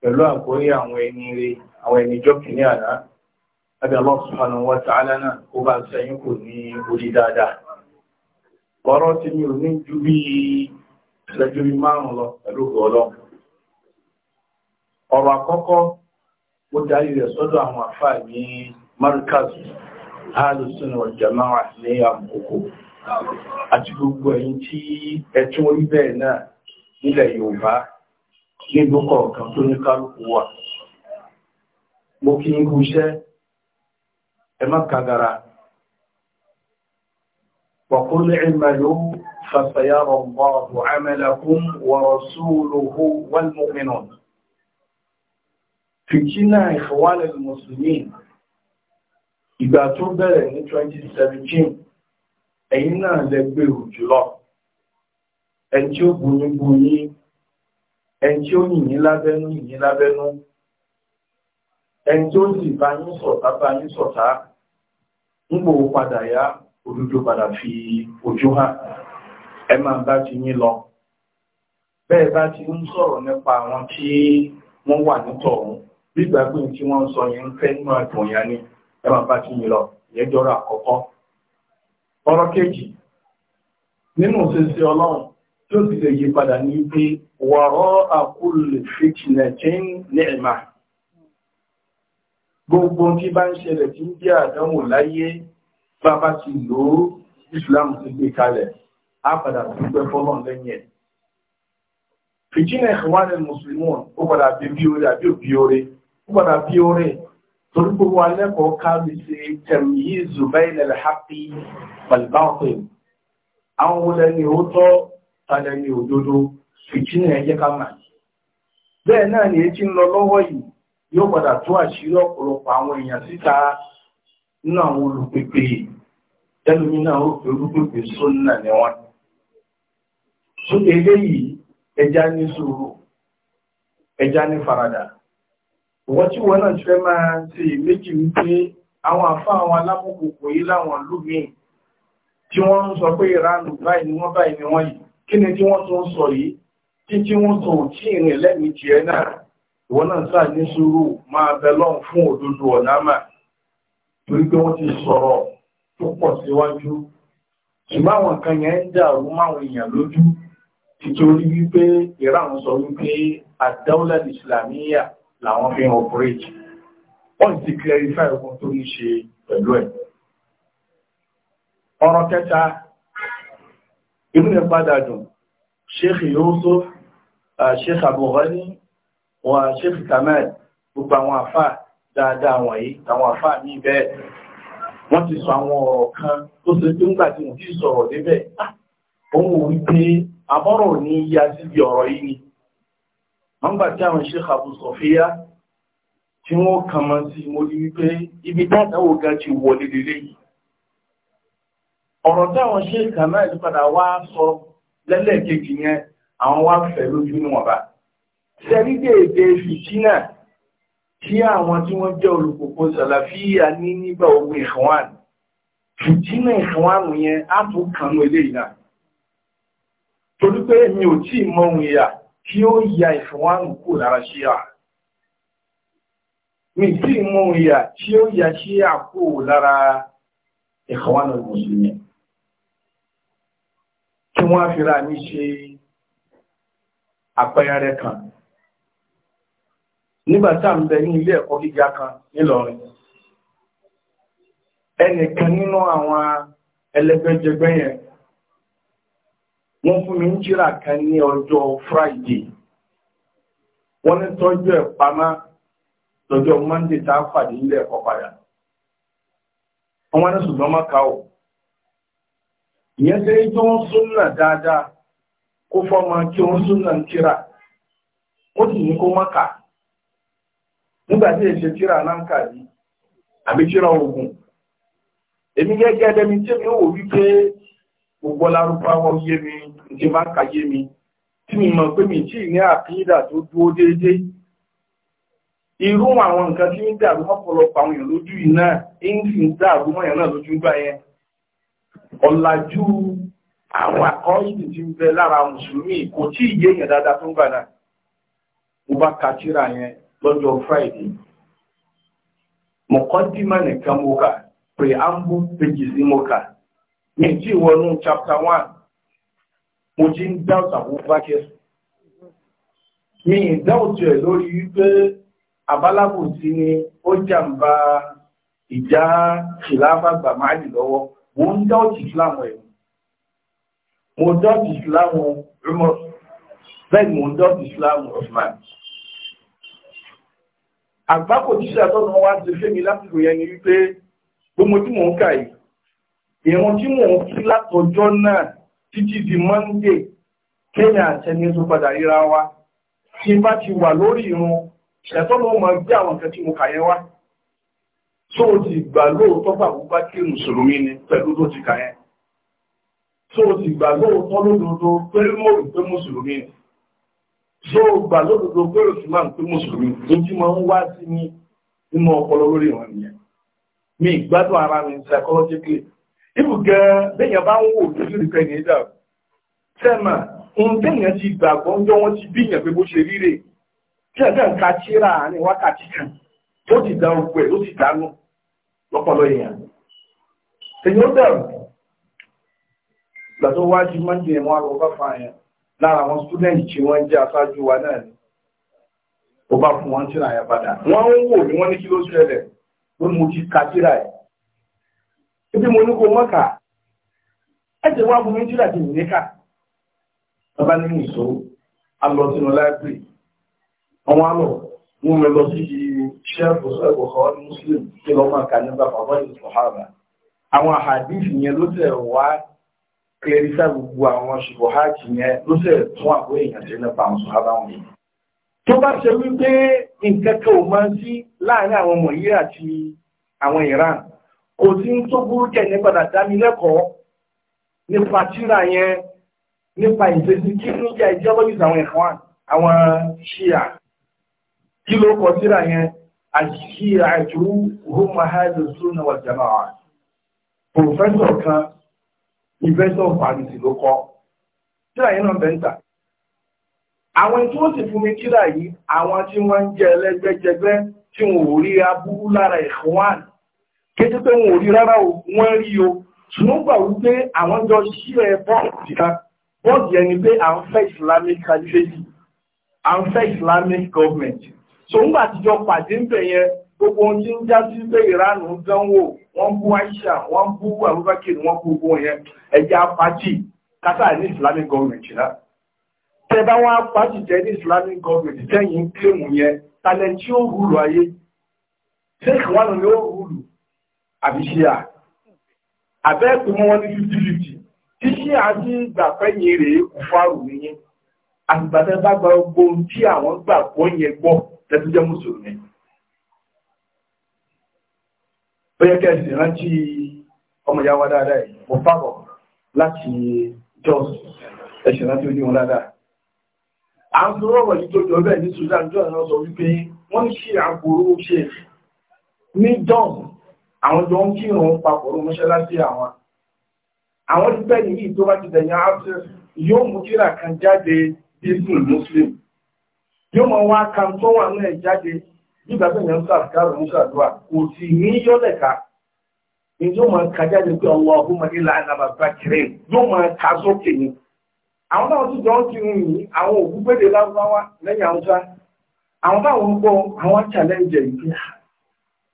pẹ̀lú àgbọ́yé àwọn ẹni rẹ̀ àwọn ẹni jọ́kìní àná abẹ́ Allah subhanahu wa ta'ala náà ó bá sẹ́yìn kò ní orí dáadáa ọ̀rọ̀ ní ju ó darí rẹ̀ sọ́dọ̀ àwọn àfà ní markaz alùsùnà jama'a ní àkókò àti gbogbo ẹ̀yin tí ẹ̀tún orí bẹ́ẹ̀ náà nílẹ̀ yorùbá nílùú kọ̀ọ̀kan tó ní kálukú wà mo kí ń kú iṣẹ́ ẹ má kagara وقل اعملوا فسيرى الله عملكم ورسوله والمؤمنون fìtínà ìfọwánà mùsùlùmí ìgbà tó bẹ̀rẹ̀ ní 2017 ẹ̀yìn náà lẹ́gbẹ̀ òjùlọ ẹni tí ó bùnú bùnú ẹni tí ó yìnyín lábẹ́nú yìnyín lábẹ́nú ẹni tí ó sì bá yín sọ̀tá bá yín sọ̀tá ń gbò padà yá òdodo padà fi ojú hàn ẹ máa bá ti yín lọ bẹ́ẹ̀ bá ti ń sọ̀rọ̀ nípa àwọn tí wọ́n wà nítọ̀ọ̀hún gbígbà pé tí wọ́n ń sọ yẹn ń fẹ́ nínú àdùn yẹn ni ẹ máa bá tìyìn lọ ìyẹn jọrọ àkọ́kọ́. ọ̀rọ̀ kejì nínú ṣíṣe ọlọ́run tí ó sì lè yí padà ní pé wọ̀rọ̀ àkúlè fìtìnà tí ń nìyẹ̀mà gbogbo tí bá ń ṣẹlẹ̀ tí ń jẹ́ àdánwò láyé bàbá ti lò ó Islam ti gbé kalẹ̀ á padà dúpẹ́ fọ́lọ́n lẹ́yìn ẹ̀ fìtìnà ìwádìí mùsùlùmí ó padà bí bí orí àbí òbí orí gbọ́dọ̀ bí orí torí gbogbo alẹ́kọ̀ọ́ káàbì sí tẹ̀míyìzù bẹ́ẹ̀ lẹ́lẹ̀ hápí pàlìbáwọ̀pẹ̀ àwọn olè na ni etí ń lọ lọ́wọ́ yìí yóò padà tó àṣírí ọ̀pọ̀lọpọ̀ àwọn èèyàn síta nínú àwọn olùpèpè tẹ́lómi náà ó fi olùpèpè n'i wọ́n tí wọ́n náà ti fẹ́ máa ṣe méjì wípé àwọn àfá àwọn alámọ́kòkò yìí láwọn lómìn tí wọ́n ń sọ pé ìránù báyìí ni wọ́n báyìí ni wọ́n yìí kí ni tí wọ́n tó ń sọ yìí tí tí wọ́n tó tí ìrìn lẹ́mìí ti ẹ náà ìwọ́n náà sáà ní sùúrù máa bẹ lọ́hùn fún òdodo ọ̀nàmà torí pé wọ́n ti sọ̀rọ̀ tó pọ̀ síwájú ṣùgbọ́n àwọn kan yẹn ń dàrú máwọn èèyàn lójú títorí wípé ìránù sọ wípé àdáwọ́lẹ̀ ìsìlámíyà làwọn fi ń operate wọ́n ti clarify ogun tó ní ṣe pẹ̀lú ẹ̀ ọ̀rọ̀ kẹta ìbílẹ̀ padà dùn Sheikh Yusuf Sheikh Abu Ghani wa Sheikh Kamal gbogbo àwọn àfà dáadáa wọ̀nyí àwọn àfà ní bẹ́ẹ̀ wọ́n ti sọ àwọn ọ̀rọ̀ kan tó ṣe tó ń gbà tí wọ́n ti sọ̀rọ̀ débẹ̀ ah, òun ò rí pé àbọ̀rọ̀ ní yá síbi ọ̀rọ̀ yìí ni wọ́n gbà tí àwọn Sheikh Abu Sofia tí wọ́n kàn mọ́ sí mo rí wípé ibi dáadáwò ga ti wọlé lélẹ́ yìí ọ̀rọ̀ tí àwọn Sheikh Kamal padà wá sọ lẹ́lẹ́kejì yẹn àwọn wá fẹ́ lójú níwọ̀nba sẹ́rídẹ̀ èdè fìtínà tí àwọn tí wọ́n jẹ́ olùkòkò sàlàfíà ní nígbà ogun ìṣòwàn fìtínà ìṣòwàn yẹn á tún kàn mọ́ eléyìí náà torí pé mi ò tí ì ohun ìyà kí ó ya ìfọwọ́nù kò lára ṣíà mi tí mú ìyà tí ó ya ṣíà kò lára ìfọwọ́nù mùsùlùmí kí wọ́n fi ra ní ṣe àpẹẹrẹ kan nígbàtà ń bẹ ní ilé ẹ̀kọ́ gíga kan nílọrin ẹnìkan nínú àwọn ẹlẹgbẹ́jẹgbẹ́ yẹn wọ́n fún mi ń jíra kan ní ọjọ́ friday wọ́n ní tọ́jú ẹ̀ pamá lọ́jọ́ monday tá a fàdé ilé ẹ̀kọ́ padà wọ́n ní ṣùgbọ́n má ka ọ̀ ìyẹn ṣe tó ń súnà dáadáa kó fọ́mọ kí ó ń súnà ń kíra ó sì ní kó má kà nígbà tí èsì kíra náà ń kà gbogbo lárúbáwọ́ yé mi ní má kà yé mi tí mi mọ̀ pé mi tí ní àkídà tó dúó déédé irú àwọn nǹkan tí ń dàrú mọ́pọ̀lọpọ̀ àwọn èèyàn lójú iná ń sì ń dàrú mọ́ èèyàn náà lójú gbà yẹn ọ̀làjú àwọn ń bẹ lára mùsùlùmí kò tí ì yé èèyàn dáadáa tó ń gbà náà mo bá ka yẹn lọ́jọ́ Friday nìkan ní tí ìwọ̀nú chapter one mo ti ń dáùt àbúbákẹ́ mi ìdáùt ẹ̀ lórí wípé àbálábò sí ni ó jàǹbá ìjà kìláfà gbàmáàlì lọ́wọ́ mo ń dáùt ìsìláàmù ẹ̀ mo dáùt ìsìláàmù Umar bẹ́ẹ̀ mo ń dáùt ìsìláàmù Usman àgbákò tíṣà tọ́nà wá ti fẹ́ mi lásìkò yẹn ni wípé gbogbo tí mò ń kà yìí ìrun tí mò ń kí látọjọ́ náà títí di monday kenya àtẹni tó padà ríra wa tí bá ti wà lórí ìrun ṣẹ̀tọ́ ló mọ̀ bí àwọn nǹkan mo kà yẹn wá tó o ti gbà lóòótọ́ gbà púpá kí mùsùlùmí ni pẹ̀lú tó ti kà yẹn tó o ti gbà lóòótọ́ lódodo pé mo rò pé mùsùlùmí ni tó o gbà lódodo pé òsùnmáà pé mùsùlùmí ni tí mo ń wá sí ní nínú ọpọlọ lórí ìrun nìyẹn mi ìgbádùn ara mi psychologically ibù gan bẹ́yàn bá ń wò lójú ìfẹ́ ní ìdá tẹ́mà ohun tẹ́yàn ti gbàgbọ́ ń jọ wọ́n ti bíyàn pé bó ṣe ríre tí ẹ̀dá ń ka tíra àárín wákàtí kan tó ti dá ogun ẹ̀ ló ti dánú lọ́pọ̀lọ́ èèyàn èèyàn bẹ̀rù ìgbà tó wá ju mọ́ndé ẹ̀mọ́ àrùn ọba fa yẹn lára àwọn student tí wọ́n jẹ́ aṣáájú wa náà ni ó bá fún wọn tíra yẹn padà wọ́n ń wò ní wọ́n ní kí ló ṣẹlẹ̀ ló mú ti ka tíra yẹn ibi mo ní kó mọ́kà ẹ̀sẹ̀ wá fún mi tí láti nìyẹ́kà bàbá nínú ìṣó alọ sínú láìpẹ́ àwọn alọ wọn mẹ lọ sí ṣẹ́ẹ̀fù sẹ́ẹ̀fù ọ̀họ́ ní muslim tí lọ máa kà nípa bàbá yìí sọ̀hárà àwọn àhàdíìsì yẹn ló tẹ̀ wá kẹrìsà gbogbo àwọn ṣùgbọ́háàkì yẹn ló tẹ̀ tún àbúrò èèyàn jẹ́ nípa àwọn sọ̀hárà wọn yìí tó bá ṣe wípé nǹkan kan ò máa ń sí láàárín àwọn mọ̀yí àti àwọn ìran kò sí ń tó burú jẹ́ ní padà dámi lẹ́kọ̀ọ́ nípa tíra yẹn nípa ìfèsì kí ló jẹ́ ideologies àwọn ẹ̀kọ́ àwọn ṣíà kí ló kọ tíra yẹn àṣíà ìjú hum ahlus sunna wal jamaa pòfẹ́sọ̀ kan ìfẹ́sọ̀ fàmìsì ló kọ tíra yẹn náà bẹ́ńtà àwọn tí wọ́n sì fún mi tíra yìí àwọn tí wọ́n ń jẹ́ ẹlẹ́gbẹ́jẹgbẹ́ tí wọ́n rí aburú lára ẹ̀kọ́ wáàlì kété pé wọn ò rí rárá o wọ́n rí o ṣùgbọ́n gbà wípé àwọn jọ sí ẹ bọ́ọ̀dì kan bọ́ọ̀dì ẹni pé à ń fẹ́ islamic caliphate à ń fẹ́ islamic government so ńgbà àtijọ́ pàdé ń bẹ̀ yẹn gbogbo ohun tí ń já sí pé ìránù ń dánwò wọ́n bú aisha wọ́n bú abubakar wọ́n bú gbogbo yẹn ẹ̀jẹ̀ apájì kátà ní islamic government náà tẹ́bá wọn apájì jẹ́ ní islamic government tẹ́yìn ń kílèmù yẹn talẹ̀ tí ó rúlù ayé sheikh wọn ni ó rúlù àbí ṣíà àbẹ́ẹ̀kù mọ́ wọn ní fifty fifty tí ṣíà ti ń gbà fẹ́yìn rèé kò fárò nìyẹn àgbàtẹ́ bá gba gbogbo tí àwọn gbà gbọ́ yẹn gbọ́ tẹ́tí jẹ́ mùsùlùmí. ó yẹ kẹ́sì rántí ọmọ ìyá wa dáadáa yìí mo fàbọ̀ láti Jos ẹ̀sìn rántí ojú wọn dáadáa. à ń sọ ọ̀rọ̀ yìí tó jọ bẹ́ẹ̀ ní Sudan jọ náà sọ wípé wọ́n ń ṣe àgbòrò ṣe ní Jos àwọn jọ ń kírun papọ̀ mọ́ṣáláṣí àwọn àwọn ìgbẹ́ yìí tó bá ti dẹ̀yìn áfẹ́ yóò mú kíra kan jáde bísùn muslim yóò mọ̀ wá kan tó wà náà jáde nígbà tó yẹn ń sàkárò ń ṣàdúrà kò sì ní yọ́lẹ̀ka yóò máa ka jáde pé Allahumma ilà ànàbà bàkìrì yóò máa ka sókè ni àwọn náà tó jọ ń kírun yìí àwọn òkú gbèdè lárúbáwá lẹ́yìn haúsá àwọn táwọn ń gbọ́ àwọn challenge yìí ah,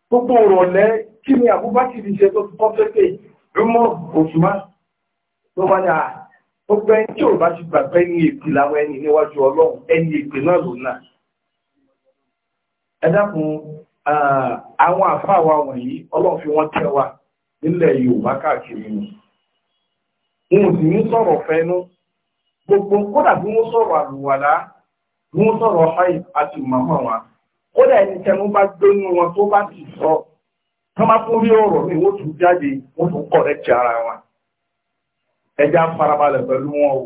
gbogbo rọ̀lẹ́ kí ni Abubakar ṣe tó ti pọ́fẹ́tẹ̀ rúmọ̀ òṣùmá ló wá ní à gbogbo ẹni tí ò bá ti gbàgbé ní èpè láwọn ẹni níwájú ọlọ́run ẹni èpè náà ló náà ẹ dákun àwọn àfáà wa wọ̀nyí ọlọ́run fi wọ́n tẹ́ wa nílẹ̀ Yorùbá káàkiri ni wọn sì ń sọ̀rọ̀ fẹ́nu gbogbo kódà bí wọ́n sọ̀rọ̀ àlùwàlá bí wọ́n sọ̀rọ̀ ọ̀háì àti ìmọ̀ àwọn kódà ẹni tẹnu bá gbénu wọn tó bá ti sọ tó máa kó rí ọ̀rọ̀ mi wọ́n tún jáde wọ́n tún kọ̀ lẹ́kì ara wọn ẹja farabalẹ̀ pẹ̀lú wọn o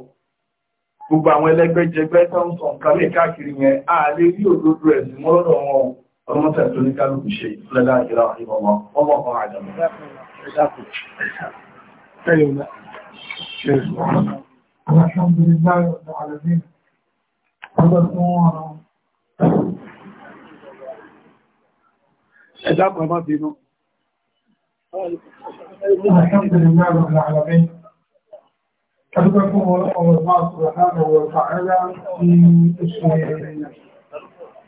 gbogbo àwọn ẹlẹ́gbẹ́jẹgbẹ́ tó ń sọ nǹkan lè káàkiri yẹn a lè rí òdodo ẹ̀sìn mọ́ lọ́dọ̀ wọn o ọmọ tẹ̀ tó ní kálukú ṣe lẹ́lá ìlà Ẹ̀dá kan máa bínú. الحمد لله رب العالمين أحبكم الله سبحانه وتعالى في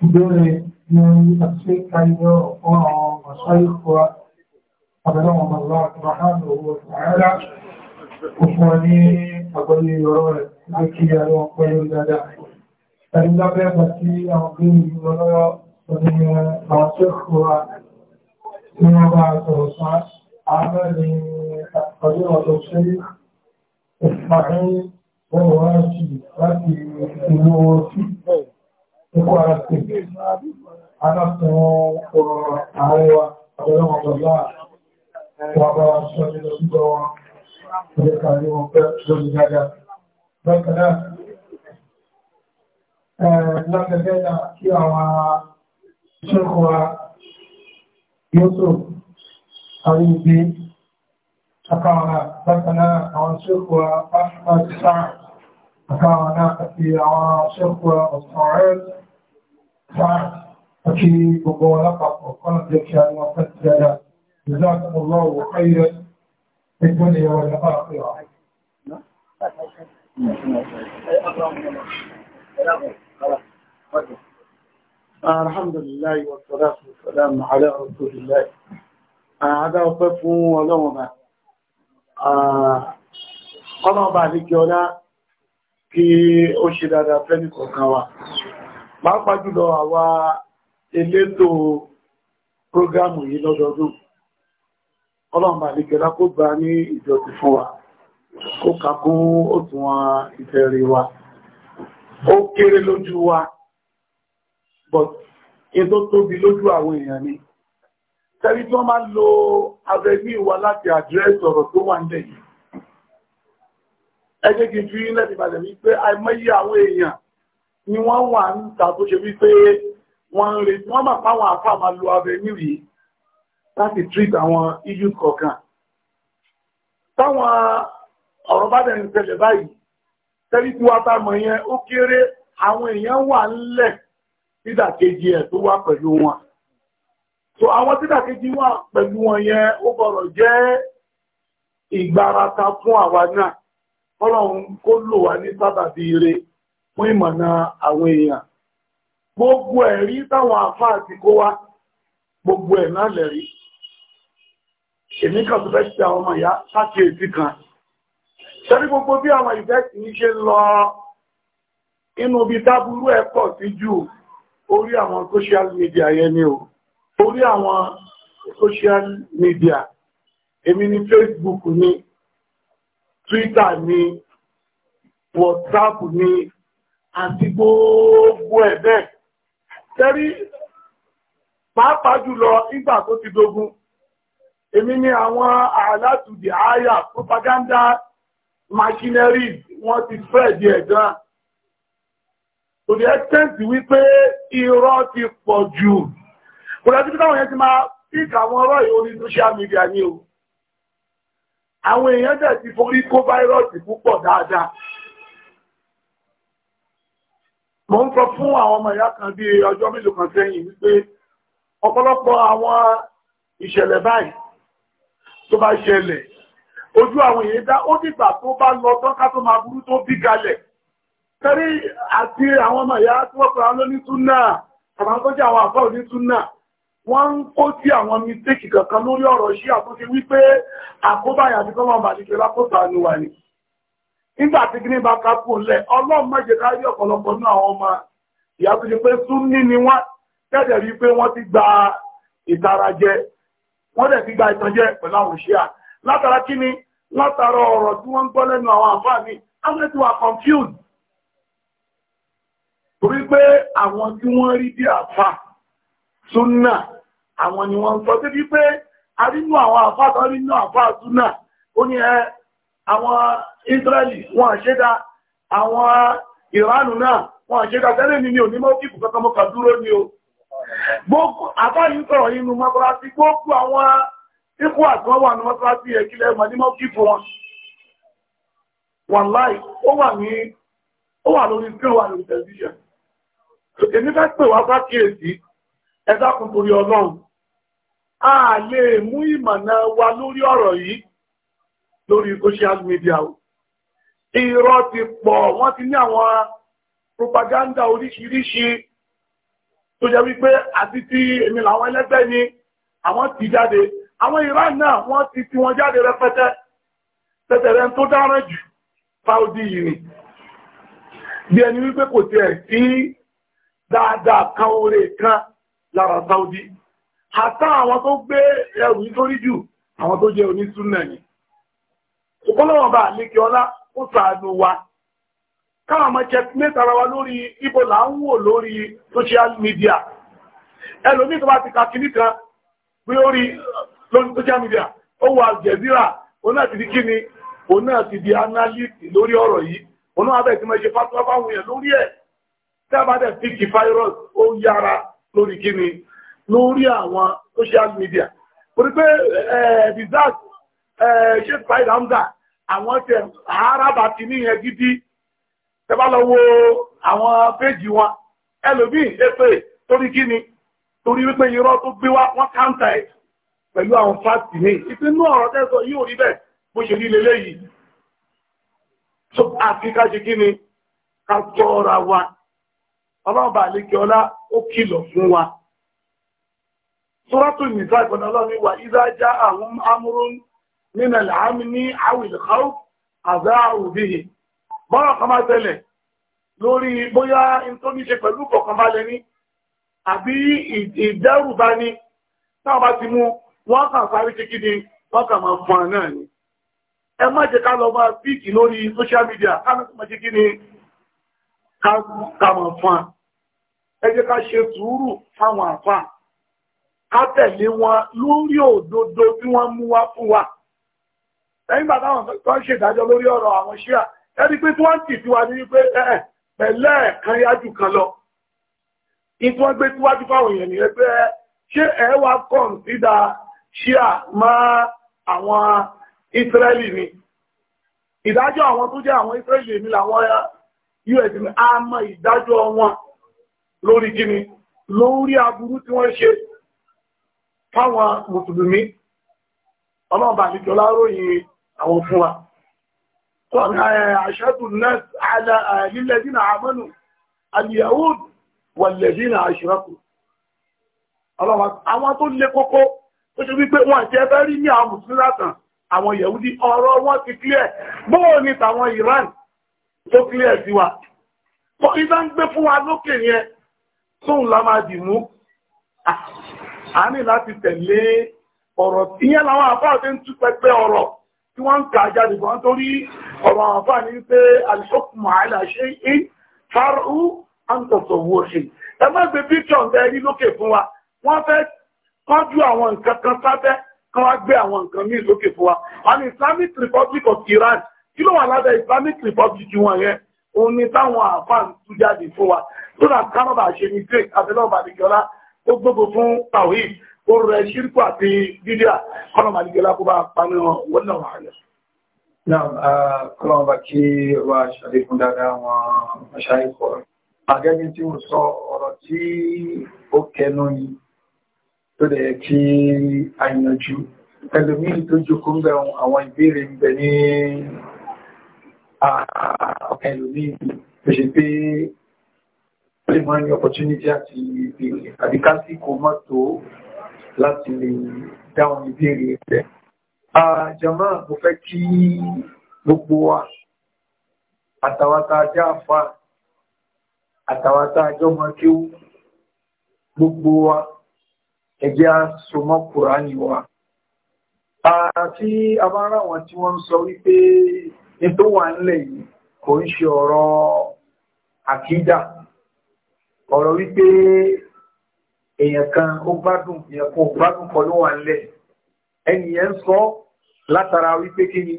ìbéèrè ní àṣíkà ilé ọ̀pọ̀ ọ̀ṣọ́ ìkọ́ àbẹ̀rẹ̀ ọmọ aláàtùmáhánà owó ààrẹ òfin ní àgbẹ̀lẹ̀ ọ̀rọ̀ rẹ̀ ní kí ẹ̀rọ pẹ̀lú dada ẹ̀rí lábẹ́ ẹ̀bà tí àwọn bí i lọ́lọ́rọ̀ tí wọ́n bá sọ̀rọ̀ sá ààrẹ ọjọ́ ọ̀tọ̀ ṣe ìpàdé wọ́n wá sí láti ìlú sí ikú ara sí alákùnrin ọ̀rọ̀ àríwá ọ̀rọ̀ ọ̀dọ̀lá wọ́n bá sọ nínú síjọ wọn ilé kàrí wọn pẹ́ lórí dáadáa bákan náà lágbẹ̀ẹ́ kí àwọn ṣẹ́kọ̀ọ́ Yusuf Habibi أكان لكنا عن شيخوة أحمد سعد أكان أكي عن شيخوة الصعيد سعد أكي بقولك وقال لك وفتلا جزاكم الله خيرا في الدنيا والآخرة Thank نعم. you. الحمد لله والصلاة والسلام على رسول الله هذا وقف ولوما ọlọ́ọ̀bá àríkẹ́ ọlá kí ó ṣe wa pàápàá jùlọ àwa elétò prógámù yìí lọ́dọọdún kó gbà ní fún wa kó kàkún òtùnwọ̀n ìfẹ́ rí wa ó kéré lójú wa but ètò tóbi lójú àwọn èèyàn ni tẹ́rí tí wọ́n máa lo abẹ́bí wa láti àdírẹ́sì ọ̀rọ̀ tó wà nílẹ̀ yìí ẹgbẹ́ kí n fi ilẹ̀ ìbàdàn wípé àìmọye àwọn èèyàn ni wọ́n wà ń ta tó ṣe wípé wọ́n ń retí wọ́n máa páwọn àfà máa lo abẹ́bí yìí láti treat àwọn iju kọ̀ọ̀kan táwọn ọ̀rọ̀ bá dẹ̀ ń tẹ̀lẹ̀ báyìí tẹ́rí tí wọ́n tá mọ̀ yẹn ó kéré àwọn èèyàn wà ń lẹ̀ dídàkejì ẹ̀ tó wà pẹ̀lú wọn so àwọn dídàkejì wà pẹ̀lú wọn yẹn ó gbọ́dọ̀ jẹ́ ìgbárata fún àwa náà ọlọ́run kó lò wá ní sábàbí ire fún ìmọ̀nà àwọn èèyàn gbogbo ẹ̀rí táwọn àfáà ti kó wá gbogbo ẹ̀ náà lẹ̀rí èmi kan tó fẹ́ ṣe àwọn ọmọ ìyá sákèésí kan ṣẹ́rí gbogbo bí àwọn ìfẹ́ kì í ṣe lọ inú bí tábúrú ẹ̀ pọ̀ sí jù orí àwọn social media yẹn ni o orí àwọn social media èmi ni Facebook ni Twitter ni WhatsApp ni àti gbogbo ẹ̀ bẹ́ẹ̀ tẹ́rí pàápàá jùlọ ìgbà tó ti dogun èmi ni àwọn àlátùdì àyà propaganda machinery wọ́n ti fẹ́ di ẹ̀gán to the extent wípé irọ́ ti pọ̀ jù kòrọ̀tí pé táwọn yẹn ti máa píkà àwọn ọ̀rọ̀ yìí orí social media ní o àwọn èèyàn dẹ̀ ti forí kó fáírọ́ọ̀sì púpọ̀ dáadáa mo ń sọ fún àwọn ọmọ ìyá kan bí ọjọ́ mélòó kan sẹ́yìn wípé ọ̀pọ̀lọpọ̀ àwọn ìṣẹ̀lẹ̀ báyìí tó bá ṣẹlẹ̀ ojú àwọn èèyàn dá ó dìgbà tó bá lọ tán ká tó máa burú tó bí galẹ̀ Tẹ́rí àti àwọn ọmọ ìyá tí wọ́n fara lóní túnà, àwọn tó jẹ́ àwọn àfá òní túnà, wọ́n ń kó tí àwọn mistake kankan lórí ọ̀rọ̀ sí àtúnṣe wípé àkóbáyà àti kọ́mọ̀ bàdìkẹ́ lápòtà ni wà ní. Nígbà tí kí ní bá kápò lẹ̀, ọlọ́run má jẹ́ ká rí ọ̀pọ̀lọpọ̀ ní àwọn ọmọ ìyá tó ṣe pé súnní ni wọ́n tẹ́jẹ̀ rí pé wọ́n ti gba ìtarajẹ, wọ́n dẹ̀ ti ni látara ọ̀rọ̀ tí wọ́n ń gbọ́ lẹ́nu àwọn àǹfààní, àwọn ètò wà confused torí pé àwọn tí wọ́n rí bí àfà súnà àwọn ni wọ́n sọ débi pé a rínú àwọn àfà tó rínú àfà súnà ó ní ẹ àwọn Israeli wọ́n àṣẹ́dá àwọn Ìránù náà wọ́n àṣẹ́dá tẹ́lẹ̀ ní onímọ̀ kíkù kankan mọ́ka dúró ní o gbogbo àbáyí sọ̀rọ̀ inú mọ́kọ́lásí gbogbo àwọn ikú àtúnwọ́ wà ní mọ́kọ́lásí ẹ̀kílẹ̀ mọ́nímọ́ kíkù wọn wàláì ó wà lórí skrin wà lórí tẹ̀síṣẹ́ èmi fẹ́ pè wá sákìyèsí ẹ dákun torí ọlọ́run a lè mú ìmọ̀nà wa lórí ọ̀rọ̀ yìí lórí social media o irọ́ ti pọ̀ wọ́n ti ní àwọn propaganda oríṣiríṣi tó jẹ́ wípé àti tí èmi làwọn ẹlẹ́gbẹ́ ni àwọn ti jáde àwọn Iran náà wọ́n ti ti wọn jáde rẹpẹtẹ tẹ̀tẹ̀rẹ̀ tó dáràn jù fáwọn di ìrìn bí ẹni wípé kò tiẹ̀ sí dáadáa kan oore kan lára Saudi àtà àwọn tó gbé ẹrù nítorí jù àwọn tó jẹ́ onísúnà ni ọ̀pọ̀lọ́wọ̀n bá lékè ọlá ó sàánú wa káwọn ọmọ checkmate ara wa lórí ibo là ń wò lórí social media tó kan pé ó rí lórí social media ó wọ àjẹsíra òun náà ti di kíni òun náà ti di analyst lórí yìí òun náà tábàdẹ̀ fíkì virus ó yára lórí kíni lórí àwọn social media orí pé dizak ṣe spider hamza àwọn tẹ àáràbà ti ní ìyẹn gidi tẹ́bá lọ wo àwọn péjì wọn ẹlòmíì èpè torí kíni torí wípé irọ́ tó gbé wá wọ́n káńtà ẹ̀ pẹ̀lú àwọn fásitì ní ìpínú ọ̀rọ̀ tẹ́sọ yóò rí bẹ́ẹ̀ bó ṣe rí lélẹ́yìí àfi ká ṣe kíni ká tọ́ wa ọlọ́ọ̀bà àlékẹ́ ọlá ó kìlọ̀ fún wa sọ́rọ́tù nìta ìpọ̀nà ọlọ́run wà ìdájá àwọn amúrún nínú àmì ní àwìlẹ̀káwù àbá òbíyè bọ́rọ̀ kan máa tẹ́lẹ̀ lórí bóyá tó ní ṣe pẹ̀lú kọ̀ọ̀kan balẹ̀ ní àbí ìdẹ́rùbá ní táwọn bá ti mú wọ́n ni wọ́n kàn máa fún àná ni ẹ social media ká má jẹ́ kí ni ẹ jẹ́ ká ṣe sùúrù fáwọn àfà ká tẹ̀lé wọn lórí òdodo bí wọ́n mú wá fún wa lẹ́yìn bàtà wọn tó ń ṣèdájọ́ lórí ọ̀rọ̀ àwọn ṣíà ẹni pé tí wọ́n ń tì tiwa ní wípé ẹ̀ pẹ̀lẹ́ kan yájú kan lọ ní tí wọ́n gbé síwájú fáwọn èèyàn nìyẹn pé ṣé ẹ wá kọ̀ǹsídà ṣíà mọ́ àwọn ìsírẹ́lì ni ìdájọ́ àwọn tó jẹ́ àwọn ìsírẹ́lì ni làwọn us ni a mọ ìdájọ́ wọn lórí kíni lórí aburú tí wọ́n ṣe fáwọn mùsùlùmí ọlọ́ọ̀bà àlejò láròyìn àwọn fún wa الناس على للذين عملوا اليهود والذين أشركوا àwọn tó lé kókó tó ṣe wípé wọ́n jẹ́ bẹ́ rí ní àwọn mùsùlùmí látàn àwọn yẹ̀wúdí ọ̀rọ̀ wọn ti clear bóò ní tàwọn Iran tó clear sí wa ìdá ń gbé fún wa lókè yẹn sóhun la máa dì mú a ní láti tẹ̀lé ọ̀rọ̀ ìyẹn làwọn àfáà tó ń tú pẹpẹ ọ̀rọ̀ tí wọ́n ń kà jáde bọ́n torí ọ̀rọ̀ àwọn àfáà ní pé alìṣọ́kùnmọ̀ àìlàṣẹ́ ì fárú àǹtọ̀tọ̀ wò ṣe ẹ má gbé píkṣọ̀ ń tẹ́rí lókè fún wa wọ́n fẹ́ kọjú àwọn nǹkan kan sábẹ́ kan wá gbé àwọn nǹkan míì lókè fún wa wọn ni Islamic Republic of Iran kí ló wà lábẹ́ Islamic Republic wọn yẹn òun ni táwọn àfáà ń tú jáde fún wa tó dà kárọ̀bà ṣe ní tèk abẹ́lọ́ọ̀bà nìjọlá ó gbogbo fún tawhid ó rẹ̀ ṣírkù àti dídíà kọ́nọ̀bà nìjọlá kó bá parí wọn wọ́n náà wà lẹ̀. náà kọ́nọ̀bà kí wàá ṣàlékún dáadáa wọn aṣáájú kọ́ agẹ́gẹ́ tí mo sọ ọ̀rọ̀ tí ó kẹnu yìí tó dẹ̀ kí àyànjú ẹlòmíì tó jókòó ń bẹ̀ àwọn ìbéèrè ń bẹ̀ ní Ah, ẹlòmí tó ṣe pé lè máa ní opportunity àti ìbéèrè àbí kásìkò mọ́tò láti lè dáhùn ìbéèrè rẹ̀. àjàmá mo fẹ́ kí gbogbo wa àtàwátà ajá àfà àtàwátà ajọ́ mọ́ kí ó gbogbo wa ẹjẹ́ àsomọ́ Kùránì wa. àti abáráwọn tí wọ́n ń sọ wípé ní tó wà nílẹ̀ yìí kò ń ṣe ọ̀rọ̀ àkídà ọ̀rọ̀ wípé èèyàn kan ó gbádùn èèyàn kan ó gbádùn kọ́ ló wà nílẹ̀ ẹni yẹn sọ látara wípé kí ni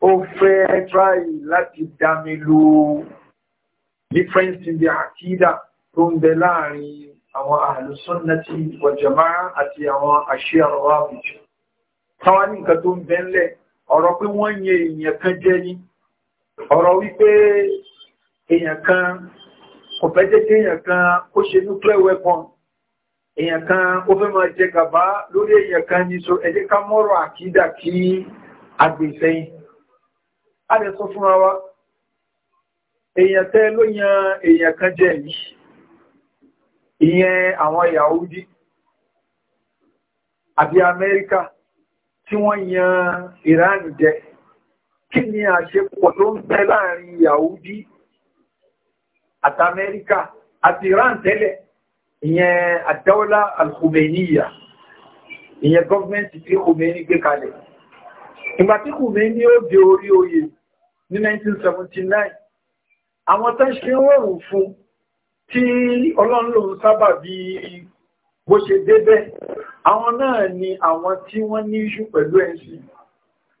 ó fẹ́ try láti dá mi lu difference in the àkídà tó ń bẹ láàrin àwọn àlùsọ́nàtì wal jamaa àti àwọn àṣẹ àwọn àwùjọ táwa ní nǹkan tó ń bẹ ńlẹ̀ ọ̀rọ̀ pé wọ́n yẹ èèyàn kan jẹ́ ní ọ̀rọ̀ wípé èèyàn kan kò fẹ́ jẹ́ kí èèyàn kan kó ṣe nuclear èèyàn kan ó fẹ́ máa jẹ gàbá lórí èèyàn kan ní so ẹ ká mọ́rọ̀ àkídà kí agbèsẹ́yìn a wa èèyàn tẹ́ ló yan èèyàn kan jẹ́ yìí ìyẹn àwọn Yahudi àbí Amẹ́ríkà tí wọ́n yan Iran jẹ kí ni àṣepọ̀ tó ń bẹ láàrin Yahudi àti Amẹ́ríkà àti Iran tẹ́lẹ̀ ìyẹn àdáwọ́lá al-Khomeiniya ìyẹn gọ́ọ̀mẹ́ntì tí Khomeini gbé kalẹ̀ ìgbà tí Khomeini ó dé orí oyè ní 1979 àwọn tó ń ṣe rọrùn fún tí ọlọ́run lòun sábà bíi bó ṣe débẹ̀ àwọn náà ni àwọn tí wọ́n ní iṣu pẹ̀lú ẹ̀sìn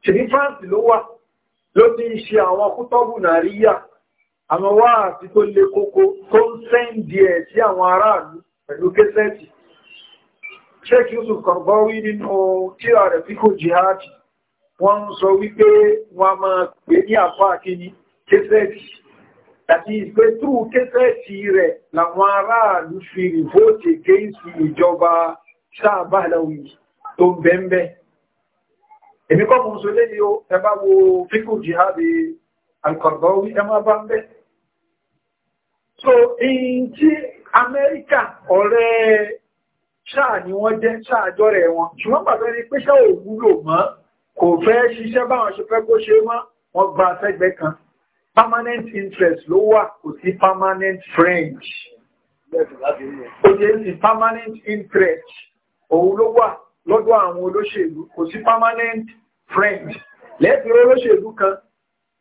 ṣèbí France ló wà ló ti ń ṣe àwọn kútọ́bù nàríyà àwọn wá àti tó le koko tó ń sẹ́ǹdì ẹ̀ sí àwọn aráàlú pẹ̀lú kẹsẹ́ẹ̀tì sheikh yusuf kọ̀ọ̀bọ̀wí nínú tíra rẹ̀ fíkò jihad wọ́n ń sọ wípé wọ́n máa pè ní àfáà kíní kẹsẹ́ẹ̀tì àti ìpẹ́tù kẹsẹ̀tì rẹ̀ làwọn aráàlú fi rìvóòtì kéèsì ìjọba sáàbàlọ́wì tó ń bẹ́ẹ̀bẹ́ èmi kọ́ mọ̀ sólé yíó ẹbá wo fíkù jihadi alkọ̀rọ̀wí ẹmá bá ń bẹ́ so in tí amẹ́ríkà ọ̀rẹ́ sáà ni wọ́n jẹ́ sáàjọ́ rẹ̀ wọn ṣùgbọ́n pàtó ní pé sáà òwúlò mọ́ kò fẹ́ ṣiṣẹ́ báwọn ṣe fẹ́ kó ṣe mọ́ wọ́n gba afẹ́gbẹ́ kan permanent interest ló wà kò sí permanent French ó yẹ ní permanent interest òun ló wà lọ́dọ̀ àwọn olóṣèlú kò sí permanent French lẹ́ẹ̀fẹ́ olóṣèlú kan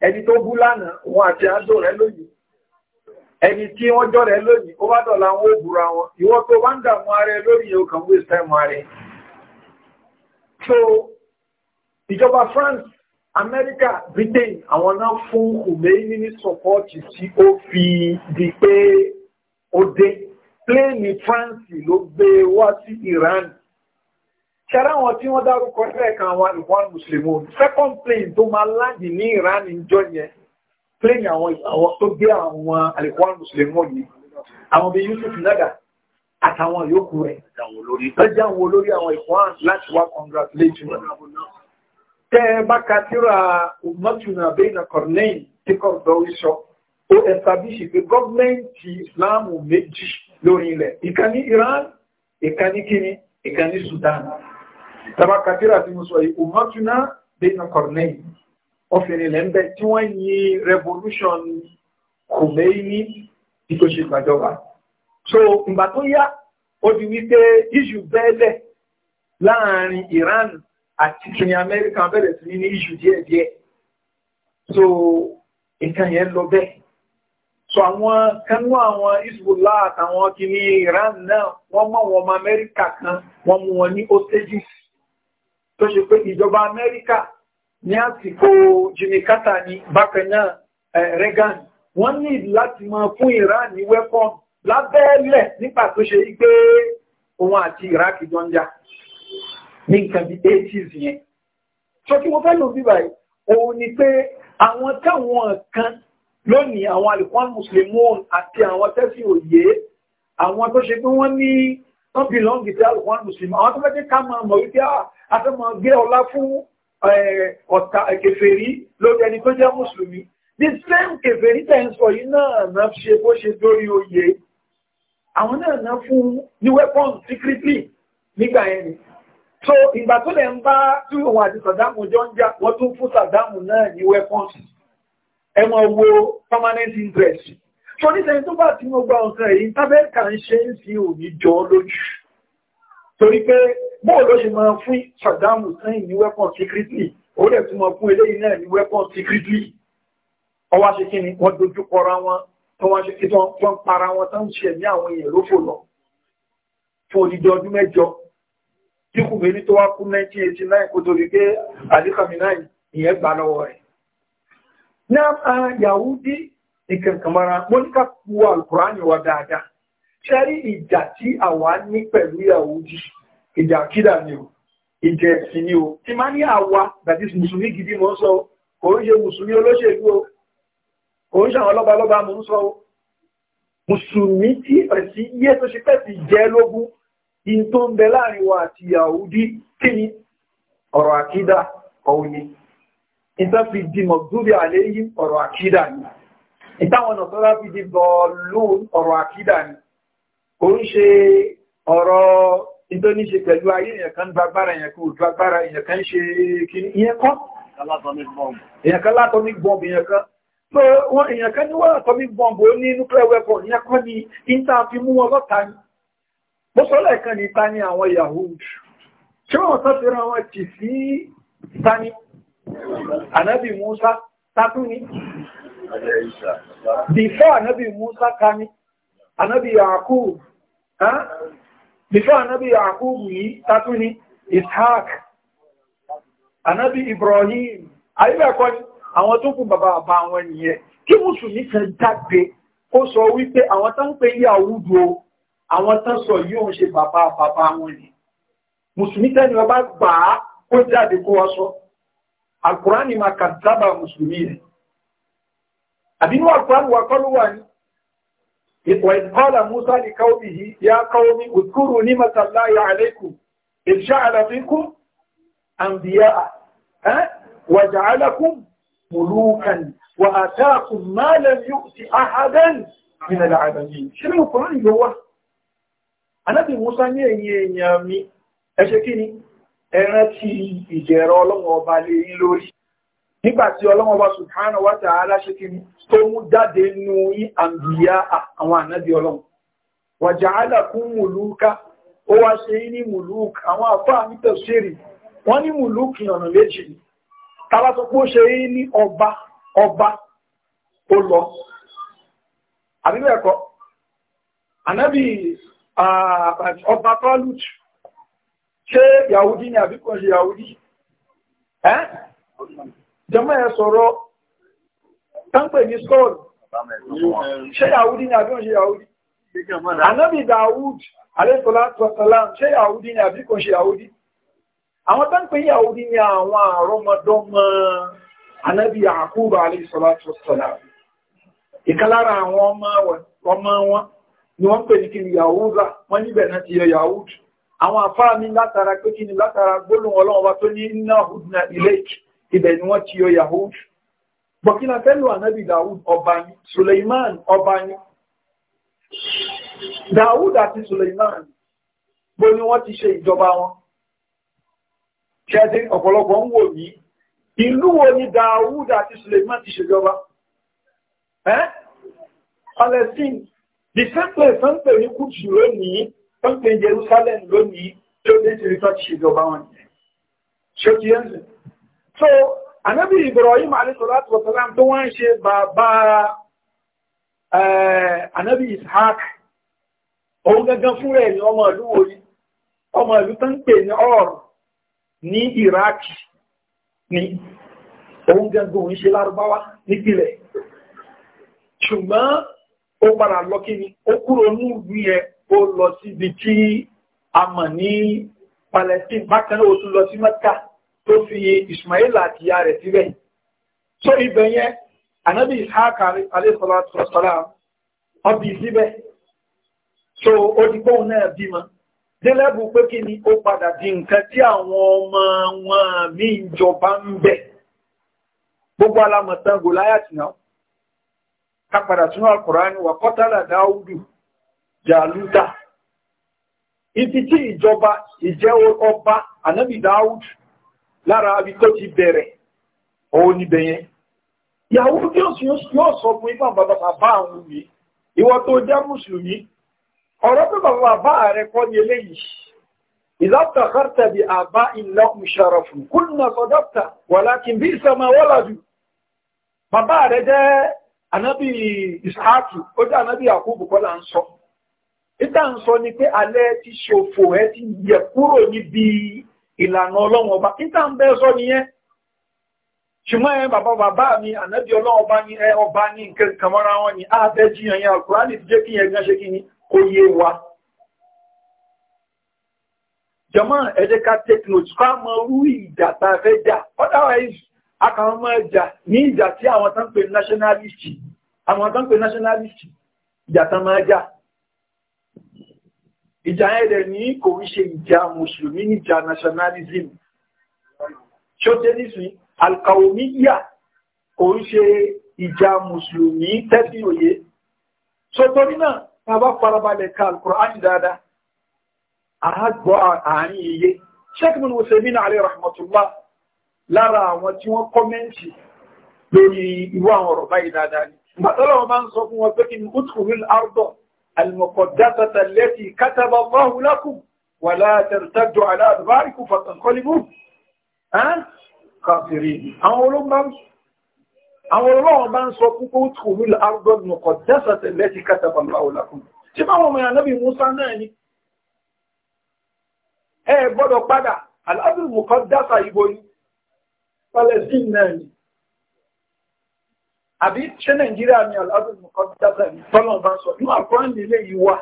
ẹni tó bú lánàá òun àti àádọ́ rẹ lónìí ẹni tí wọ́n jọ rẹ̀ lónìí ó bá dọ̀la wọn ó búra wọn ìwọ tó bá ń dàmú ààrẹ lórí yóò kàn waste time ààrẹ so ìjọba France amẹ́ríkà britain àwọn náà fún Khomeini ní sọ́pọ́ọ̀tì tí ó fi di pé ó dé pléènì france ló gbé wá sí iran ṣẹ́rá wọn tí wọ́n dárúkọ lẹ́ẹ̀kan àwọn ìwọ́n mùsùlùmí second plane tó máa láǹdì ní iran níjọ́ yẹn plane àwọn tó gbé àwọn àlìkọ́n mùsùlùmí yìí àwọn bíi yusuf naga àtàwọn yòókù rẹ̀ lọ́jà àwọn olórí àwọn ìwọ́n láti wá congratulate wọn tẹ́ ẹ bá ka tíra ọmọtúnà bẹ́ẹ̀nà kọ̀rọ̀lẹ́yìn tí Qaradawi sọ ó ẹ̀sàbíṣì pé gọ́ọ̀mẹ́ǹtì ìsìláàmù méjì lórí ilẹ̀ ìkan ní Iran ìkan ní kíní ìkan ní Sudan tàbá ka tíra tí mo sọ yìí ọmọtúnà bẹ́ẹ̀nà kọ̀rọ̀lẹ́yìn ọ̀fìn ilẹ̀ tí wọ́n yin revolution Khomeini tí kò ṣe gbàjọba so ìgbà tó yá ó di wípé iṣu bẹ́ẹ̀lẹ̀ láàrin Iran àti kìnì amẹ́ríkà bẹ̀rẹ̀ sí ní ìṣù díẹ̀díẹ̀ so nǹkan yẹn lọ bẹ́ẹ̀ so àwọn kanú àwọn Hezbollah àtàwọn kìnì Iran náà wọ́n mọ̀ wọn ọmọ amẹ́ríkà kan wọ́n mú wọn ní hostages tó ṣe pé ìjọba amẹ́ríkà ní àsìkò Jimmy Carter ní bákan náà eh, Reagan wọ́n ní láti máa fún Iran ní wẹ́pọ̀n lábẹ́ẹ̀lẹ̀ nígbà tó ṣe wípé òun àti Iraq jọ ń jà ní nǹkan bí 80s yẹn so kí mo fẹ́ lò bí báyìí òun ni pé àwọn táwọn kan lónìí àwọn alìkọ́n muslimun àti àwọn tẹ́sí òye àwọn tó ṣe pé wọ́n ní wọ́n bí lọ́ngì tí alìkọ́n muslim àwọn tó fẹ́ ká máa mọ̀ wípé àti ah, máa gbé ọlá fún ọ̀tá kèfèrí lórí ẹni tó jẹ́ mùsùlùmí the same kèfèrí tẹ̀ ń sọ yìí náà náà ṣe bó ṣe dórí oyè àwọn náà náà fún ní weapon secretly nígbà yẹn ni so ìgbà tó lè ń bá tí òun àti sàdámù jọ ń jà wọ́n tún fún sàdámù náà ní weapons ẹ máa wo permanent interest so nísẹ̀yìn tó bá tí mo gba ọ̀sán èyí tábẹ́ẹ̀kà ń ṣe ń sí òní jọ lójú torí pé bóò ló ṣe máa fún sàdámù sẹ́yìn ní weapons secretly ó lè tún máa fún eléyìí náà ní weapons secretly ọwọ́ ṣe kí ni wọ́n dojú kọra wọn tó wọ́n ṣe kí wọ́n para wọn tó ṣe ní àwọn èèyàn lófò lọ fún odidi ọdún mẹ́jọ tí kò fèrí tó wá kú 1989 kò tó rí pé àdíkàmínà ìyẹn gbà lọ́wọ́ rẹ̀. náà Yahudi ìkẹ̀kẹ̀mọ́ra mọ́níkà kú alkùránì wa dáadáa ṣẹ́rí ìjà tí àwa ní pẹ̀lú Yahudi ìjà kídà ni o ìjà ẹ̀sìn ni o ti máa ní àwa that is mùsùlùmí gidi mọ́ sọ kò ń ṣe mùsùlùmí olóṣèlú o kò ń ṣe àwọn lọ́balọ́ba mọ́ sọ mùsùlùmí tí ẹ̀sìn yé tó ṣe pẹ̀sì yìí tó ń bẹ láàrin wa àti Yahudi kí ni ọ̀rọ̀ àkídà ọ̀hún ni ìtàn fi di mọ̀gbúrí àléyìn ọ̀rọ̀ àkídà ni ìtàwọn ọ̀nà tọ́lá fi di bọ̀ọ̀lù ọ̀rọ̀ àkídà ni kò ń ṣe ọ̀rọ̀ ìtọ́ ní ṣe pẹ̀lú ayé èèyàn kan gbagbára èèyàn kan òjú agbára èèyàn kan ṣe kìíní ìyẹn kọ́ èèyàn kan látọ́mí bọ́ọ̀bù èèyàn kan èèyàn kan ní wọ́n látọ́mí bọ́ọ̀bù ó ní nuclear weapon ìyẹn kọ́ ni ìta fi mú wọn lọ́ta ni mo sọ lẹ́ẹ̀kan ní ta ni àwọn Yahud ṣé wọ́n tọ́ síra wọn tì sí tani anabi Musa tatu ni before anabi Musa kani anabi Yakub before anabi Yakub yìí tatu ni Ishaq anabi Ibrahim ayébẹ̀kọ́ ni àwọn tó kù bàbá bàbá wọn nìyẹn kí mùsùlùmí kan jáde ó sọ wípé àwọn tó ń pe Yahudu o àwọn tán sọ yóò ń ṣe bàbá bàbá wọn ni mùsùlùmí tẹ́ni ọba gbà á kó jáde kó wá sọ alkùránì máa kà dábà mùsùlùmí rẹ̀ àbínú alkùránì wà kọ́ ló wà ní ìpọ̀ ìpọ́lá musa ní káwọ́bì yìí ya káwọ́bì òkúrò ní masallá ya alaikum ìṣẹ́ àlàfikún àǹbíyà wàjà alákùn mùlùkàn wà àtàkùn máa lẹ́yìn sí àhádẹ́n nínú àdàmì ṣe ní ọkùnrin yóò wá anábì musa ní ẹ̀yìn èèyàn mi ẹṣẹ́ kí ni ẹran ti ìjẹ̀rọ ọlọ́wọ́ ọba lè yín lórí nígbàtí ọlọ́wọ́ ọba subhanahu wa ta'ala ṣe kí ni tó mú jáde nú yín àǹbìyá àwọn anábì ọlọ́wọ́ wa ja'alakum mùlúkà ó wá ṣe yín ní mùlúkà àwọn àfáà ní tẹ̀síìrì wọ́n ní mùlúkì ọ̀nà méjì ni tàbá ṣe yín ní ọba ọba ó lọ àbíbẹ̀ẹ̀kọ́ anábì ọba tọ́lùt ṣe yàwúdí ni àbíkọ́ ṣe yàwúdí ẹ́ jẹmọ́ ẹ sọ̀rọ̀ tánpẹ̀ ní skọ́ọ̀lù ṣe yàwúdí ni àbíkọ́ ṣe yàwúdí anábì Dawud alẹ́sọ̀lá ṣe yàwúdí ni àbíkọ́ ṣe yàwúdí àwọn tánpẹ̀ yàwúdí ni àwọn àrọ́mọdọ́mọ anábì Yakubu alẹ́sọ̀lá ìkan lára àwọn ọmọ wọn ni wọ́n pè ní kí yahuda wọ́n níbẹ̀ náà ti yọ yahud àwọn afárá mi látara pé kí ni látara gbólóhùn ọlọ́run wa tó ní iná hudna ilẹ̀kì ibẹ̀ ni wọ́n ti yọ yahud bọ̀kínà fẹ́lú ànábì dawud ọba ni suleiman ọba ni dawud àti suleiman bó ni wọ́n ti ṣe ìjọba wọn ṣẹ́dín ọ̀pọ̀lọpọ̀ ń wò yìí ìlú wo ni dawud àti suleiman ti ṣèjọba ẹ́ palestine the same place tó ń pè ní kùtù lónìí tó ń pè ní Jerusalem lónìí tó lè ti rí tó ti wọn yẹn ṣé ti yẹn sìn. so anabi Ibrahim alayhisalatu wasalam tó wọ́n ń ṣe bàbá anabi Ishaq òun gangan fúnra ẹ̀ ní ọmọ ìlú wo yìí ọmọ ìlú tó ń pè ní ọ̀rọ̀ ní Iraq ni òun gangan òun ṣe lárúbáwá nípìnlẹ̀ ṣùgbọ́n ó padà lọ kí ni ó kúrò ní ìlú yẹn ó lọ síbi tí a mọ̀ ní Palestine bákan náà ó tún lọ sí Mẹ́kà tó fi Ismail àti ìyá rẹ̀ síbẹ̀ so ibẹ̀ yẹn anabi Ishaq alayhisalatu wasalam ọbí síbẹ̀ so ó ti gbóhùn náà bímọ délẹ́bù pé kí ni ó padà di nǹkan tí àwọn ọmọ wọn mí ìjọba ń bẹ̀ gbogbo alamọ̀tán gòláyàtì náà kápadà sínú alkùránì wà kọ́tàlà dáúdù jàlúta ibi tí ìjọba ìjẹ́ ọba anábì dáúdù lára abi tó ti bẹ̀rẹ̀ òun níbẹ̀ yẹn ìyàwó bí ó sì yóò sọ fún ipa bàbá bàbá àwọn mi ìwọ tó jẹ́ mùsùlùmí ọ̀rọ̀ pé bàbá bàbá rẹ̀ kọ́ ní eléyìí ìlàtà kártà bí àbá ìlà ìṣàràfù kúnnà sọdọ́tà wà láti bí ìsẹ̀mà wọ́làdù bàbá rẹ̀ jẹ́ ànábì ìsáàkì ó jẹ́ ànábì àkóbù kọ́lá ń sọ ìta ń ni pé alẹ́ ti ṣòfò ẹ ti yẹ kúrò níbi ìlànà ọlọ́run ọba ìta ń bẹ́ sọ nìyẹn ṣùgbọ́n ẹ bàbá bàbá mi ànábì ọlọ́run ọba ní ẹ ọba ní nǹkan kan mọ́ra wọn ni ààbẹ́ jiyàn yẹn àkùránì ti jẹ́ kí yẹn gan ṣe kí ni kó yé wa jọmọ́ ẹ jẹ́ ká take note ká mọ orú ìjà tá a fẹ́ akàwọn ọmọ ẹjà ní ìjà tí àwọn tán pè nationalist àwọn tán pè nationalist ìjà tán máa jà ìjà ẹ̀rẹ̀ ní kò ń ṣe ìjà mùsùlùmí ní ìjà nationalism ṣótẹ́lìsì alkaomiya kò ń ṣe ìjà mùsùlùmí tẹ́sí òye so torí náà ta bá farabalẹ̀ ka alkùránì dáadáa àágbọ́ àárín iye sheikh bin hussein ali lára àwọn tí wọ́n kọ́mẹ́ǹtì lórí irú àwọn ọ̀rọ̀ báyìí dáadáa ni. Bàtọ́lọ́wọ́ máa ń sọ fún wọn pé kí ni ó tún rí àrùbọ̀ alìmọ̀kọ̀dátàtà lẹ́tì kátàbà fáhùn lákùn wà látẹ̀rẹ̀tàjọ aláàdùbárìkù fàtàkọ́lìbù. Kàfìrí. Àwọn olóòwò bá ń sọ fún pé ó tún rí àrùbọ̀ alìmọ̀kọ̀dátàtà lẹ́tì kátàbà fáhùn lákùn. Palestine náà ni. Àbí ṣé Nàìjíríà ni Aláàbò Mùkọ́dásà ní tọ́lọ̀ bá sọ, ní àkọ́rán nílé yìí wà.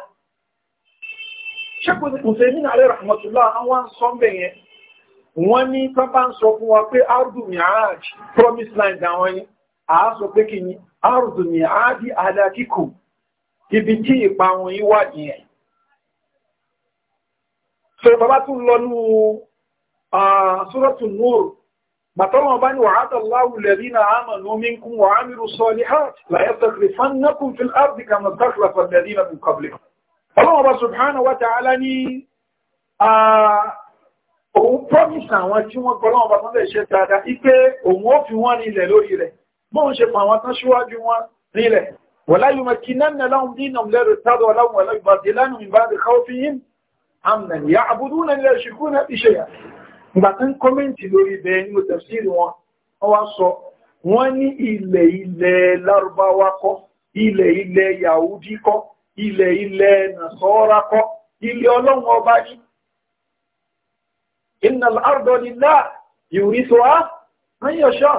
Ṣé kò sí kùsẹ̀ nínú àlẹ́ Rahmatullah àwọn sọ́mbẹ̀ yẹn? Wọ́n ní tán bá ń sọ fún wa pé Ardu Mi'aj, Promise Land àwọn yìí, àá sọ màtọ́lọ̀ bá ní wàhátà láwùlẹ̀ rí na àmànú mínkún wà ámìrù sọ́lì hát láyẹ́sàkìlifán nákùn fil áfíríkà na sáklàfà lẹ́rí na bukablik. ọlọ́wọ́ bá subhanahu wa ta'ala ní òun promise àwọn tí wọ́n gbọ́ lọ́wọ́ bá tán lè ṣe dáadáa ipé òun ó fi wọ́n nílẹ̀ lórí rẹ̀ mọ́ ń ṣe pa àwọn tán síwájú wọn ìgbà tó ń kọ́mẹ́ǹtì lórí ibẹ̀ nínú tẹ̀síìrì wọn wọ́n wá sọ wọ́n ní ilẹ̀ ilẹ̀ lárúbáwá kọ́ ilẹ̀ ilẹ̀ yahudi kọ́ ilẹ̀ ilẹ̀ nàṣọ́ra kọ́ ilẹ̀ ọlọ́run ọba ní inna al-arda lillah yurithuha man yasha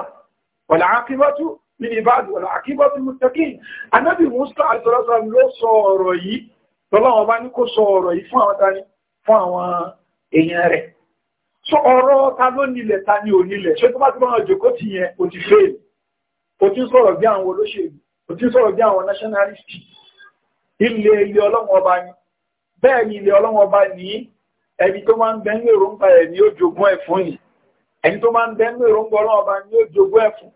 wal aqibatu lil ibad wal aqibatu lil muttaqin anábì musa àtọ́lọ́sọ ló sọ ọ̀rọ̀ yìí tọ́lọ́run ọba ní kó sọ ọ̀rọ̀ yìí fún àwọn èèyàn rẹ̀ so ọ̀rọ̀ ta ló nílẹ̀ ta ní onílẹ̀ ṣe tó bá ti báwọn jòkó ti yẹn o ti fail o ti sọ̀rọ̀ bí àwọn olóṣèlú o ti sọ̀rọ̀ bí àwọn nationalist ilẹ̀ ilẹ̀ ọlọ́wọ́ ọba ni bẹ́ẹ̀ ni ilẹ̀ ọlọ́wọ́ ọba ní ẹni tó máa ń bẹ́ ń lè rọ́ǹgbà ẹ̀ ní ó jogún ẹ̀ fún yìí ẹni tó máa ń bẹ́ ń lè rọ́ǹgbà ọlọ́wọ́ ọba ní ó jogún ẹ̀ fún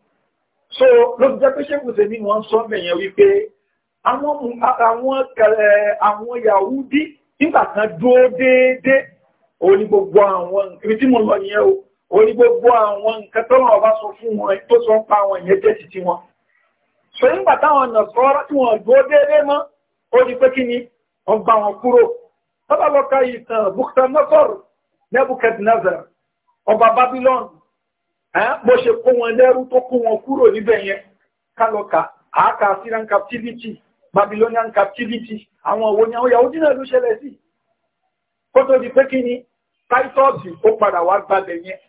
so ló fi jẹ́ pé ṣé kùsẹ̀ ní wọ́n sọ bẹ̀yẹn wípé àwọn eh, Yahudi nígbà kan dúró déédéé òun ni gbogbo àwọn ibi tí mo lọ yẹn o òun ni gbogbo àwọn nǹkan tọ́nà ọba sọ fún wọn tó sọ pa àwọn ìyẹn jẹ́ títí wọn so nígbà táwọn ọ̀nà sọ́rọ́ tí wọ́n dúró déédéé mọ́ ó di pé kí ni wọ́n gba wọn kúrò tọ́lá lọ ka ìtàn Bukhtanasar Nebuchadnezzar ọba Babylon bó ṣe kó wọn lẹ́rú tó kó wọn kúrò níbẹ̀ yẹn kálọ́ka àáka Syrian captivity Babylonian captivity àwọn òwò ni àwọn Yahudi náà ló ṣẹlẹ̀ sí kó di pé kí ni táítọ́ọ̀sì ó padà wá gbalẹ̀ yẹn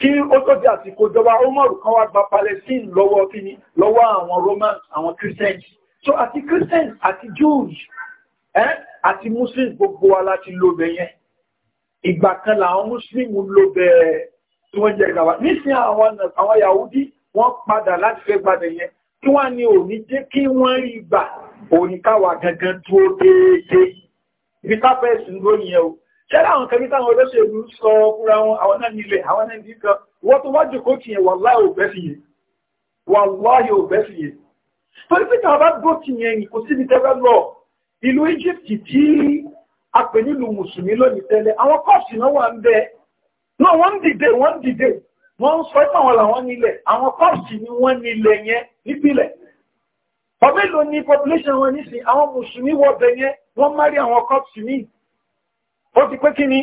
kí ó tó di àsìkò ìjọba Umaru kan wá gba Palestine lọ́wọ́ kíni lọ́wọ́ àwọn Romans àwọn Christians so àti Christians àti Jews eh? àti Muslims gbogbo wa láti lo bẹ̀ yẹn ìgbà kan làwọn Muslim lo bẹ̀ tí wọ́n jẹ́ ìgbàwá nísìnyí àwọn Yahudi wọ́n padà láti fẹ́ gbalẹ̀ yẹn kí wọ́n ní òní jẹ́ kí wọ́n rí gbà òní káwa gangan dúró déédéé ibi tábẹ́ẹ̀sì ń lóyìn ẹ̀ o ṣẹ́lá àwọn kẹrí táwọn olóṣèlú sọ fúra wọn àwọn náà nílẹ̀ àwọn náà nílẹ̀ kan wọ́n tó wájú kó tìyẹn wàláhì òbẹ́ fìyẹ wàláhì òbẹ́ fìyẹ torí pé tàbá gbó tìyẹn yìí kò síbi tẹ́fẹ́ lọ ìlú Egypt tí a pè nílùú mùsùlùmí lónìí tẹ́lẹ̀ àwọn kọ́ọ̀sì náà wà ń bẹ náà wọ́n ń dìde wọ́n ń dìde wọ́n ń sọ pé àwọn làwọn nílẹ̀ àwọn kọ́ọ̀sì ni wọ́n nílẹ̀ yẹn nípìnlẹ̀ ọmọ èlò ni population wọn nísìn àwọn mùsùlùmí wọ bẹ yẹn wọ́n márí àwọn kọ́ọ̀sì míì ó ti pé kí ni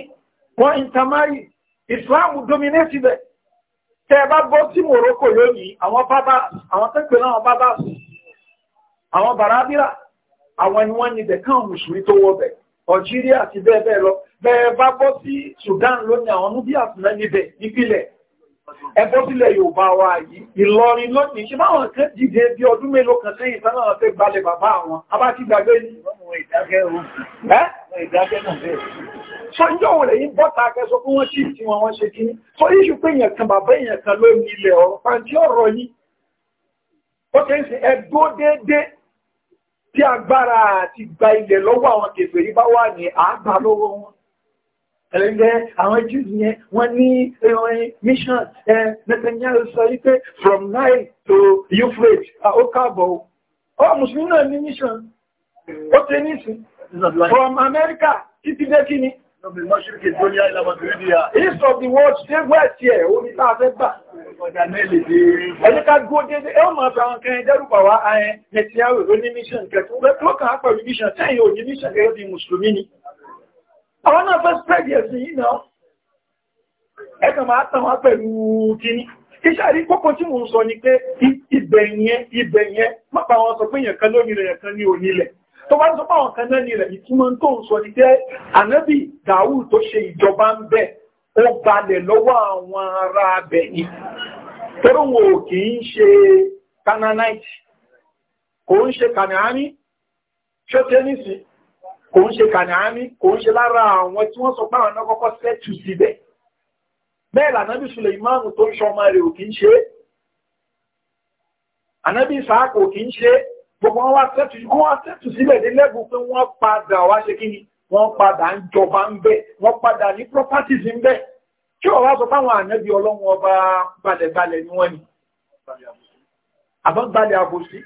wọ́n intermarry Islam dominate ibẹ̀ tẹ́ ẹ bá bọ́ sí Morocco lónìí àwọn bábà àwọn tẹ́pẹ́ náà bábà àwọn bàrábíra àwọn ni wọ́n ní ibẹ̀ mùsùlùmí tó wọ́ bẹ̀ Algeria àti bẹ́ẹ̀ bẹ́ẹ̀ lọ bẹ́ẹ̀ bá bọ́ sí Sudan lónìí àwọn nubia fún ẹ níbẹ̀ nípìnlẹ̀ ẹbọ́ sílẹ̀ Yorùbá wa yìí Ìlọrin lónìí ṣe máwọn kan dìde bí ọdún mélòó kan sẹ́yìn sánà fẹ́ gbalẹ̀ bàbá àwọn abá ti gbàgbé ní so ń jọun rẹ̀ yín bọ́ta akẹ́sọ fún wọ́n tí tí wọ́n ṣe kí ní so yíṣù pé èèyàn kan bàbá èèyàn kan ló ní ilẹ̀ ọ̀rọ̀ pàǹtí ọ̀rọ̀ yìí ó kẹ́ ń sin ẹgbó déédé tí agbára àti gba ilẹ̀ lọ́wọ́ àwọn kèfèrí bá wà ní àgbà lọ́wọ́ wọn ẹ̀rẹ́gbẹ́ àwọn Jews yẹn wọ́n ní mission ẹ Netanyahu sọ wípé from Nile to Euphrates ó káàbọ̀ ó mùsùlùmí náà ní mission ó tẹ́ nísìn from America títí dé kí ni East of the world ṣe west here, orí náà fẹ́ gbà. Ẹni ká gbó dédé, ẹ ó máa fi àwọn kẹrin dẹ́rùpà wá ayẹ Netanyahu ló ní mission kẹtù. Ló kàn á pẹ̀lú mission tẹ́yìn ò ní mission gẹ́gẹ́ bí Mùsùlùmí ni. Àwọn náà fẹ́ spread yẹ̀ sí yìí náà. Ẹ kàn máa tàn wá pẹ̀lú kíní. Iṣẹ́ àrí kókó tí mò ń sọ ni pé ibẹ̀ yẹn, ibẹ̀ yẹn, má bá wọn sọ pé yẹn kan lónìí rẹ̀ yẹn kan ní onílẹ̀ tó bá ń sọ fáwọn kan náà ní rẹ̀ ìtumọ̀ tó ń sọ ní pé ànábì dàwù tó ṣe ìjọba ń bẹ̀ ó balẹ̀ lọ́wọ́ àwọn ará abẹ̀ ni torí wọn ò kì í ṣe Canaanite kò ń ṣe Kànáánì ṣó tẹ́ nísìn kò ń ṣe Kànáánì kò ń ṣe lára àwọn tí wọ́n sọ pé náà kọ́kọ́ sẹ́tù síbẹ̀ bẹ́ẹ̀ lànábì Sùlẹ̀mánù tó ń ṣọmọ rẹ̀ ò kì í ṣe gbogbo wọn wá tẹ́tù sí wọ́n tẹ́tù sílẹ̀ ní lẹ́gùn pé wọ́n padà wá ṣe kí ni wọ́n padà ń jọba ń bẹ̀ wọ́n padà ní properties ń bẹ̀ kí wọ́n wá sọ fáwọn ànábì ọlọ́run ọba balẹ̀balẹ̀ ni wọ́n ni àbọ̀ gbalẹ̀ àbòsí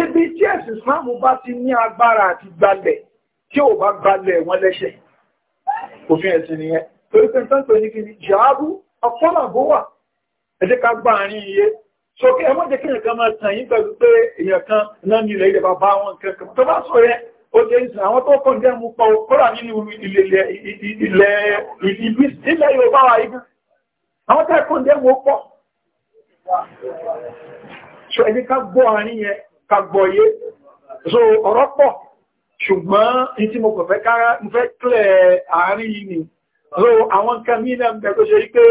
ibi tí ẹ̀sìn Ìsìláàmù bá ti ní agbára àti gbalẹ̀ tí ò bá gbalẹ̀ wọn lẹ́sẹ̀ òfin ẹ̀sìn nìyẹn torí pé nǹkan tó ní kí ni jàábù ọ̀pọ̀lọpọ̀ wà ẹ jẹ́ ká gbá àárín sókè ẹmọ́ jẹ́ kí nǹkan máa tàn yí pẹ̀lú pé èèyàn kan náà ní ilẹ̀ ilẹ̀ bàbá wọn kankan tó bá sọ yẹ ó jẹ́ ìsìn àwọn tó kọ̀ jẹ́ mú pọ̀ kọ́rà nínú ilẹ̀ ilẹ̀ Yorùbá wa igun àwọn tó kọ̀ jẹ́ mú pọ̀ so ẹni ká gbọ́ àárín yẹn ká gbọ́ yé so ọ̀rọ̀ pọ̀ ṣùgbọ́n ní tí mo kọ̀ fẹ́ kílẹ̀ àárín yìí ni so àwọn nǹkan mí náà bẹ̀ tó ṣe pé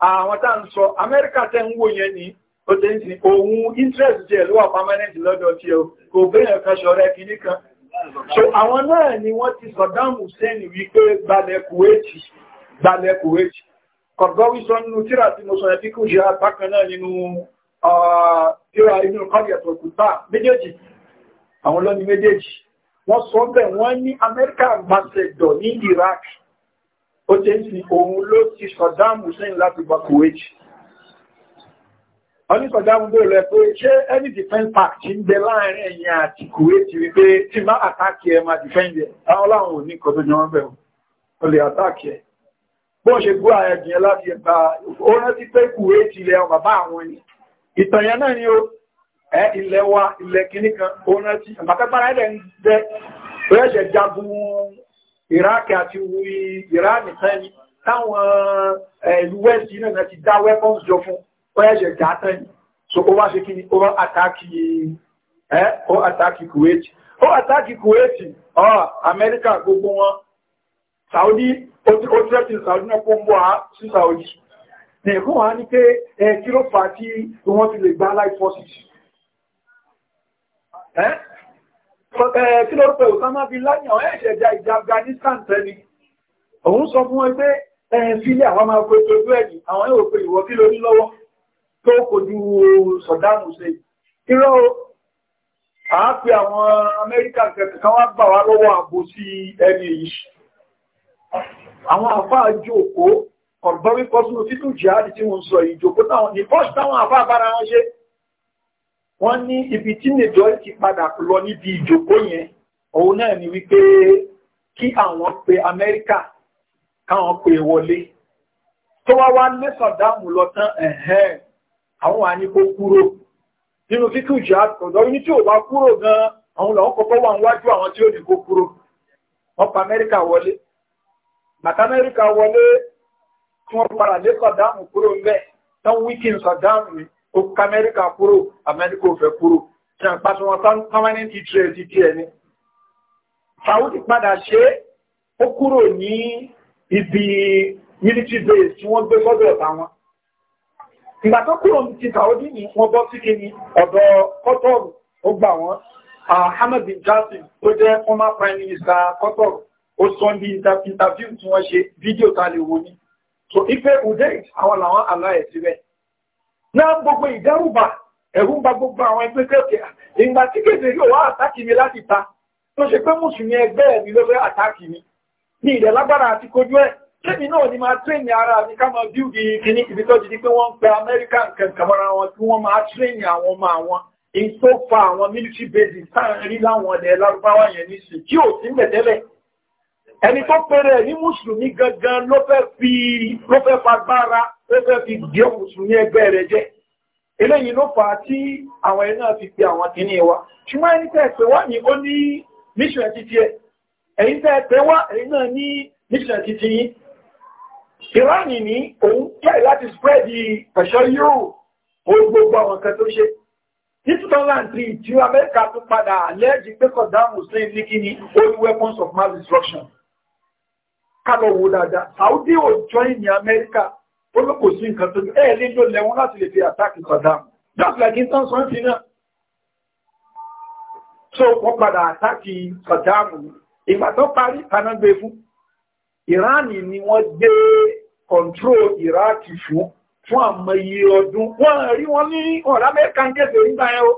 àwọn tá à ń sọ Amẹ́ríkà tẹ́ ń wò yẹn ni ó tẹ́ ń sin ohun interest jẹ́ ló wà permanent lọ́dọ̀ tí ó kò bẹ́yàn kan ṣọ̀rẹ́ kìíní kan so àwọn náà ni wọ́n ti Saddam Hussein wípé gbalẹ̀ Kuwaiti, gbalẹ̀ Kuwait kọ̀gọ́wí sọ nínú tíra tí mo sọ ẹ̀bí kú jẹ́ apákan náà nínú tíra inú kọ́lẹ̀tọ̀ kùtà méjèèjì àwọn lọ́ni méjèèjì wọ́n sọ bẹ̀ wọ́n ní Amẹ́ríkà ambassador ní Iraq ó tẹ́ ń sin ohun ló ti Saddam Hussein láti gba Kuwait onísọ̀dáhùn bó rẹ̀ pé ṣé any defense pact ṣe ń bẹ láàrin ẹ̀yìn àti Kuwait wípé tí má àtàkì ẹ máa defend ẹ̀ àwọn láwọn ò ní nǹkan tó jọ wọ́n bẹ̀rù ó lè àtàkì ẹ̀ bó ṣe gbó àyẹ̀dùn ẹ̀ láti ẹ̀gbà ó rántí pé Kuwait ilẹ̀ ọ bàbá àwọn ni ìtàn yẹn náà ni ó ẹ ilẹ̀ wa ilẹ̀ kìíní kan ó rántí àbákápára ilẹ̀ ń bẹ ó yẹ̀ṣẹ̀ jagun Iraq àti Iran nìkan ni táwọn ìlú West náà ẹ̀ṣẹ̀ gàtẹ́ so ó wá ṣe kí ni ó wá àtàkì ẹ́ ó àtàkì Kuwait ó àtàkì Kuwait ọ̀ Amẹ́ríkà gbogbo wọn Saudi ó tẹ́tì Saudi náà kó ń bọ̀ á sí Saudi nìkan wá ní pé ẹ kí ló fà á tí wọ́n fi lè gba life forces kí ló pẹ̀ òsánmá fi láyàn ẹ̀ṣẹ̀ ìjà ìjà Afghanistan tẹ́ni òun sọ fún ẹgbẹ́ ẹ̀ẹ́fílẹ̀ àwọn máa pẹ̀lú ẹ̀yìn àwọn yóò pẹ̀ ìwọ̀ kí lórí lọ́wọ́ tó kojú Saddam Hussein irọ́ àápẹ àwọn Amẹ́ríkà kẹkẹ̀kan wá gbà wá lọ́wọ́ àbò sí ẹni yìí àwọn àfáà jòkó ọ̀gbọ́n wípọ́ sínú títù jihadi tí wọ́n sọ ìjòkó táwọn ní fọ́ṣ táwọn àfáà bára wọn ṣe wọ́n ní ibi tí nìjọ́ ti padà lọ níbi ìjòkó yẹn òun náà ni wípé kí àwọn pe Amẹ́ríkà káwọn pe wọlé tó wá wá lé Saddam lọ tán ẹ̀hẹ́n àwọn wà ní kó kúrò nínú kíkú ìjà ọ̀dọ́ ní tí ò bá kúrò gan-an àwọn lọ́wọ́ kọ́kọ́ wà níwájú àwọn tí ó ní kó kúrò wọ́n pa amẹ́ríkà wọlé bàtà amẹ́ríkà wọlé tí wọ́n padà lé sọ̀dáàmù kúrò ń bẹ̀ tán wíkìn sọ̀dáàmù ni ó ká amẹ́ríkà kúrò amẹ́ríkà ò fẹ́ kúrò kí wọ́n pàṣẹ wọn tán permanent interest ti ẹ̀ ni saudi padà ṣe ó kúrò ní ibi military base tí wọ́n gbé sọ́dọ̀ ọ̀tá wọn ìgbà tó kúrò ti Saudi ní wọ́n bọ́ sí kíni ọ̀dọ̀ kọ́tọ̀rù ó gbà wọ́n Ahmed bin tó jẹ́ former prime minister kọ́tọ̀rù ó sọ ní interview tí wọ́n ṣe fídíò ta lè wo ni so ife udeid àwọn làwọn aláyẹ síbẹ̀ náà gbogbo ìdẹ́rùbà ẹ̀rù ń ba gbogbo àwọn ẹgbẹ́ kéèké ìgbà tí kéde yóò wá àtàkì mi láti ta tó ṣe pé mùsùlùmí ẹgbẹ́ mi ló àtàkì mi ní ilẹ̀ lágbára àti kojú ẹ̀ Kémi náà ni máa tréni ara mi ká máa bíúdi kìíní ibi tó ti di pé wọ́n ń pe Amẹ́ríkà kẹkẹmọ́ra wọn tí wọ́n máa tréni àwọn ọmọ àwọn èyí tó fa àwọn military base táà rí láwọn ọ̀dẹ̀ lárúbáwá yẹn ní sí tí ò sí mẹ̀tẹ́lẹ̀. Ẹni tó péré ní Mùsùlùmí gangan ló fẹ́ fi ló fẹ́ fagbára ló fẹ́ fi gbé Mùsùlùmí ẹgbẹ́ rẹ̀ jẹ́. Eléyìí ló fà á tí àwọn ẹni náà fi pe àwọn kìíní wa. Ṣùgbọ́n ẹni tẹ́ pé wá ní ó ní mission titi ẹ̀. Ẹ̀yin tẹ́ pé wá ẹ̀yin náà ní mission titi yín ìránì ní òun tẹ́ láti spread ẹ̀ṣọ́ yóò ohun gbogbo àwọn kan tó ṣe ní 2003 tí amẹ́ríkà tó padà lẹ́ẹ̀jì pé Saddam Hussein ní kí ni only weapons of mass destruction kálọ̀ wo dáadáa Saudi ò join ní amẹ́ríkà ó ló kò sí nǹkan tó ní ẹ̀ lé ló lẹ́wọ́n láti lè fi àtàkì Saddam just like in tan sanfi náà so wọ́n padà àtàkì Saddam ìgbà tó parí kaná gbé fún ìránì ni wọ́n gbé control Iraq fún fún àmọye ọdún wọ́n rí wọn ní ọ̀rá mẹ́ta ń kéde nígbà yẹn o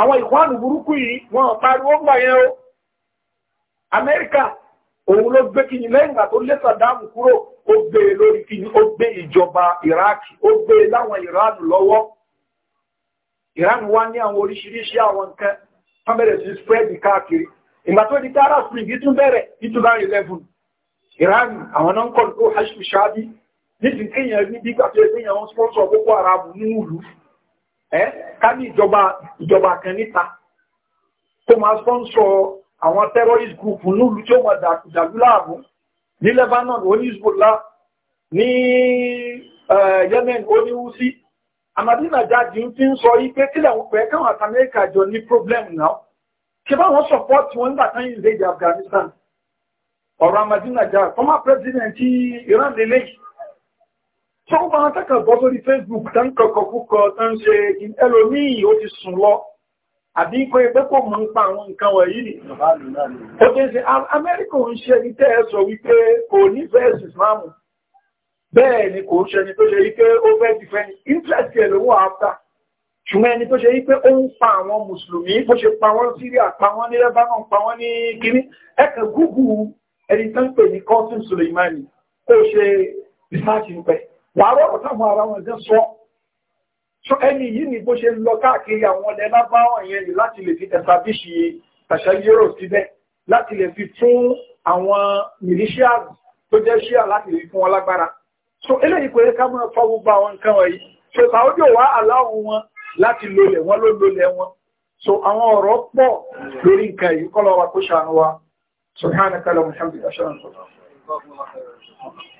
àwọn ìwọ́nù burúkú yìí wọ́n pariwo gbà yẹn o Amẹ́ríkà òun ló gbé kí ni lẹ́yìn ìgbà tó lé Sàdámù kúrò ó gbé e lórí kí ni ó gbé ìjọba Iraq ó gbé e láwọn Iran lọ́wọ́ Iran wá ní àwọn oríṣiríṣi àwọn nǹkan wọ́n bẹ̀rẹ̀ sí spread káàkiri ìgbà tó di tara spring ìtún bẹ̀rẹ̀ ìtún bá eleven Iran àwọn náà ń kọ̀ ló haṣù ṣáàbí nítorí kéèyàn rí bí gbàtọ́ ìpéyàn wọn sponsor Boko Haram ní ìlú ẹ ká ní ìjọba ìjọba kan níta tó máa sponsor àwọn terrorist group nílùú tí ó máa dàlú láàbù ní Lebanon oní Hezbollah ní Yemen oní Houthi Amadina jáde ń fi ń sọ ipé tílẹ̀ wọn pẹ̀ káwọn àti Amẹ́ríkà jọ ní problem náà ṣe báwọn support wọn nígbà tán yìí lè ọ̀rọ̀ amadínàjá former president Iran lè léyìí tó bá wọn tẹ́kà bọ́ sórí Facebook tán kọ̀kọ̀ púpọ̀ tán ṣe ẹlòmíì ó ti sùn lọ àbí kọ́ ẹgbẹ́ kò mú pa àwọn nǹkan wọ̀nyí ni ó ti ṣe Amẹ́ríkà ń ṣe ní tẹ́ ẹ sọ wípé kò nífẹ̀ẹ́ sí Islamu bẹ́ẹ̀ ni kò ń ṣe ẹni tó ṣe wípé ó fẹ́ ti fẹ́ ní interest ẹ̀ lówó after ṣùgbọ́n ẹni tó ṣe wípé ó ń pa àwọn mùsùlùmí bó ṣe pa wọ́n Syria pa wọ́n ní Lebanon pa wọ́n ní kínní ẹ̀kẹ́ gúgùú ẹni tán pè ní Qasim Suleimani kó ṣe rìsáàtì pẹ̀ wà á rọrùn táwọn ara wọn jẹ́ sọ so ẹni yìí ni bó ṣe ń lọ káàkiri àwọn ọdẹ lábáwọn yẹn ni láti lè fi ẹ̀sàbíṣì tàṣà yúrò síbẹ̀ láti lè fi fún àwọn militias tó jẹ́ ṣíà láti lè fún wọn lágbára so eléyìí kò yẹ ká máa fọ gbogbo àwọn nǹkan wọ̀nyí so Saudi wà aláwọ̀ wọn láti lólẹ̀ wọn ló lólẹ̀ wọn so àwọn ọ̀rọ̀ pọ̀ lórí nǹkan yìí kọ́lọ́wà kó ṣàánú wa سبحانك اللهم وبحمدك اشهد ان لا اله الا انت